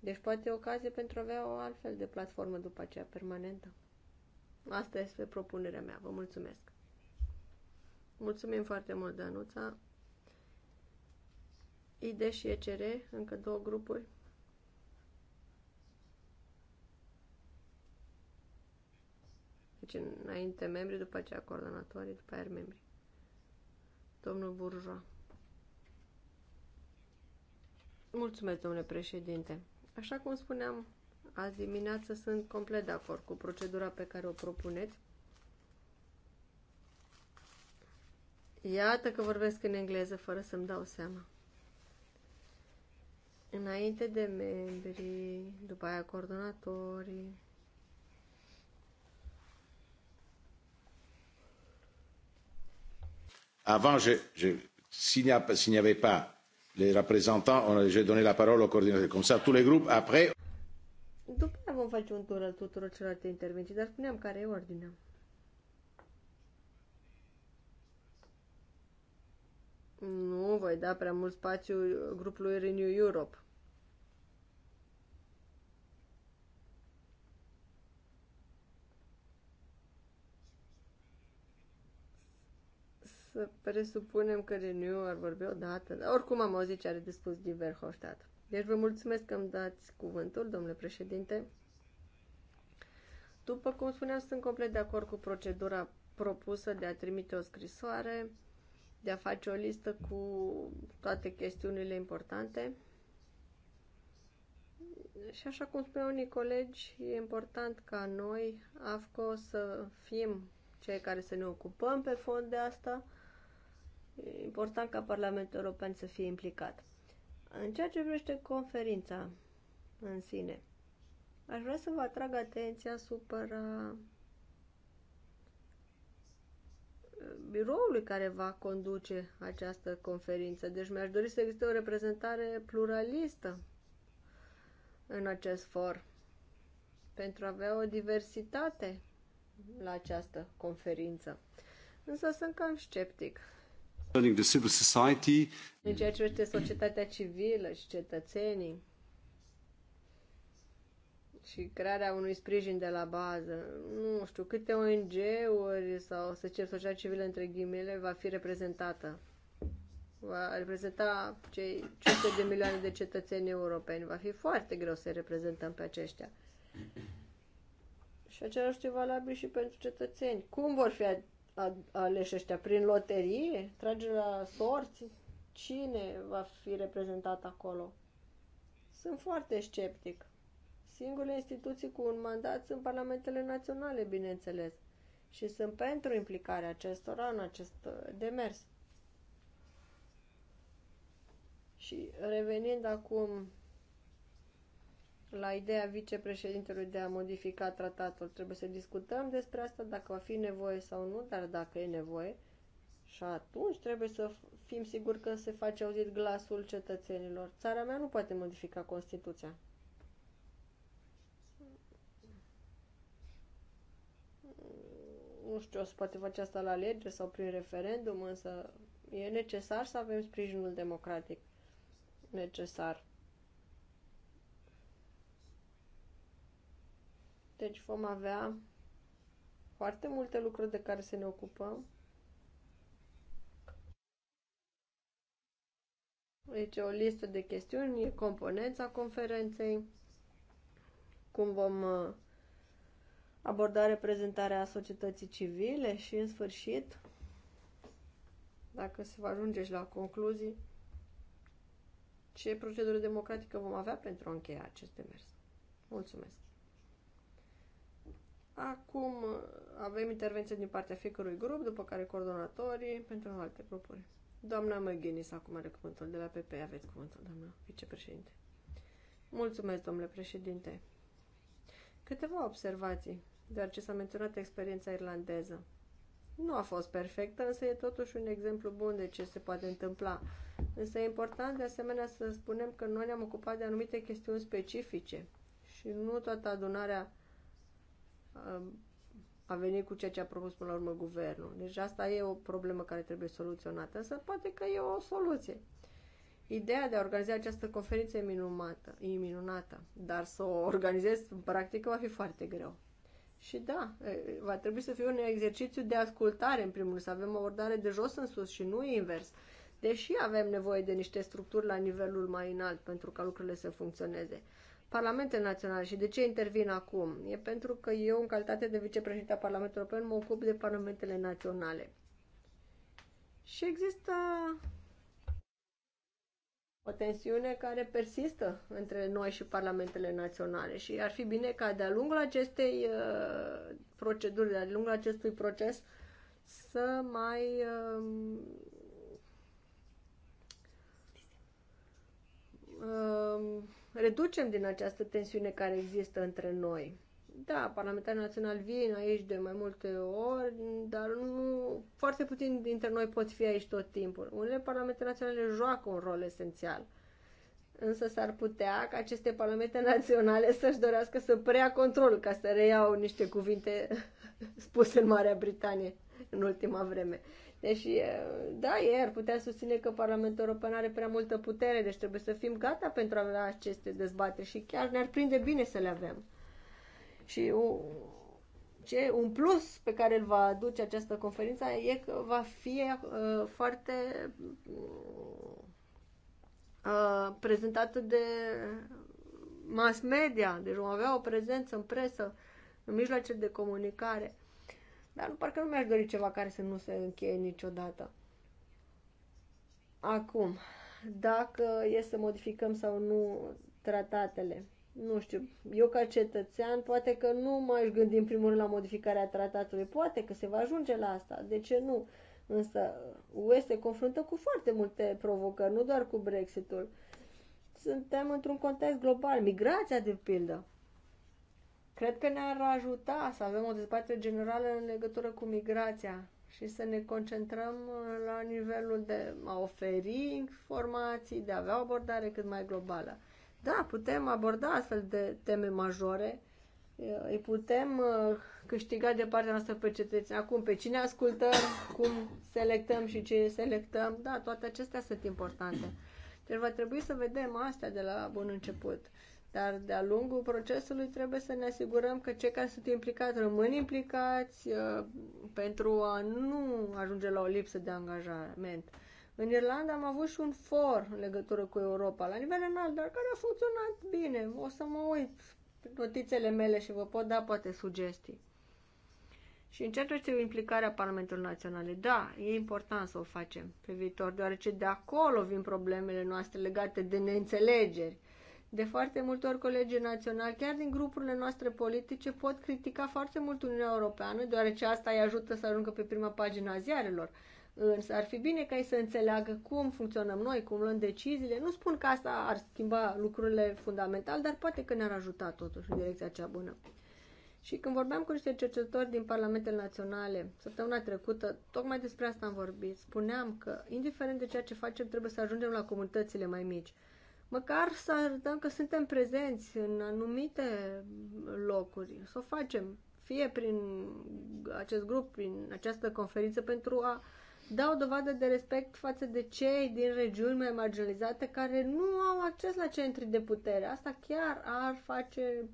Deci poate e ocazie pentru a avea o altfel de platformă după aceea permanentă. Asta este propunerea mea. Vă mulțumesc! Mulțumim foarte mult, Danuța! ID și ECR, încă două grupuri. Deci înainte membri, după aceea coordonatorii, după aia membri. Domnul Burjoa. Mulțumesc, domnule președinte. Așa cum spuneam azi dimineață, sunt complet de acord cu procedura pe care o propuneți. Iată că vorbesc în engleză fără să-mi dau seama. Înainte de membri, după aia coordonatorii. Avant, je, je, s'il n'y avait pas les représentants, j'ai donné la parole au coordinateur. Comme ça, tous les groupes, après... După aia vom face un tour al tuturor celorlalte intervenții, dar spuneam care e ordinea. Nu voi da prea mult spațiu grupului Renew Europe. să presupunem că Renew ar vorbi odată, dar oricum am auzit ce are de spus din Verhofstadt. Deci vă mulțumesc că îmi dați cuvântul, domnule președinte. După cum spuneam, sunt complet de acord cu procedura propusă de a trimite o scrisoare, de a face o listă cu toate chestiunile importante. Și așa cum spuneau unii colegi, e important ca noi, AFCO, să fim cei care să ne ocupăm pe fond de asta, E important ca Parlamentul European să fie implicat. În ceea ce vrește conferința în sine, aș vrea să vă atrag atenția asupra biroului uh, care va conduce această conferință. Deci mi-aș dori să existe o reprezentare pluralistă în acest for pentru a avea o diversitate la această conferință. Însă sunt cam sceptic Concerning the civil society. În ceea ce privește societatea civilă și cetățenii și crearea unui sprijin de la bază. Nu știu câte ONG-uri sau să zicem societatea civilă între ghimele va fi reprezentată. Va reprezenta cei 500 de milioane de cetățeni europeni. Va fi foarte greu să reprezentăm pe aceștia. Și același e valabil și pentru cetățeni. Cum vor fi aleși ăștia prin loterie, trage la sorți, cine va fi reprezentat acolo? Sunt foarte sceptic. Singurele instituții cu un mandat sunt parlamentele naționale, bineînțeles, și sunt pentru implicarea acestora în acest uh, demers. Și revenind acum la ideea vicepreședintelui de a modifica tratatul. Trebuie să discutăm despre asta, dacă va fi nevoie sau nu, dar dacă e nevoie. Și atunci trebuie să fim siguri că se face auzit glasul cetățenilor. Țara mea nu poate modifica Constituția. Nu știu, o să poate face asta la lege sau prin referendum, însă e necesar să avem sprijinul democratic necesar Deci vom avea foarte multe lucruri de care să ne ocupăm. Deci o listă de chestiuni, componența conferenței, cum vom uh, aborda reprezentarea societății civile și, în sfârșit, dacă se va ajunge și la concluzii, ce procedură democratică vom avea pentru a încheia acest demers. Mulțumesc! Acum uh, avem intervenție din partea fiecărui grup, după care coordonatorii pentru alte grupuri. Doamna McGuinness acum are cuvântul de la PP. Aveți cuvântul, doamna vicepreședinte. Mulțumesc, domnule președinte. Câteva observații, deoarece s-a menționat experiența irlandeză. Nu a fost perfectă, însă e totuși un exemplu bun de ce se poate întâmpla. Însă e important de asemenea să spunem că noi ne-am ocupat de anumite chestiuni specifice și nu toată adunarea Um, a venit cu ceea ce a propus până la urmă guvernul. Deci asta e o problemă care trebuie soluționată, însă poate că e o soluție. Ideea de a organiza această conferință e, minumată, e minunată, dar să o organizez în practică va fi foarte greu. Și da, va trebui să fie un exercițiu de ascultare, în primul rând, să avem o abordare de jos în sus și nu invers. Deși avem nevoie de niște structuri la nivelul mai înalt pentru ca lucrurile să funcționeze. Parlamentele Naționale. Și de ce intervin acum? E pentru că eu, în calitate de vicepreședinte a Parlamentului European, mă ocup de Parlamentele Naționale. Și există o tensiune care persistă între noi și parlamentele naționale și ar fi bine ca de-a lungul acestei uh, proceduri, de-a lungul acestui proces, să mai uh, Um, reducem din această tensiune care există între noi. Da, parlamentarii Național vin aici de mai multe ori, dar nu, foarte puțin dintre noi pot fi aici tot timpul. Unele parlamente naționale joacă un rol esențial. Însă s-ar putea ca aceste parlamente <laughs> naționale să-și dorească să preia controlul, ca să reiau niște cuvinte <laughs> spuse în Marea Britanie în ultima vreme. Deși, da, ei ar putea susține că Parlamentul European are prea multă putere, deci trebuie să fim gata pentru a avea aceste dezbateri și chiar ne-ar prinde bine să le avem. Și o, ce, un plus pe care îl va aduce această conferință e că va fi uh, foarte uh, prezentată de mass media, deci vom avea o prezență în presă, în mijloace de comunicare. Dar parcă nu mi-aș dori ceva care să nu se încheie niciodată. Acum, dacă e să modificăm sau nu tratatele, nu știu, eu ca cetățean poate că nu m-aș gândi în primul rând la modificarea tratatului, poate că se va ajunge la asta, de ce nu? Însă UE se confruntă cu foarte multe provocări, nu doar cu Brexitul. Suntem într-un context global, migrația de pildă. Cred că ne-ar ajuta să avem o dezbatere generală în legătură cu migrația și să ne concentrăm uh, la nivelul de a oferi informații, de a avea o abordare cât mai globală. Da, putem aborda astfel de teme majore, uh, îi putem uh, câștiga de partea noastră pe cetățeni. Acum, pe cine ascultăm, cum selectăm și ce selectăm, da, toate acestea sunt importante. Deci va trebui să vedem astea de la bun început. Dar de-a lungul procesului trebuie să ne asigurăm că cei care sunt implicați rămân implicați uh, pentru a nu ajunge la o lipsă de angajament. În Irlanda am avut și un for în legătură cu Europa, la nivel înalt, dar care a funcționat bine. O să mă uit notițele mele și vă pot da poate sugestii. Și în ceea ce implicarea Parlamentului Național, da, e important să o facem pe viitor, deoarece de acolo vin problemele noastre legate de neînțelegeri de foarte multe ori colegii naționali, chiar din grupurile noastre politice, pot critica foarte mult Uniunea Europeană, deoarece asta îi ajută să ajungă pe prima pagina ziarelor. Însă ar fi bine ca ei să înțeleagă cum funcționăm noi, cum luăm deciziile. Nu spun că asta ar schimba lucrurile fundamental, dar poate că ne-ar ajuta totuși în direcția cea bună. Și când vorbeam cu niște cercetători din Parlamentele Naționale săptămâna trecută, tocmai despre asta am vorbit. Spuneam că, indiferent de ceea ce facem, trebuie să ajungem la comunitățile mai mici. Măcar să arătăm că suntem prezenți în anumite locuri, să o facem, fie prin acest grup, prin această conferință, pentru a da o dovadă de respect față de cei din regiuni mai marginalizate care nu au acces la centri de putere. Asta chiar ar face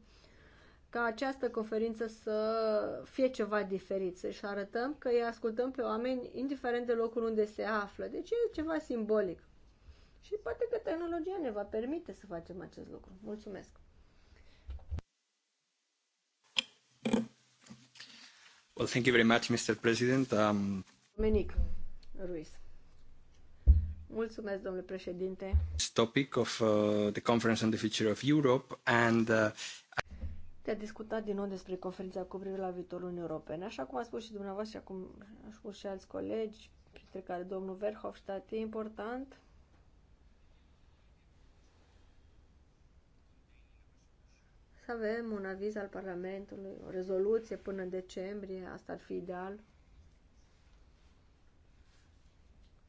ca această conferință să fie ceva diferit, să-și arătăm că îi ascultăm pe oameni indiferent de locul unde se află. Deci e ceva simbolic. Și poate că tehnologia ne va permite să facem acest lucru. Mulțumesc! Well, thank you very much, Mr. President. Um... Dominic Ruiz. Mulțumesc, domnule președinte. Topic of uh, the conference on the future of Europe and uh, te-a discutat din nou despre conferința cu privire la viitorul Uniunii Europene. Așa cum a spus și dumneavoastră, acum a spus și alți colegi, printre care domnul Verhofstadt, e important să avem un aviz al Parlamentului, o rezoluție până în decembrie, asta ar fi ideal.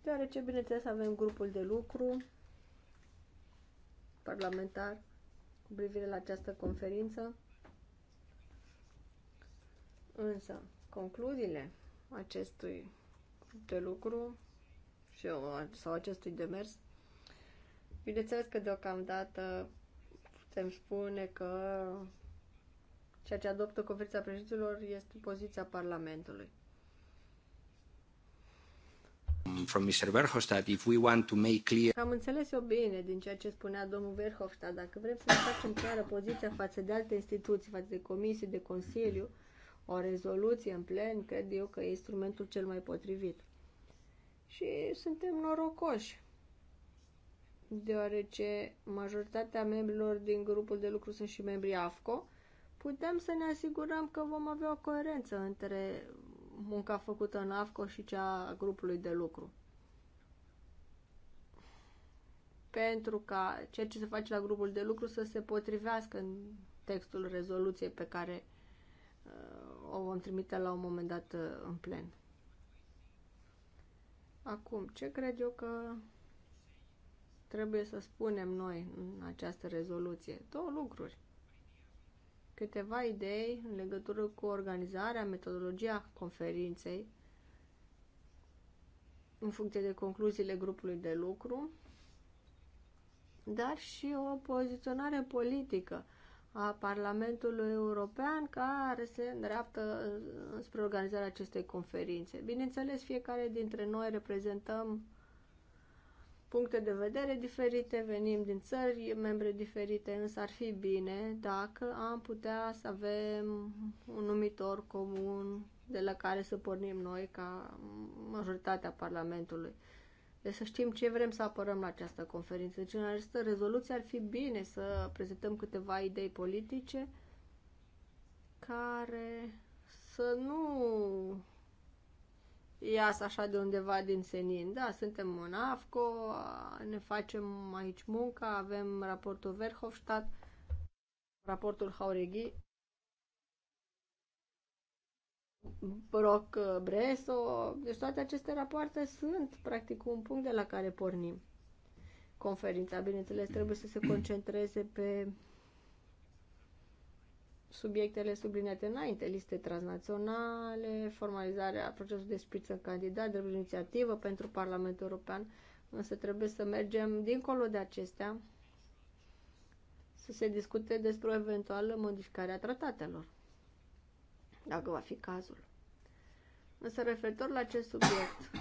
Deoarece, bineînțeles, avem grupul de lucru parlamentar cu privire la această conferință. Însă, concluziile acestui de lucru și, sau acestui demers, bineînțeles că deocamdată se-mi spune că ceea ce adoptă conferința președinților este poziția Parlamentului. From Mr. Verhofstadt, if we want to make clear... Am înțeles eu bine din ceea ce spunea domnul Verhofstadt. Dacă vrem să ne facem clară poziția față de alte instituții, față de comisii, de consiliu, o rezoluție în plen, cred eu că e instrumentul cel mai potrivit. Și suntem norocoși deoarece majoritatea membrilor din grupul de lucru sunt și membrii AFCO, putem să ne asigurăm că vom avea o coerență între munca făcută în AFCO și cea a grupului de lucru. Pentru ca ceea ce se face la grupul de lucru să se potrivească în textul rezoluției pe care uh, o vom trimite la un moment dat uh, în plen. Acum, ce cred eu că trebuie să spunem noi în această rezoluție? Două lucruri. Câteva idei în legătură cu organizarea, metodologia conferinței, în funcție de concluziile grupului de lucru, dar și o poziționare politică a Parlamentului European care se îndreaptă spre organizarea acestei conferințe. Bineînțeles, fiecare dintre noi reprezentăm puncte de vedere diferite, venim din țări, membre diferite, însă ar fi bine dacă am putea să avem un numitor comun de la care să pornim noi ca majoritatea Parlamentului. Deci să știm ce vrem să apărăm la această conferință. Deci în această rezoluție ar fi bine să prezentăm câteva idei politice care să nu ias așa de undeva din senin. Da, suntem în AFCO, ne facem aici munca, avem raportul Verhofstadt, raportul Haureghi, Broc uh, Breso, deci toate aceste rapoarte sunt practic un punct de la care pornim. Conferința, bineînțeles, trebuie să se concentreze pe subiectele subliniate înainte, liste transnaționale, formalizarea procesului de spiță în candidat, de inițiativă pentru Parlamentul European, însă trebuie să mergem dincolo de acestea, să se discute despre o eventuală modificare a tratatelor, dacă va fi cazul. Însă, referitor la acest subiect,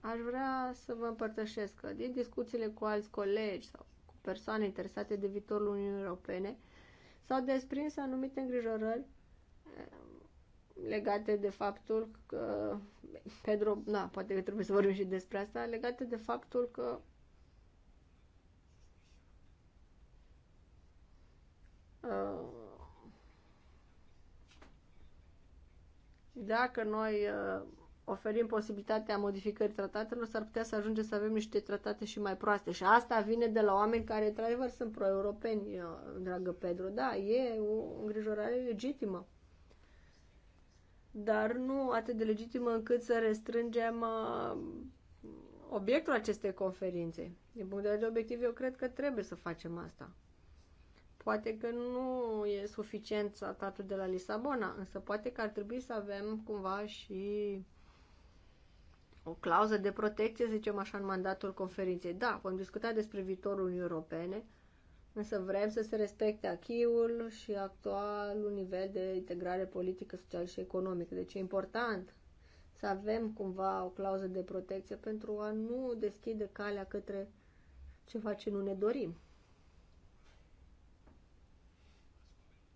aș vrea să vă împărtășesc că din discuțiile cu alți colegi sau cu persoane interesate de viitorul Uniunii Europene, s-au desprins anumite îngrijorări eh, legate de faptul că Pedro, na, poate că trebuie să vorbim și despre asta, legate de faptul că eh, dacă noi eh, oferim posibilitatea modificării tratatelor, s-ar putea să ajungem să avem niște tratate și mai proaste. Și asta vine de la oameni care, într-adevăr, sunt pro-europeni, uh, dragă Pedro. Da, e o îngrijorare legitimă. Dar nu atât de legitimă încât să restrângem uh, obiectul acestei conferințe. Din punct de vedere obiectiv, eu cred că trebuie să facem asta. Poate că nu e suficient tratatul de la Lisabona, însă poate că ar trebui să avem cumva și o clauză de protecție, să zicem așa, în mandatul conferinței. Da, vom discuta despre viitorul Uniunii Europene, însă vrem să se respecte achiul și actualul nivel de integrare politică, socială și economică. Deci e important să avem cumva o clauză de protecție pentru a nu deschide calea către ceva ce nu ne dorim.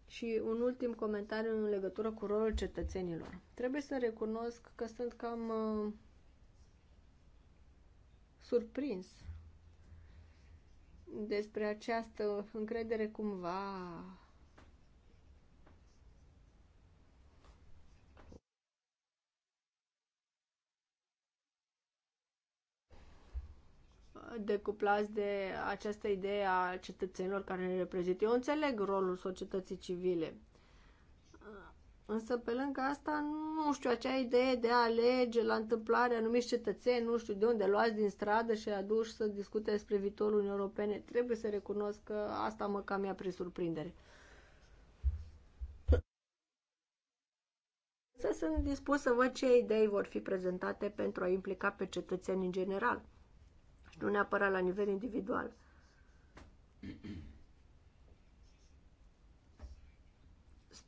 Și un ultim comentariu în legătură cu rolul cetățenilor. Trebuie să recunosc că sunt cam uh, surprins despre această încredere cumva decuplați de această idee a cetățenilor care ne reprezintă. Eu înțeleg rolul societății civile Însă, pe lângă asta, nu știu, acea idee de a alege la întâmplare anumiți cetățeni, nu știu de unde luați din stradă și aduși să discute despre viitorul Uniunii Europene, trebuie să recunosc că asta mă cam ia prin surprindere. Să sunt dispus să văd ce idei vor fi prezentate pentru a implica pe cetățeni în general și nu neapărat la nivel individual.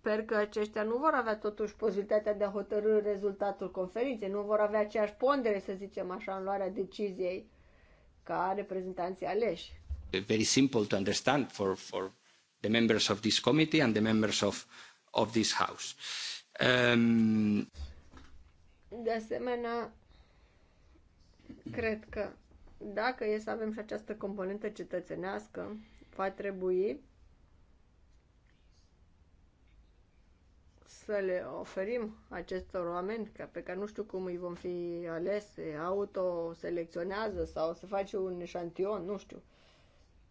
Sper că aceștia nu vor avea totuși posibilitatea de a hotărâ rezultatul conferinței, nu vor avea aceeași pondere, să zicem așa, în luarea deciziei ca reprezentanții aleși. Very simple to understand for, for the members of this committee and the members of, of this house. Um... De asemenea, cred că dacă e să avem și această componentă cetățenească, va trebui să le oferim acestor oameni, ca pe care nu știu cum îi vom fi ales, se autoselecționează sau se face un eșantion, nu știu.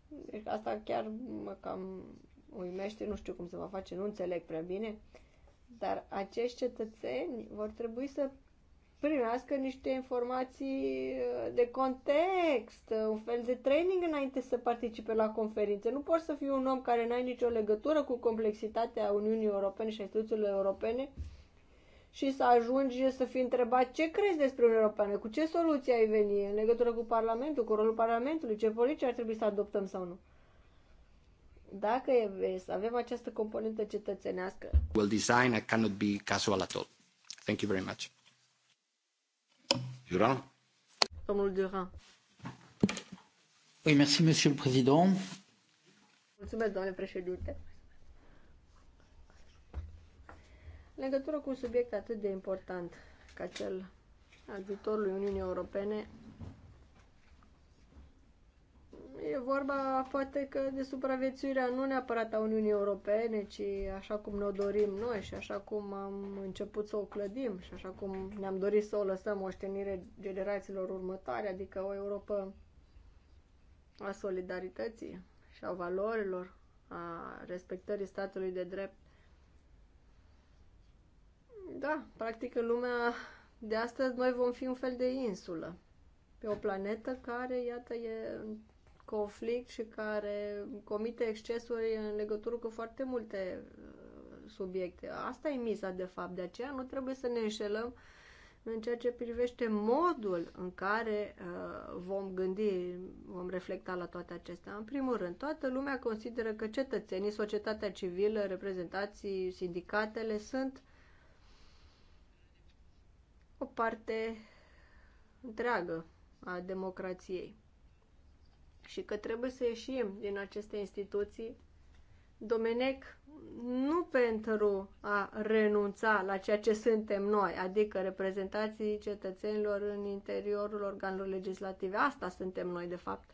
Deci asta chiar mă cam uimește, nu știu cum se va face, nu înțeleg prea bine, dar acești cetățeni vor trebui să primească niște informații uh, de context, uh, un fel de training înainte să participe la conferință. Nu poți să fii un om care n-ai nicio legătură cu complexitatea Uniunii Europene și a instituțiilor europene și să ajungi să fii întrebat ce crezi despre Uniunea Europeană, cu ce soluții ai veni în legătură cu Parlamentul, cu rolul Parlamentului, ce politici ar trebui să adoptăm sau nu. Dacă e, să avem această componentă cetățenească. Well, design cannot be casual at all. Thank you very much. Mulțumesc, domnule președinte. În legătură cu un subiect atât de important ca cel al viitorului Uniunii Europene, E vorba poate că de supraviețuirea nu neapărat a Uniunii Europene, ci așa cum ne-o dorim noi și așa cum am început să o clădim și așa cum ne-am dorit să o lăsăm oștenire generațiilor următoare, adică o Europa a solidarității și a valorilor, a respectării statului de drept. Da, practic în lumea de astăzi noi vom fi un fel de insulă pe o planetă care, iată, e conflict și care comite excesuri în legătură cu foarte multe uh, subiecte. Asta e misa, de fapt, de aceea nu trebuie să ne înșelăm în ceea ce privește modul în care uh, vom gândi, vom reflecta la toate acestea. În primul rând, toată lumea consideră că cetățenii, societatea civilă, reprezentații, sindicatele sunt o parte întreagă a democrației și că trebuie să ieșim din aceste instituții, Domenec, nu pentru a renunța la ceea ce suntem noi, adică reprezentații cetățenilor în interiorul organelor legislative. Asta suntem noi, de fapt.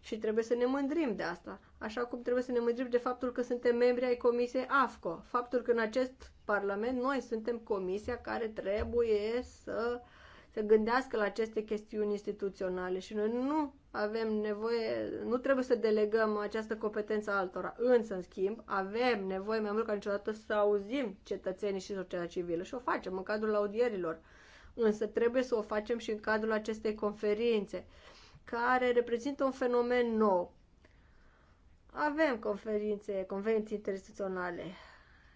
Și trebuie să ne mândrim de asta, așa cum trebuie să ne mândrim de faptul că suntem membri ai Comisiei AFCO, faptul că în acest Parlament noi suntem comisia care trebuie să se gândească la aceste chestiuni instituționale și noi nu avem nevoie, nu trebuie să delegăm această competență altora, însă, în schimb, avem nevoie mai mult ca niciodată să auzim cetățenii și societatea civilă și o facem în cadrul audierilor, însă trebuie să o facem și în cadrul acestei conferințe, care reprezintă un fenomen nou. Avem conferințe, convenții interinstituționale,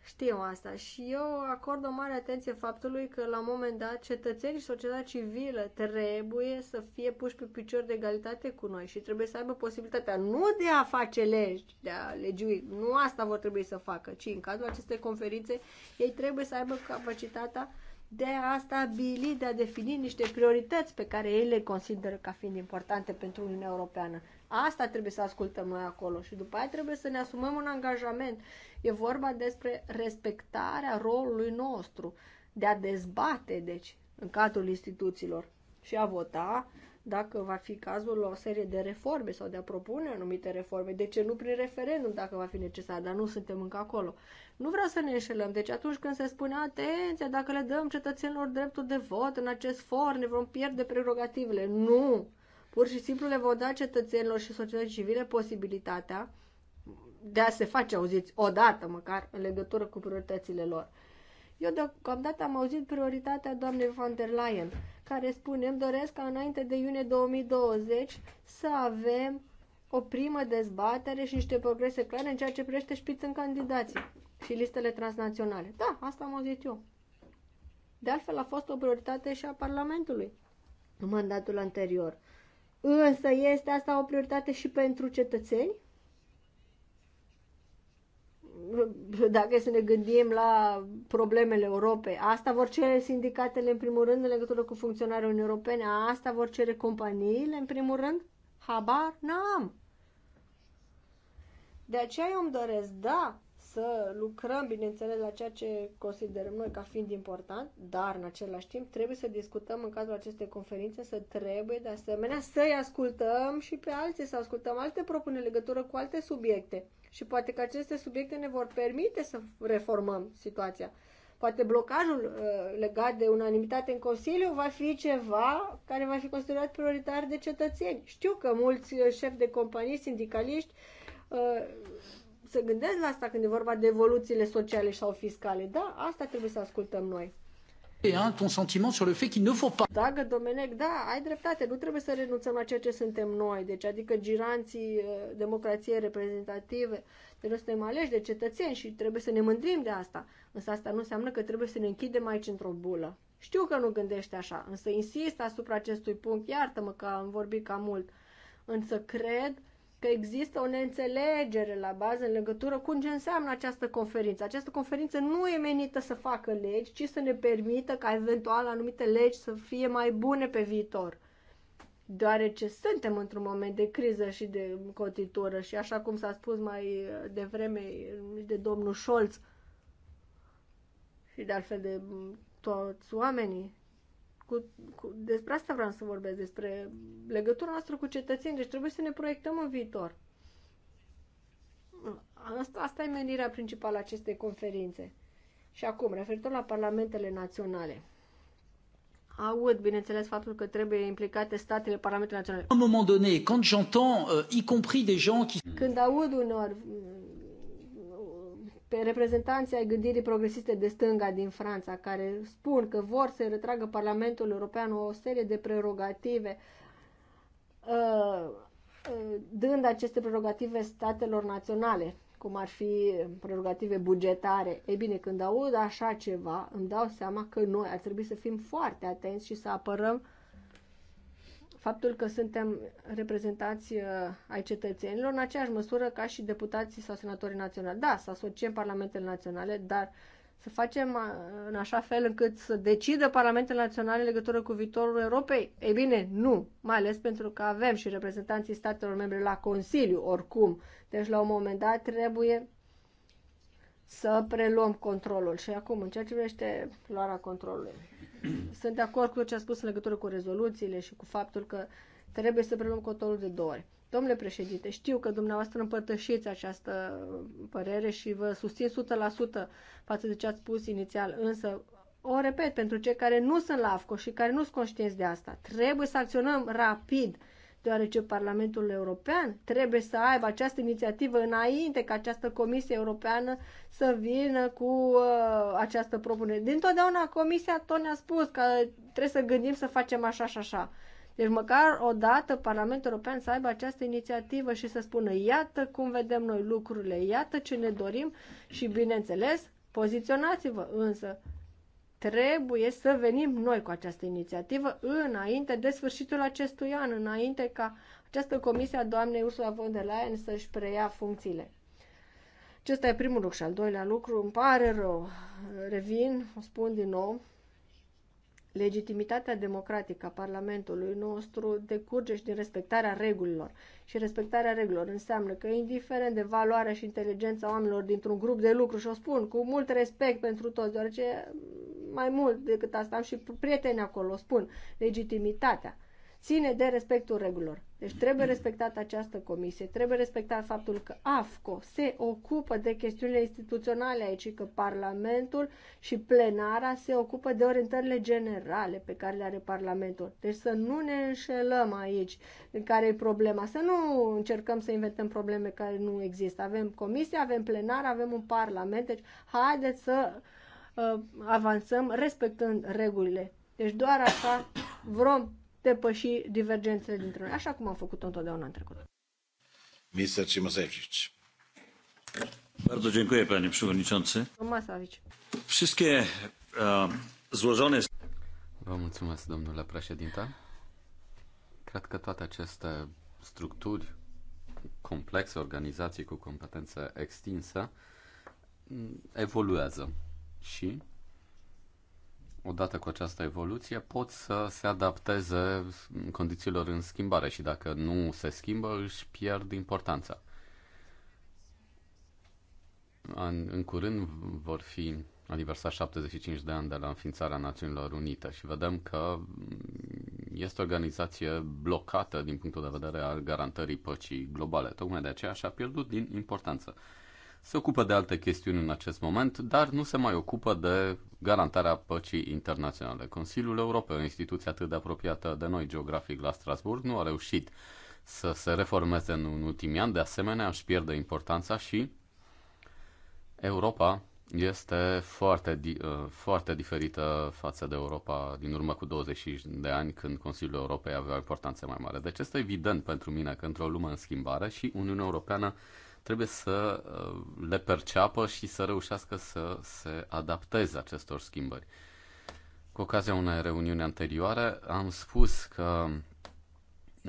știu asta și eu acord o mare atenție faptului că la un moment dat cetățenii și societatea civilă trebuie să fie puși pe picior de egalitate cu noi și trebuie să aibă posibilitatea nu de a face legi, de a legiui, nu asta vor trebui să facă, ci în cazul acestei conferințe ei trebuie să aibă capacitatea de a stabili, de a defini niște priorități pe care ei le consideră ca fiind importante pentru Uniunea Europeană. Asta trebuie să ascultăm noi acolo și după aia trebuie să ne asumăm un angajament. E vorba despre respectarea rolului nostru, de a dezbate, deci, în cadrul instituțiilor și a vota dacă va fi cazul o serie de reforme sau de a propune anumite reforme. De ce nu prin referendum dacă va fi necesar, dar nu suntem încă acolo. Nu vreau să ne înșelăm. Deci atunci când se spune, atenție, dacă le dăm cetățenilor dreptul de vot în acest for, ne vom pierde prerogativele. Nu! Pur și simplu le vor da cetățenilor și societății civile posibilitatea de a se face auziți odată măcar în legătură cu prioritățile lor. Eu deocamdată am auzit prioritatea doamnei von der Leyen, care spune, îmi doresc ca înainte de iunie 2020 să avem o primă dezbatere și niște progrese clare în ceea ce privește șpiță în candidații și listele transnaționale. Da, asta am auzit eu. De altfel a fost o prioritate și a Parlamentului în mandatul anterior. Însă este asta o prioritate și pentru cetățeni? Dacă să ne gândim la problemele Europei, asta vor cere sindicatele în primul rând în legătură cu funcționarea Uniunii Europene, asta vor cere companiile în primul rând? Habar n-am. De aceea eu îmi doresc, da, să lucrăm, bineînțeles, la ceea ce considerăm noi ca fiind important, dar în același timp trebuie să discutăm în cadrul acestei conferințe, să trebuie de asemenea să-i ascultăm și pe alții, să ascultăm alte propuneri legătură cu alte subiecte. Și poate că aceste subiecte ne vor permite să reformăm situația. Poate blocajul uh, legat de unanimitate în Consiliu va fi ceva care va fi considerat prioritar de cetățeni. Știu că mulți uh, șefi de companii, sindicaliști, uh, se gândesc la asta când e vorba de evoluțiile sociale sau fiscale. Da, asta trebuie să ascultăm noi. Ton sentiment sur le fait ne faut pas. Da, Domenec, da, ai dreptate, nu trebuie să renunțăm la ceea ce suntem noi, deci adică giranții uh, democrației reprezentative, trebuie să ne aleși de cetățeni și trebuie să ne mândrim de asta. Însă asta nu înseamnă că trebuie să ne închidem aici într-o bulă. Știu că nu gândește așa, însă insist asupra acestui punct, iartă-mă că am vorbit cam mult, însă cred că există o neînțelegere la bază în legătură cu ce înseamnă această conferință. Această conferință nu e menită să facă legi, ci să ne permită ca eventual anumite legi să fie mai bune pe viitor. Deoarece suntem într-un moment de criză și de cotitură și așa cum s-a spus mai devreme de domnul Scholz și de altfel de toți oamenii cu, cu, despre asta vreau să vorbesc, despre legătura noastră cu cetățenii. Deci trebuie să ne proiectăm în viitor. Asta, asta e menirea principală a acestei conferințe. Și acum, referitor la parlamentele naționale. Aud, bineînțeles, faptul că trebuie implicate statele parlamentele naționale. Un moment donné, quand j'entends, euh, y compris des gens qui... Când aud unor pe reprezentanții ai gândirii progresiste de stânga din Franța, care spun că vor să retragă Parlamentul European o serie de prerogative, uh, uh, dând aceste prerogative statelor naționale, cum ar fi prerogative bugetare. Ei bine, când aud așa ceva, îmi dau seama că noi ar trebui să fim foarte atenți și să apărăm faptul că suntem reprezentați uh, ai cetățenilor în aceeași măsură ca și deputații sau senatorii naționali. Da, să asociem parlamentele naționale, dar să facem uh, în așa fel încât să decidă parlamentele naționale în legătură cu viitorul Europei? Ei bine, nu, mai ales pentru că avem și reprezentanții statelor membre la Consiliu, oricum. Deci, la un moment dat, trebuie să preluăm controlul. Și acum, în ceea ce privește luarea controlului, <clears throat> sunt de acord cu ce a spus în legătură cu rezoluțiile și cu faptul că trebuie să preluăm controlul de două ori. Domnule președinte, știu că dumneavoastră împărtășiți această părere și vă susțin 100% față de ce ați spus inițial, însă o repet, pentru cei care nu sunt la AFCO și care nu sunt conștienți de asta, trebuie să acționăm rapid deoarece Parlamentul European trebuie să aibă această inițiativă înainte ca această Comisie Europeană să vină cu uh, această propunere. Dintotdeauna Comisia tot ne-a spus că trebuie să gândim să facem așa și așa. Deci măcar o dată Parlamentul European să aibă această inițiativă și să spună iată cum vedem noi lucrurile, iată ce ne dorim și bineînțeles poziționați-vă însă trebuie să venim noi cu această inițiativă înainte de sfârșitul acestui an, înainte ca această comisie a doamnei Ursula von der Leyen să-și preia funcțiile. Acesta e primul lucru și al doilea lucru. Îmi pare rău. Revin, o spun din nou. Legitimitatea democratică a Parlamentului nostru decurge și din respectarea regulilor. Și respectarea regulilor înseamnă că, indiferent de valoarea și inteligența oamenilor dintr-un grup de lucru, și o spun cu mult respect pentru toți, deoarece mai mult decât asta am și prieteni acolo, spun, legitimitatea ține de respectul regulilor. Deci trebuie respectată această comisie, trebuie respectat faptul că AFCO se ocupă de chestiunile instituționale aici, că Parlamentul și plenara se ocupă de orientările generale pe care le are Parlamentul. Deci să nu ne înșelăm aici în care e problema, să nu încercăm să inventăm probleme care nu există. Avem comisie, avem plenar, avem un Parlament, deci haideți să uh, avansăm respectând regulile. Deci doar așa vom depăși divergențele dintre noi, așa cum am făcut-o întotdeauna în trecut. Mr. Cimosevici. Bardzo dziękuję, panie przewodniczący. Masavich. Wszystkie uh, złożone... Vă mulțumesc, domnule președinte. Cred că toate aceste structuri complexe, organizații cu competențe extinsă, evoluează și odată cu această evoluție, pot să se adapteze condițiilor în schimbare și dacă nu se schimbă, își pierd importanța. În, în curând vor fi aniversat 75 de ani de la înființarea Națiunilor Unite și vedem că este o organizație blocată din punctul de vedere al garantării păcii globale. Tocmai de aceea și-a pierdut din importanță se ocupă de alte chestiuni în acest moment, dar nu se mai ocupă de garantarea păcii internaționale. Consiliul Europei, o instituție atât de apropiată de noi geografic la Strasburg, nu a reușit să se reformeze în ultimii ani, de asemenea își pierde importanța și Europa este foarte, uh, foarte diferită față de Europa din urmă cu 25 de ani, când Consiliul Europei avea o importanță mai mare. Deci este evident pentru mine că într-o lume în schimbare și Uniunea Europeană trebuie să uh, le perceapă și să reușească să se adapteze acestor schimbări. Cu ocazia unei reuniuni anterioare am spus că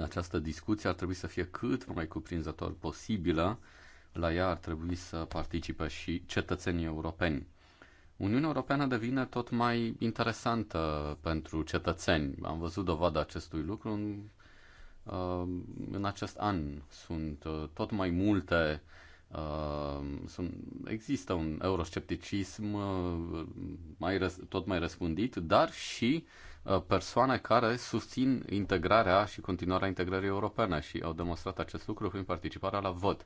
această discuție ar trebui să fie cât mai cuprinzător posibilă. La ea ar trebui să participe și cetățenii europeni. Uniunea Europeană devine tot mai interesantă pentru cetățeni. Am văzut dovada acestui lucru în Uh, în acest an sunt uh, tot mai multe uh, sunt, există un euroscepticism mai, tot mai răspândit, dar și persoane care susțin integrarea și continuarea integrării europene și au demonstrat acest lucru prin participarea la vot.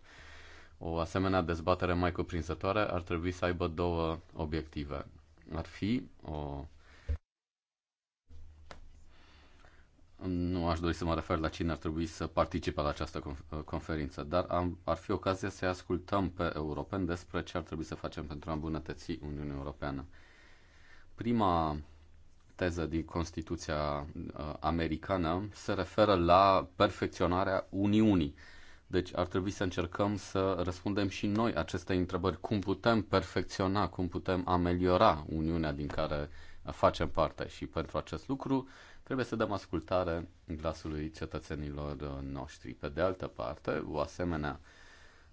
O asemenea dezbatere mai cuprinzătoare ar trebui să aibă două obiective. Ar fi o nu aș dori să mă refer la cine ar trebui să participe la această uh, conferință, dar am, ar fi ocazia să ascultăm pe europeni despre ce ar trebui să facem pentru a îmbunătăți Uniunea Europeană. Prima teză din Constituția uh, americană se referă la perfecționarea Uniunii. Deci ar trebui să încercăm să răspundem și noi aceste întrebări. Cum putem perfecționa, cum putem ameliora Uniunea din care facem parte? Și pentru acest lucru Trebuie să dăm ascultare glasului cetățenilor noștri. Pe de altă parte, o asemenea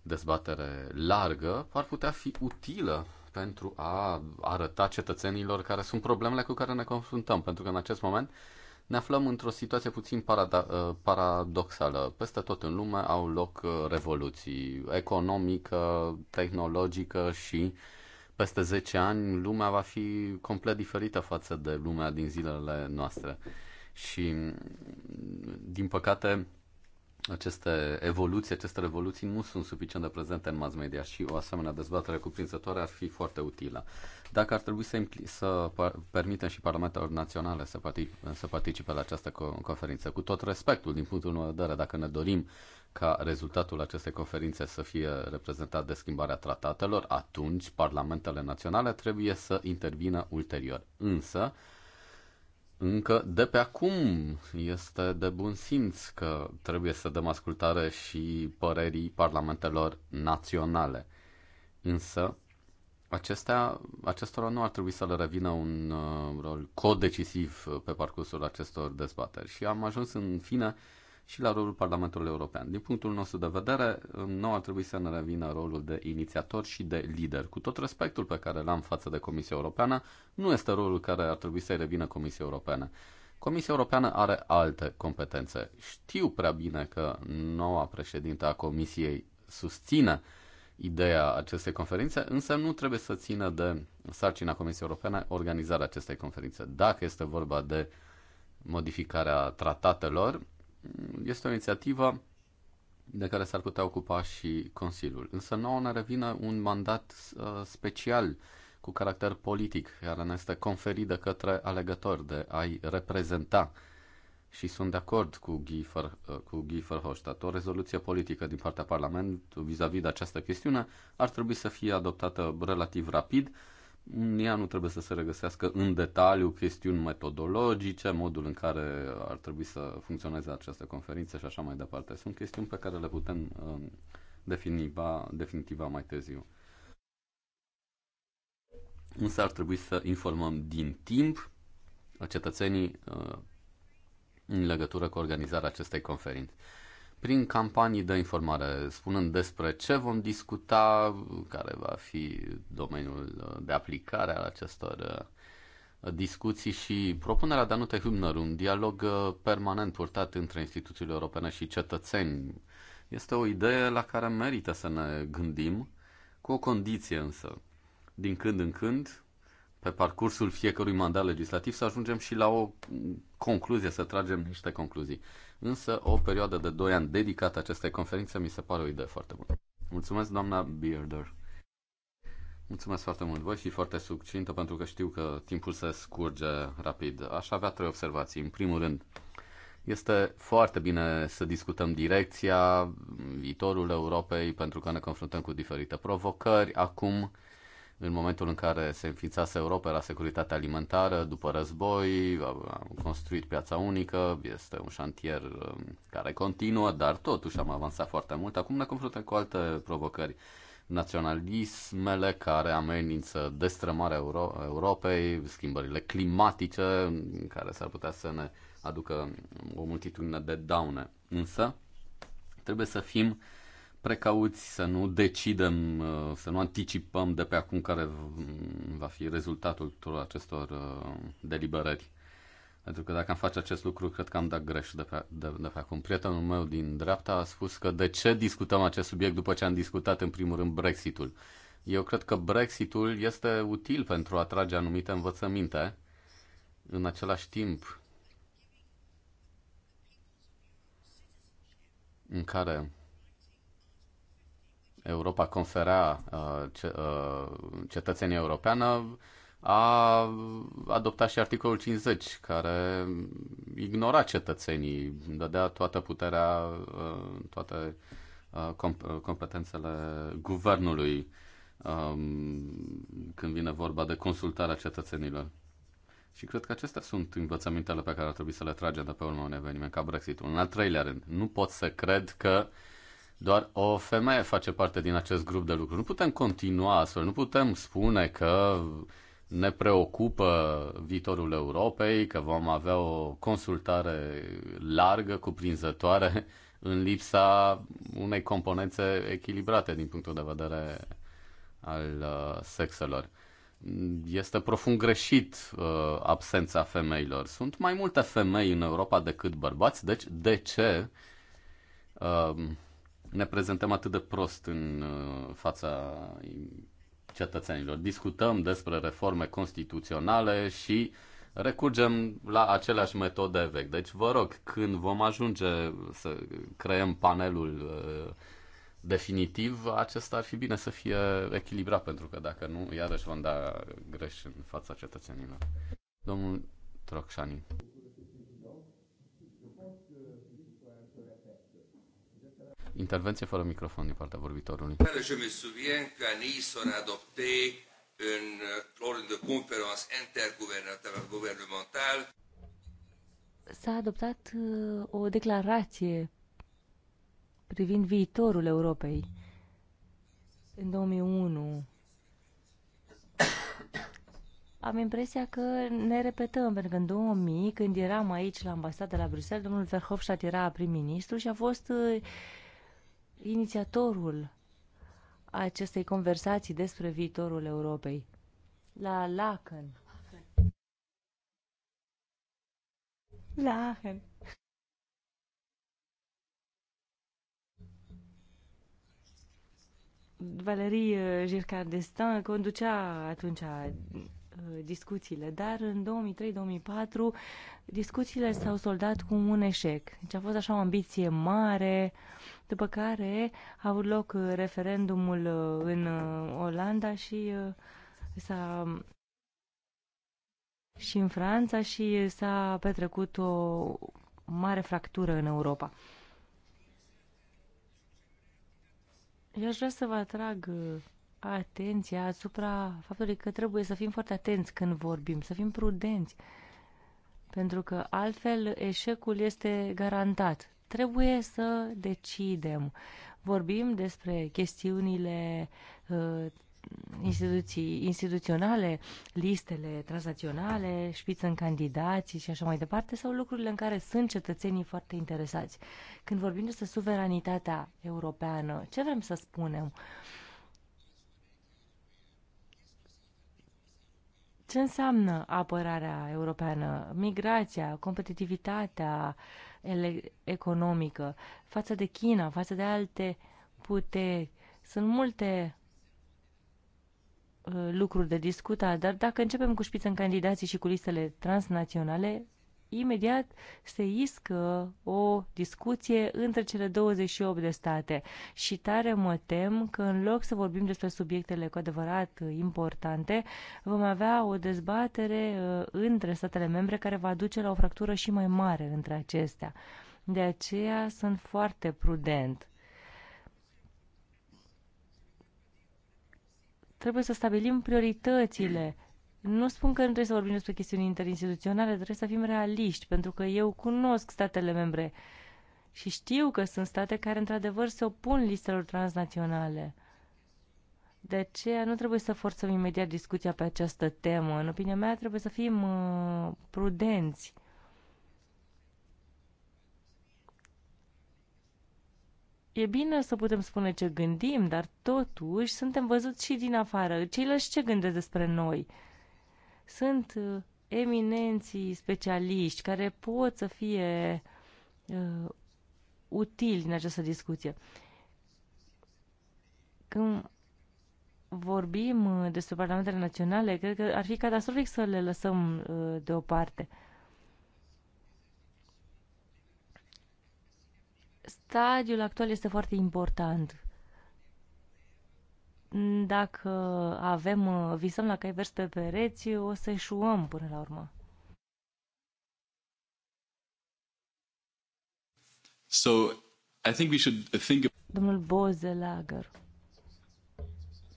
dezbatere largă ar putea fi utilă pentru a arăta cetățenilor care sunt problemele cu care ne confruntăm, pentru că în acest moment ne aflăm într-o situație puțin parada- uh, paradoxală. Peste tot în lume au loc uh, revoluții economică, tehnologică și peste 10 ani lumea va fi complet diferită față de lumea din zilele noastre. Și, din păcate, aceste evoluții, aceste revoluții nu sunt suficient de prezente în mass media și o asemenea dezbatere cuprinzătoare ar fi foarte utilă. Dacă ar trebui să, impli- să permitem și parlamentelor naționale să, partic- să participe la această co- conferință, cu tot respectul din punctul meu de vedere, dacă ne dorim ca rezultatul acestei conferințe să fie reprezentat de schimbarea tratatelor, atunci parlamentele naționale trebuie să intervină ulterior. Însă, încă de pe acum este de bun simț că trebuie să dăm ascultare și părerii parlamentelor naționale. Însă, acestea, acestora nu ar trebui să le revină un uh, rol codecisiv pe parcursul acestor dezbateri. Și am ajuns în fine și la rolul Parlamentului European. Din punctul nostru de vedere, nu ar trebui să ne revină rolul de inițiator și de lider. Cu tot respectul pe care l-am față de Comisia Europeană, nu este rolul care ar trebui să-i revină Comisia Europeană. Comisia Europeană are alte competențe. Știu prea bine că noua președintă a Comisiei susține ideea acestei conferințe, însă nu trebuie să țină de sarcina Comisiei Europene organizarea acestei conferințe. Dacă este vorba de modificarea tratatelor, este o inițiativă de care s-ar putea ocupa și Consiliul. Însă nouă ne revine un mandat uh, special cu caracter politic, care ne este conferit de către alegători de a-i reprezenta. Și sunt de acord cu Guy, Fer, uh, cu Guy Verhofstadt. O rezoluție politică din partea Parlamentului vis-a-vis de această chestiune ar trebui să fie adoptată relativ rapid, ea nu trebuie să se regăsească în detaliu chestiuni metodologice, modul în care ar trebui să funcționeze această conferință și așa mai departe. Sunt chestiuni pe care le putem um, defini definitiva mai târziu. Însă ar trebui să informăm din timp cetățenii uh, în legătură cu organizarea acestei conferințe prin campanii de informare, spunând despre ce vom discuta, care va fi domeniul de aplicare al acestor uh, discuții și propunerea Danute Hübner, un dialog uh, permanent purtat între instituțiile europene și cetățeni, este o idee la care merită să ne gândim, cu o condiție însă. Din când în când, pe parcursul fiecărui mandat legislativ, să ajungem și la o concluzie, să tragem niște concluzii însă o perioadă de 2 ani dedicată acestei conferințe mi se pare o idee foarte bună. Mulțumesc, doamna Bearder. Mulțumesc foarte mult. Voi și foarte succintă pentru că știu că timpul se scurge rapid. Aș avea trei observații. În primul rând, este foarte bine să discutăm direcția, viitorul Europei, pentru că ne confruntăm cu diferite provocări. Acum, în momentul în care se înființase Europa la securitate alimentară după război, am construit piața unică, este un șantier um, care continuă, dar totuși am avansat foarte mult. Acum ne confruntăm cu alte provocări. Naționalismele care amenință destrămarea Euro- Europei, schimbările climatice care s-ar putea să ne aducă o multitudine de daune. Însă, trebuie să fim uh, precauți, să nu decidem, uh, să nu anticipăm de pe acum care va fi rezultatul tuturor acestor uh, deliberări. Pentru că dacă am face acest lucru, cred că am dat greș de pe, de, de pe acum. Prietenul meu din dreapta a spus că de ce discutăm acest subiect după ce am discutat în primul rând Brexitul. Eu cred că Brexitul este util pentru a trage anumite învățăminte. În același timp, în care Europa confera uh, uh, cetățenia europeană, a adoptat și articolul 50, care ignora cetățenii, dădea toată puterea, uh, toate competențele guvernului um, când vine vorba de consultarea cetățenilor. Și cred că acestea sunt învățămintele pe care ar trebui să le tragem de pe urmă, un eveniment ca Brexitul. În al treilea rând, nu pot să cred că uh, doar o femeie face parte din acest grup de lucruri. Nu putem continua astfel, nu putem spune că ne preocupă viitorul Europei, că vom avea o consultare largă, cuprinzătoare, în lipsa unei componențe echilibrate din punctul de vedere al uh, sexelor. Este profund greșit uh, absența femeilor. Sunt mai multe femei în Europa decât bărbați, deci de ce uh, ne prezentăm atât de prost în uh, fața cetățenilor. Discutăm despre reforme constituționale și recurgem la aceleași metode vechi. Deci, vă rog, când vom ajunge să creăm panelul uh, definitiv, acesta ar fi bine să fie echilibrat, pentru că dacă nu, iarăși vom da greș în fața cetățenilor. Domnul Trocșani. Intervenție fără microfon din partea vorbitorului. Je me souviens qu'à Nice on a adopté une, lors euh, de conférence intergouvernementale S-a adoptat uh, o declarație privind viitorul Europei în 2001. <coughs> Am impresia că ne repetăm, pentru că în 2000, când eram aici la ambasada la Bruxelles, domnul Verhofstadt era prim-ministru și a fost uh, inițiatorul acestei conversații despre viitorul Europei, la Lachen. Lachen. Aachen. Valerie eh, Giscard d'Estaing conducea atunci eh, discuțiile, dar în 2003-2004 discuțiile s-au soldat cu un eșec. Deci a fost așa o ambiție mare, după care a avut loc uh, referendumul uh, în uh, Olanda și s-a și în Franța și s-a petrecut o mare fractură în Europa. Eu aș vrea să vă atrag atenția asupra faptului că trebuie să fim foarte atenți când vorbim, să fim prudenți, pentru că altfel eșecul este garantat. Trebuie să decidem. Vorbim despre chestiunile uh, instituții instituționale, listele transnaționale, șpiță în candidații și așa mai departe, sau lucrurile în care sunt cetățenii foarte interesați. Când vorbim despre suveranitatea europeană, ce vrem să spunem? Ce înseamnă apărarea europeană? Migrația, competitivitatea, economică, față de China, față de alte puteri. Sunt multe uh, lucruri de discutat, dar dacă începem cu șpiță în candidații și cu listele transnaționale, imediat se iscă o discuție între cele 28 de state și tare mă tem că în loc să vorbim despre subiectele cu adevărat uh, importante, vom avea o dezbatere uh, între statele membre care va duce la o fractură și mai mare între acestea. De aceea sunt foarte prudent. Trebuie să stabilim prioritățile nu spun că nu trebuie să vorbim despre chestiuni interinstituționale, trebuie să fim realiști, pentru că eu cunosc statele membre și știu că sunt state care într-adevăr se opun listelor transnaționale. De aceea nu trebuie să forțăm imediat discuția pe această temă. În opinia mea trebuie să fim uh, prudenți. E bine să putem spune ce gândim, dar totuși suntem văzuți și din afară. Ceilalți ce gândesc despre noi? Uh, sunt uh, eminenții specialiști care pot să fie uh, utili în această discuție. Când vorbim uh, despre parlamentele naționale, cred că ar fi catastrofic să le lăsăm uh, deoparte. Stadiul actual este foarte important dacă avem, uh, visăm la cai vers pe pereți, o să eșuăm până la urmă. So, I think we should think... Domnul Bozelager,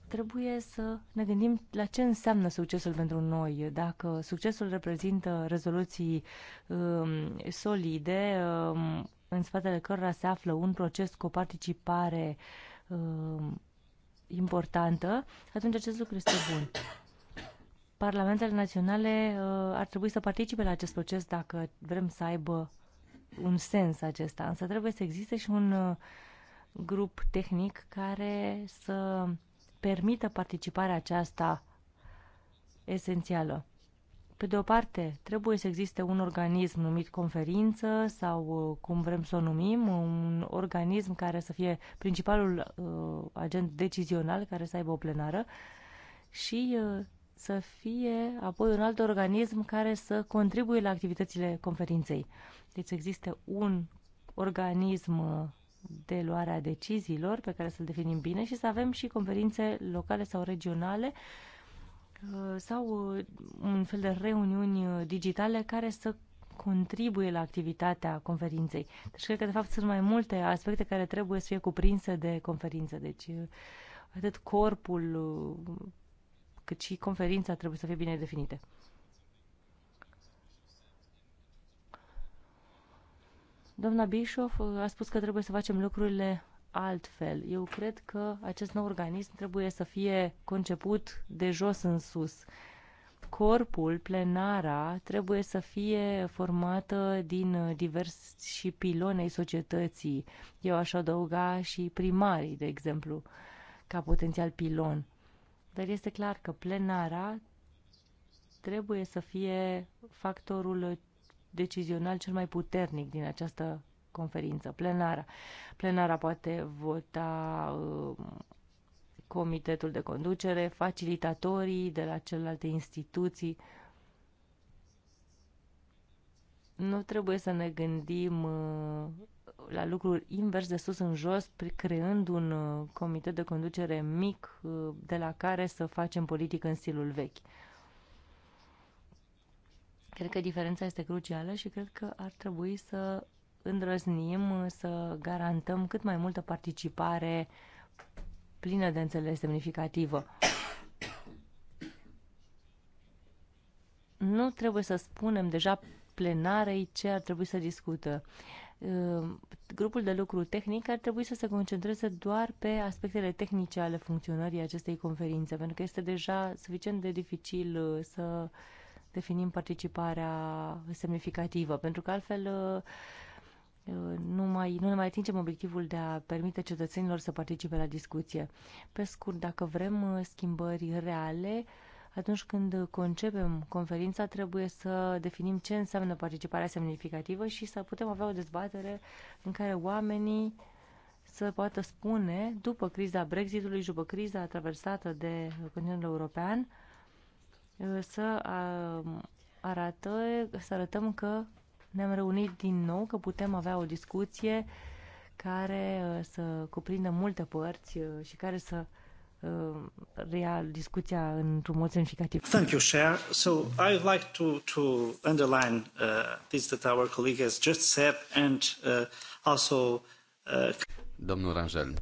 trebuie să ne gândim la ce înseamnă succesul pentru noi. Dacă succesul reprezintă rezoluții um, solide, um, în spatele cărora se află un proces cu o participare um, importantă, atunci acest lucru este bun. Parlamentele naționale uh, ar trebui să participe la acest proces dacă vrem să aibă un sens acesta, însă trebuie să existe și un uh, grup tehnic care să permită participarea aceasta esențială. Pe de o parte, trebuie să existe un organism numit conferință sau uh, cum vrem să o numim, un organism care să fie principalul uh, agent decizional care să aibă o plenară și uh, să fie apoi un alt organism care să contribuie la activitățile conferinței. Deci există un organism uh, de luare a deciziilor pe care să-l definim bine și să avem și conferințe locale sau regionale uh, Uh, sau uh, un fel de reuniuni uh, digitale care să contribuie la activitatea conferinței. Deci cred că, de fapt, sunt mai multe aspecte care trebuie să fie cuprinse de conferință. Deci atât corpul cât și conferința trebuie să fie bine definite. Doamna Bischoff a spus că trebuie să facem lucrurile altfel. Eu cred că acest nou organism trebuie să fie conceput de jos în sus. Corpul, plenara, trebuie să fie formată din diversi și pilonei societății. Eu aș adăuga și primarii, de exemplu, ca potențial pilon. Dar este clar că plenara trebuie să fie factorul decizional cel mai puternic din această conferință plenară. Plenara poate vota uh, comitetul de conducere, facilitatorii de la celelalte instituții. Nu trebuie să ne gândim uh, la lucruri invers de sus în jos, creând un uh, comitet de conducere mic de la care să facem politică în stilul vechi. Cred că diferența este crucială și cred că ar trebui să îndrăznim să garantăm cât mai multă participare plină de înțeles semnificativă. Nu trebuie să spunem deja plenarei ce ar trebui să discută. Uh, grupul de lucru tehnic ar trebui să se concentreze doar pe aspectele tehnice ale funcționării acestei conferințe, pentru că este deja suficient de dificil uh, să definim participarea semnificativă, pentru că altfel uh, nu, mai, nu ne mai atingem obiectivul de a permite cetățenilor să participe la discuție. Pe scurt, dacă vrem uh, schimbări reale, atunci când concepem conferința, trebuie să definim ce înseamnă participarea semnificativă și să putem avea o dezbatere în care oamenii să poată spune, după criza Brexitului, după criza traversată de continentul european, uh, să uh, arată, să arătăm că ne-am reunit din nou, că putem avea o discuție care uh, să cuprindă multe părți uh, și care să uh, reia discuția într-un mod semnificativ. Thank you, Chair. So I would like to, to underline uh, this that our colleague has just said and uh, also... Uh... Domnul Rangel,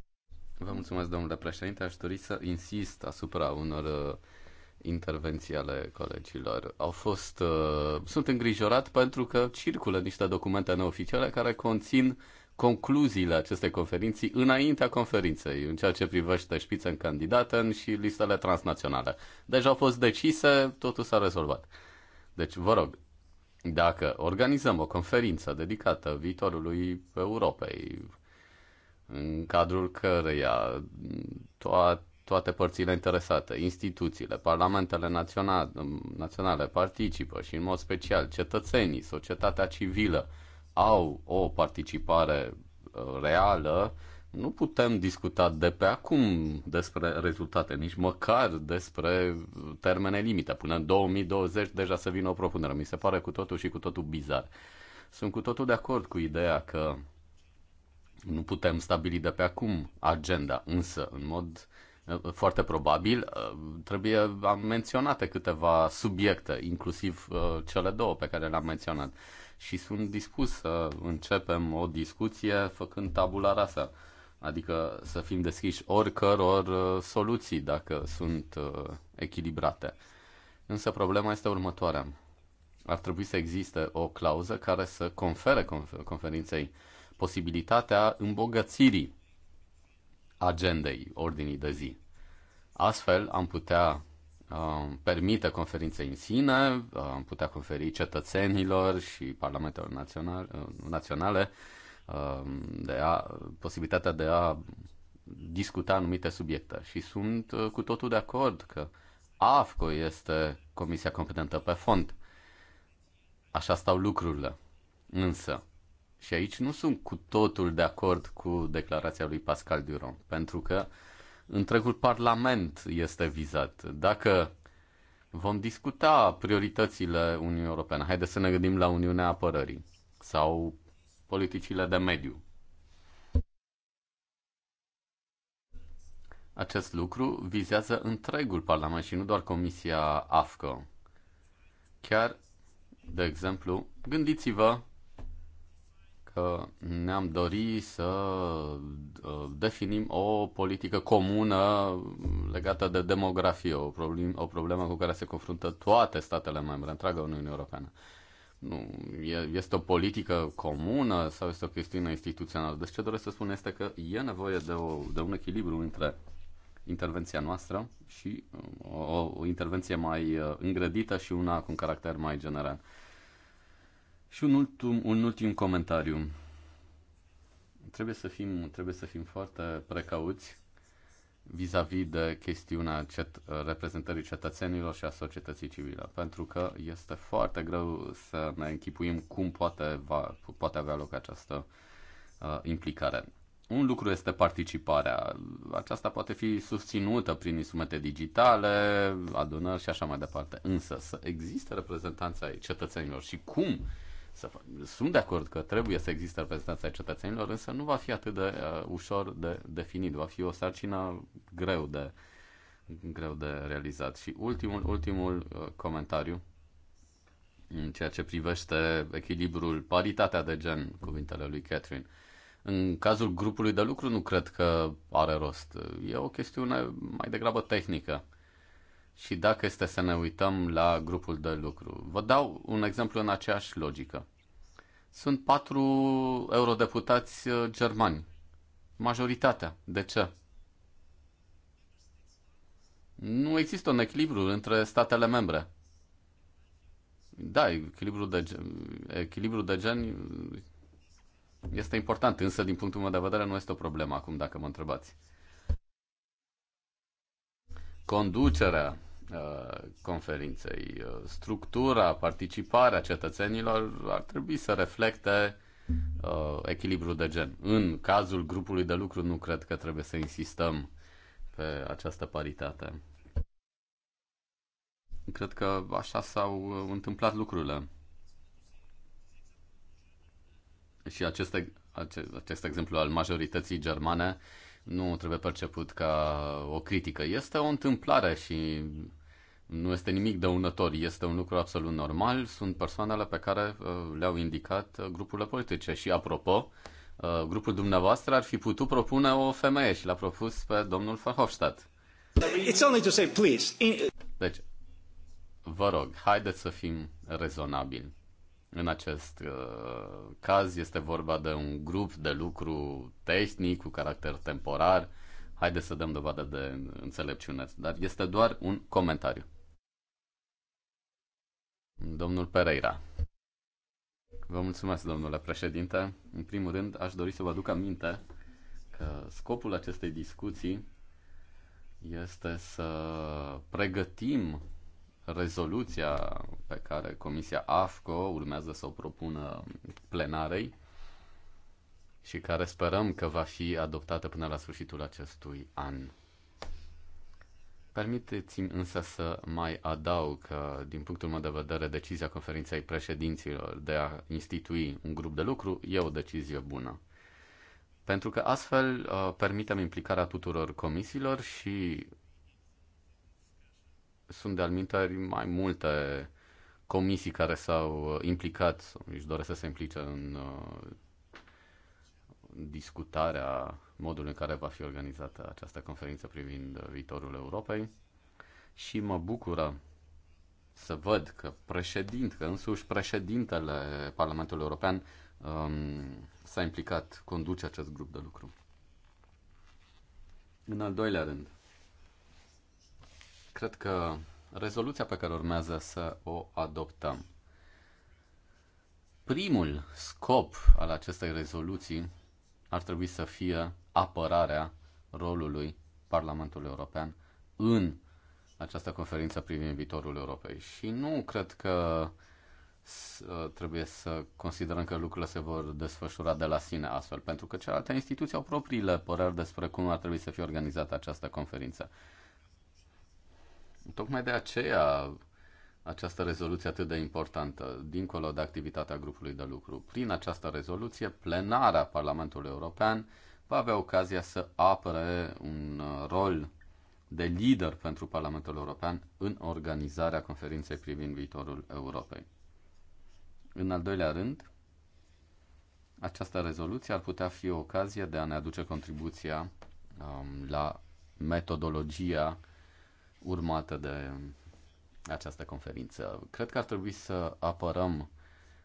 vă mulțumesc, domnule președinte. Aș dori să insist asupra unor uh, intervenții ale colegilor. Au fost, uh, sunt îngrijorat pentru că circulă niște documente neoficiale care conțin concluziile acestei conferinții înaintea conferinței, în ceea ce privește în candidaten și listele transnaționale. Deci au fost decise, totul s-a rezolvat. Deci, vă rog, dacă organizăm o conferință dedicată viitorului Europei, în cadrul căreia toate toate părțile interesate, instituțiile, parlamentele naționale, naționale participă și în mod special cetățenii, societatea civilă au o participare uh, reală, nu putem discuta de pe acum despre rezultate, nici măcar despre termene limite. Până în 2020 deja să vină o propunere. Mi se pare cu totul și cu totul bizar. Sunt cu totul de acord cu ideea că nu putem stabili de pe acum agenda, însă, în mod Uh, foarte probabil, uh, trebuie menționate câteva subiecte, inclusiv uh, cele două pe care le-am menționat. Și sunt dispus să începem o discuție făcând tabula rasa, adică să fim deschiși oricăror soluții dacă sunt echilibrate. Însă problema este următoarea. Ar trebui să existe o clauză care să confere conferinței posibilitatea îmbogățirii agendei, ordinii de zi. Astfel am putea um, permite conferințe în sine, uh, am putea conferi cetățenilor și parlamentelor național, uh, naționale um, de a, posibilitatea de a discuta anumite subiecte. Și sunt uh, cu totul de acord că AFCO este comisia competentă pe fond. Așa stau lucrurile. Însă, și aici nu sunt cu totul de acord cu declarația lui Pascal Duron, pentru că întregul Parlament este vizat. Dacă vom discuta prioritățile Uniunii Europene, haideți să ne gândim la Uniunea Apărării sau politicile de mediu. Acest lucru vizează întregul Parlament și nu doar Comisia AFCO. Chiar, de exemplu, gândiți-vă că ne-am dori să ă, definim o politică comună legată de demografie, o, problem, o problemă cu care se confruntă toate statele membre, întreaga Uniune Europeană. Nu, este o politică comună sau este o chestiune instituțională? Deci ce doresc să spun este că e nevoie de, o, de un echilibru între intervenția noastră și ă, o, o intervenție mai ă, îngrădită și una cu un caracter mai general. Și un ultim, un ultim comentariu. Trebuie să fim, trebuie să fim foarte precauți vis-a-vis -vis de chestiunea cet- reprezentării cetățenilor și a societății civile, pentru că este foarte greu să ne închipuim cum poate, va, poate avea loc această uh, implicare. Un lucru este participarea. Aceasta poate fi susținută prin instrumente digitale, adunări și așa mai departe. Însă să există reprezentanța cetățenilor și cum uh, să, sunt de acord că trebuie să existe reprezentanța cetățenilor, însă nu va fi atât de uh, ușor de definit, va fi o sarcină greu de, greu de realizat. Și ultimul, ultimul uh, comentariu, în ceea ce privește echilibrul, paritatea de gen, cuvintele lui Catherine. În cazul grupului de lucru nu cred că are rost. E o chestiune mai degrabă tehnică. Uh, și dacă este să ne uităm la grupul de lucru. Vă dau un exemplu în aceeași logică. Sunt patru eurodeputați uh, germani. Majoritatea. De ce? Nu există un echilibru între statele membre. Da, echilibru de, echilibru de gen este important, însă din punctul meu de vedere nu este o problemă acum, dacă mă întrebați. Conducerea Uh, conferinței. Uh, structura, participarea cetățenilor ar trebui să reflecte uh, echilibrul de gen. În cazul grupului de lucru nu cred că trebuie să insistăm pe această paritate. Cred că așa s-au uh, întâmplat lucrurile. Și acest, acest, acest exemplu al majorității germane nu trebuie perceput ca o critică. Este o întâmplare și nu este nimic dăunător, este un lucru absolut normal, sunt persoanele pe care uh, le-au indicat uh, grupurile politice. Și apropo, uh, grupul dumneavoastră ar fi putut propune o femeie și l-a propus pe domnul Verhofstadt. It's only to say, please. Deci, vă rog, haideți să fim rezonabili. În acest uh, caz este vorba de un grup de lucru tehnic cu caracter temporar. Haideți să dăm dovadă de înțelepciune, dar este doar un comentariu. Domnul Pereira. Vă mulțumesc, domnule președinte. În primul rând, aș dori să vă aduc aminte că scopul acestei discuții este să pregătim rezoluția pe care Comisia AFCO urmează să o propună plenarei și care sperăm că va fi adoptată până la sfârșitul acestui an. Permiteți-mi însă să mai adaug că, din punctul meu de vedere, decizia conferinței președinților de a institui un grup de lucru e o decizie bună. Pentru că astfel uh, permitem implicarea tuturor comisiilor și sunt de alminteri mai multe comisii care s-au uh, implicat, își doresc să se implice în uh, discutarea modul în care va fi organizată această conferință privind viitorul Europei și mă bucură să văd că președint, că însuși președintele Parlamentului European um, s-a implicat, conduce acest grup de lucru. În al doilea rând, cred că rezoluția pe care urmează să o adoptăm. Primul scop al acestei rezoluții ar trebui să fie apărarea rolului Parlamentului European în această conferință privind viitorul Europei. Și nu cred că ă, trebuie să considerăm că lucrurile se vor desfășura de la sine astfel, pentru că celelalte instituții au propriile păreri despre cum ar trebui să fie organizată această conferință. Tocmai de aceea această rezoluție atât de importantă, dincolo de activitatea grupului de lucru. Prin această rezoluție, plenarea Parlamentului European va avea ocazia să apere un uh, rol de lider pentru Parlamentul European în organizarea conferinței privind viitorul Europei. În al doilea rând, această rezoluție ar putea fi o ocazie de a ne aduce contribuția um, la metodologia urmată de această conferință. Cred că ar trebui să apărăm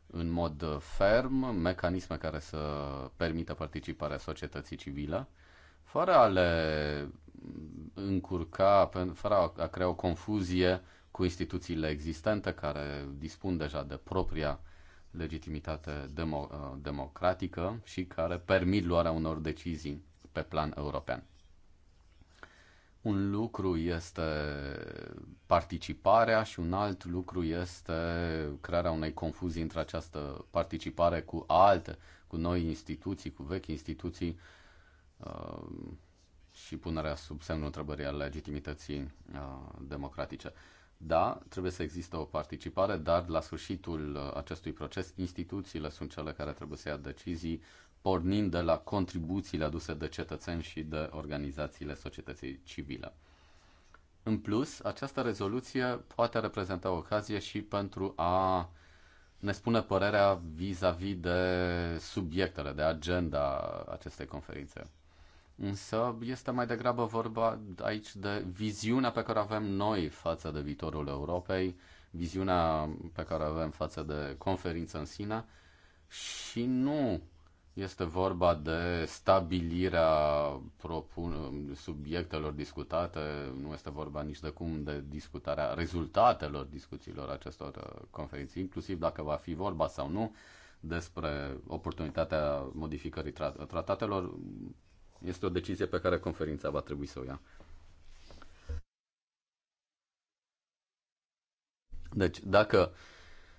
în mod ferm mecanisme care să permită participarea societății civile, fără a le încurca, fără a crea o confuzie cu instituțiile existente care dispun deja de propria legitimitate democratică și care permit luarea unor decizii pe plan european. Un lucru este participarea și un alt lucru este crearea unei confuzii între această participare cu alte, cu noi instituții, cu vechi instituții uh, și punerea sub semnul întrebării al legitimității uh, democratice. Da, trebuie să existe o participare, dar la sfârșitul uh, acestui proces instituțiile sunt cele care trebuie să ia decizii pornind de la contribuțiile aduse de cetățeni și de organizațiile societății civile. În plus, această rezoluție poate reprezenta o ocazie și pentru a ne spune părerea vis-a-vis -vis de subiectele, de agenda acestei conferințe. Însă este mai degrabă vorba aici de viziunea pe care avem noi față de viitorul Europei, viziunea pe care avem față de conferință în sine și nu este vorba de stabilirea propun- subiectelor discutate, nu este vorba nici de cum de discutarea rezultatelor discuțiilor acestor uh, conferințe, inclusiv dacă va fi vorba sau nu despre oportunitatea modificării tra- tratatelor. Este o decizie pe care conferința va trebui să o ia. Deci, dacă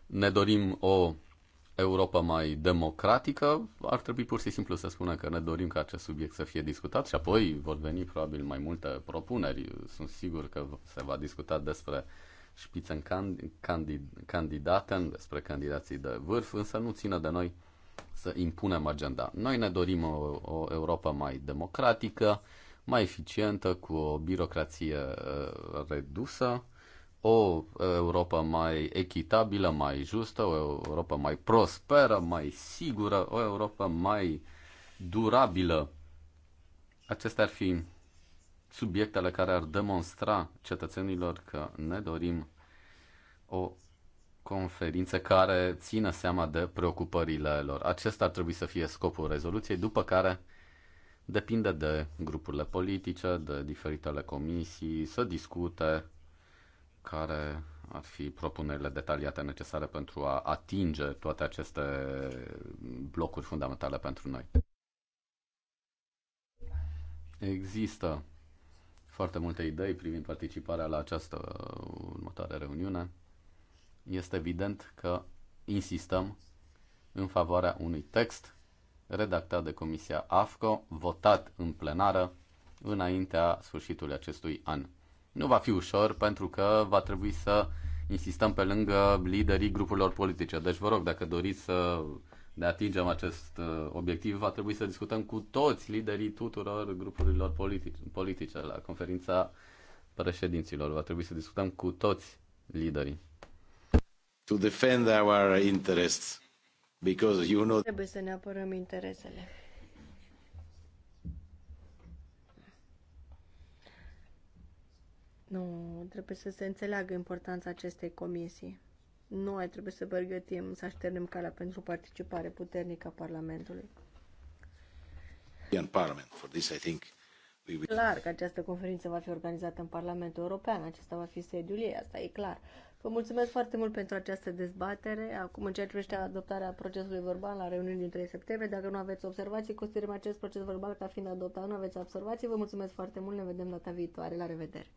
ne dorim o Europa mai democratică, ar trebui pur și simplu să spună că ne dorim ca acest subiect să fie discutat și apoi vor veni probabil mai multe propuneri. Sunt sigur că se va discuta despre spitzen candidaten, despre candidații de vârf, însă nu ține de noi să impunem agenda. Noi ne dorim o, o Europa mai democratică, mai eficientă, cu o birocrație uh, redusă o uh, Europa mai echitabilă, mai justă, o Europa mai prosperă, mai sigură, o Europa mai durabilă. Acestea ar fi subiectele care ar demonstra cetățenilor că ne dorim o conferință care țină seama de preocupările lor. Acesta ar trebui să fie scopul rezoluției, după care depinde de grupurile politice, de diferitele comisii, să discute care ar fi propunerile detaliate necesare pentru a atinge toate aceste blocuri fundamentale pentru noi. Există foarte multe idei privind participarea la această următoare reuniune. Este evident că insistăm în favoarea unui text redactat de Comisia AFCO, votat în plenară înaintea sfârșitului acestui an. Nu va fi ușor pentru că va trebui să insistăm pe lângă liderii grupurilor politice. Deci vă rog, dacă doriți să ne atingem acest uh, obiectiv, va trebui să discutăm cu toți liderii tuturor grupurilor politice, politice la conferința președinților. Va trebui să discutăm cu toți liderii. To defend our interests, because you know... Trebuie să ne apărăm interesele. Nu, trebuie să se înțeleagă importanța acestei comisii. Noi trebuie să pregătim, să așternem calea pentru participare puternică a Parlamentului. Parliament. For this, I think we will... Clar că această conferință va fi organizată în Parlamentul European. Acesta va fi sediul ei, asta e clar. Vă mulțumesc foarte mult pentru această dezbatere. Acum, în ceea ce privește adoptarea procesului verbal la reuniunea din 3 septembrie, dacă nu aveți observații, considerăm acest proces verbal ca fiind adoptat. Nu aveți observații. Vă mulțumesc foarte mult. Ne vedem data viitoare. La revedere!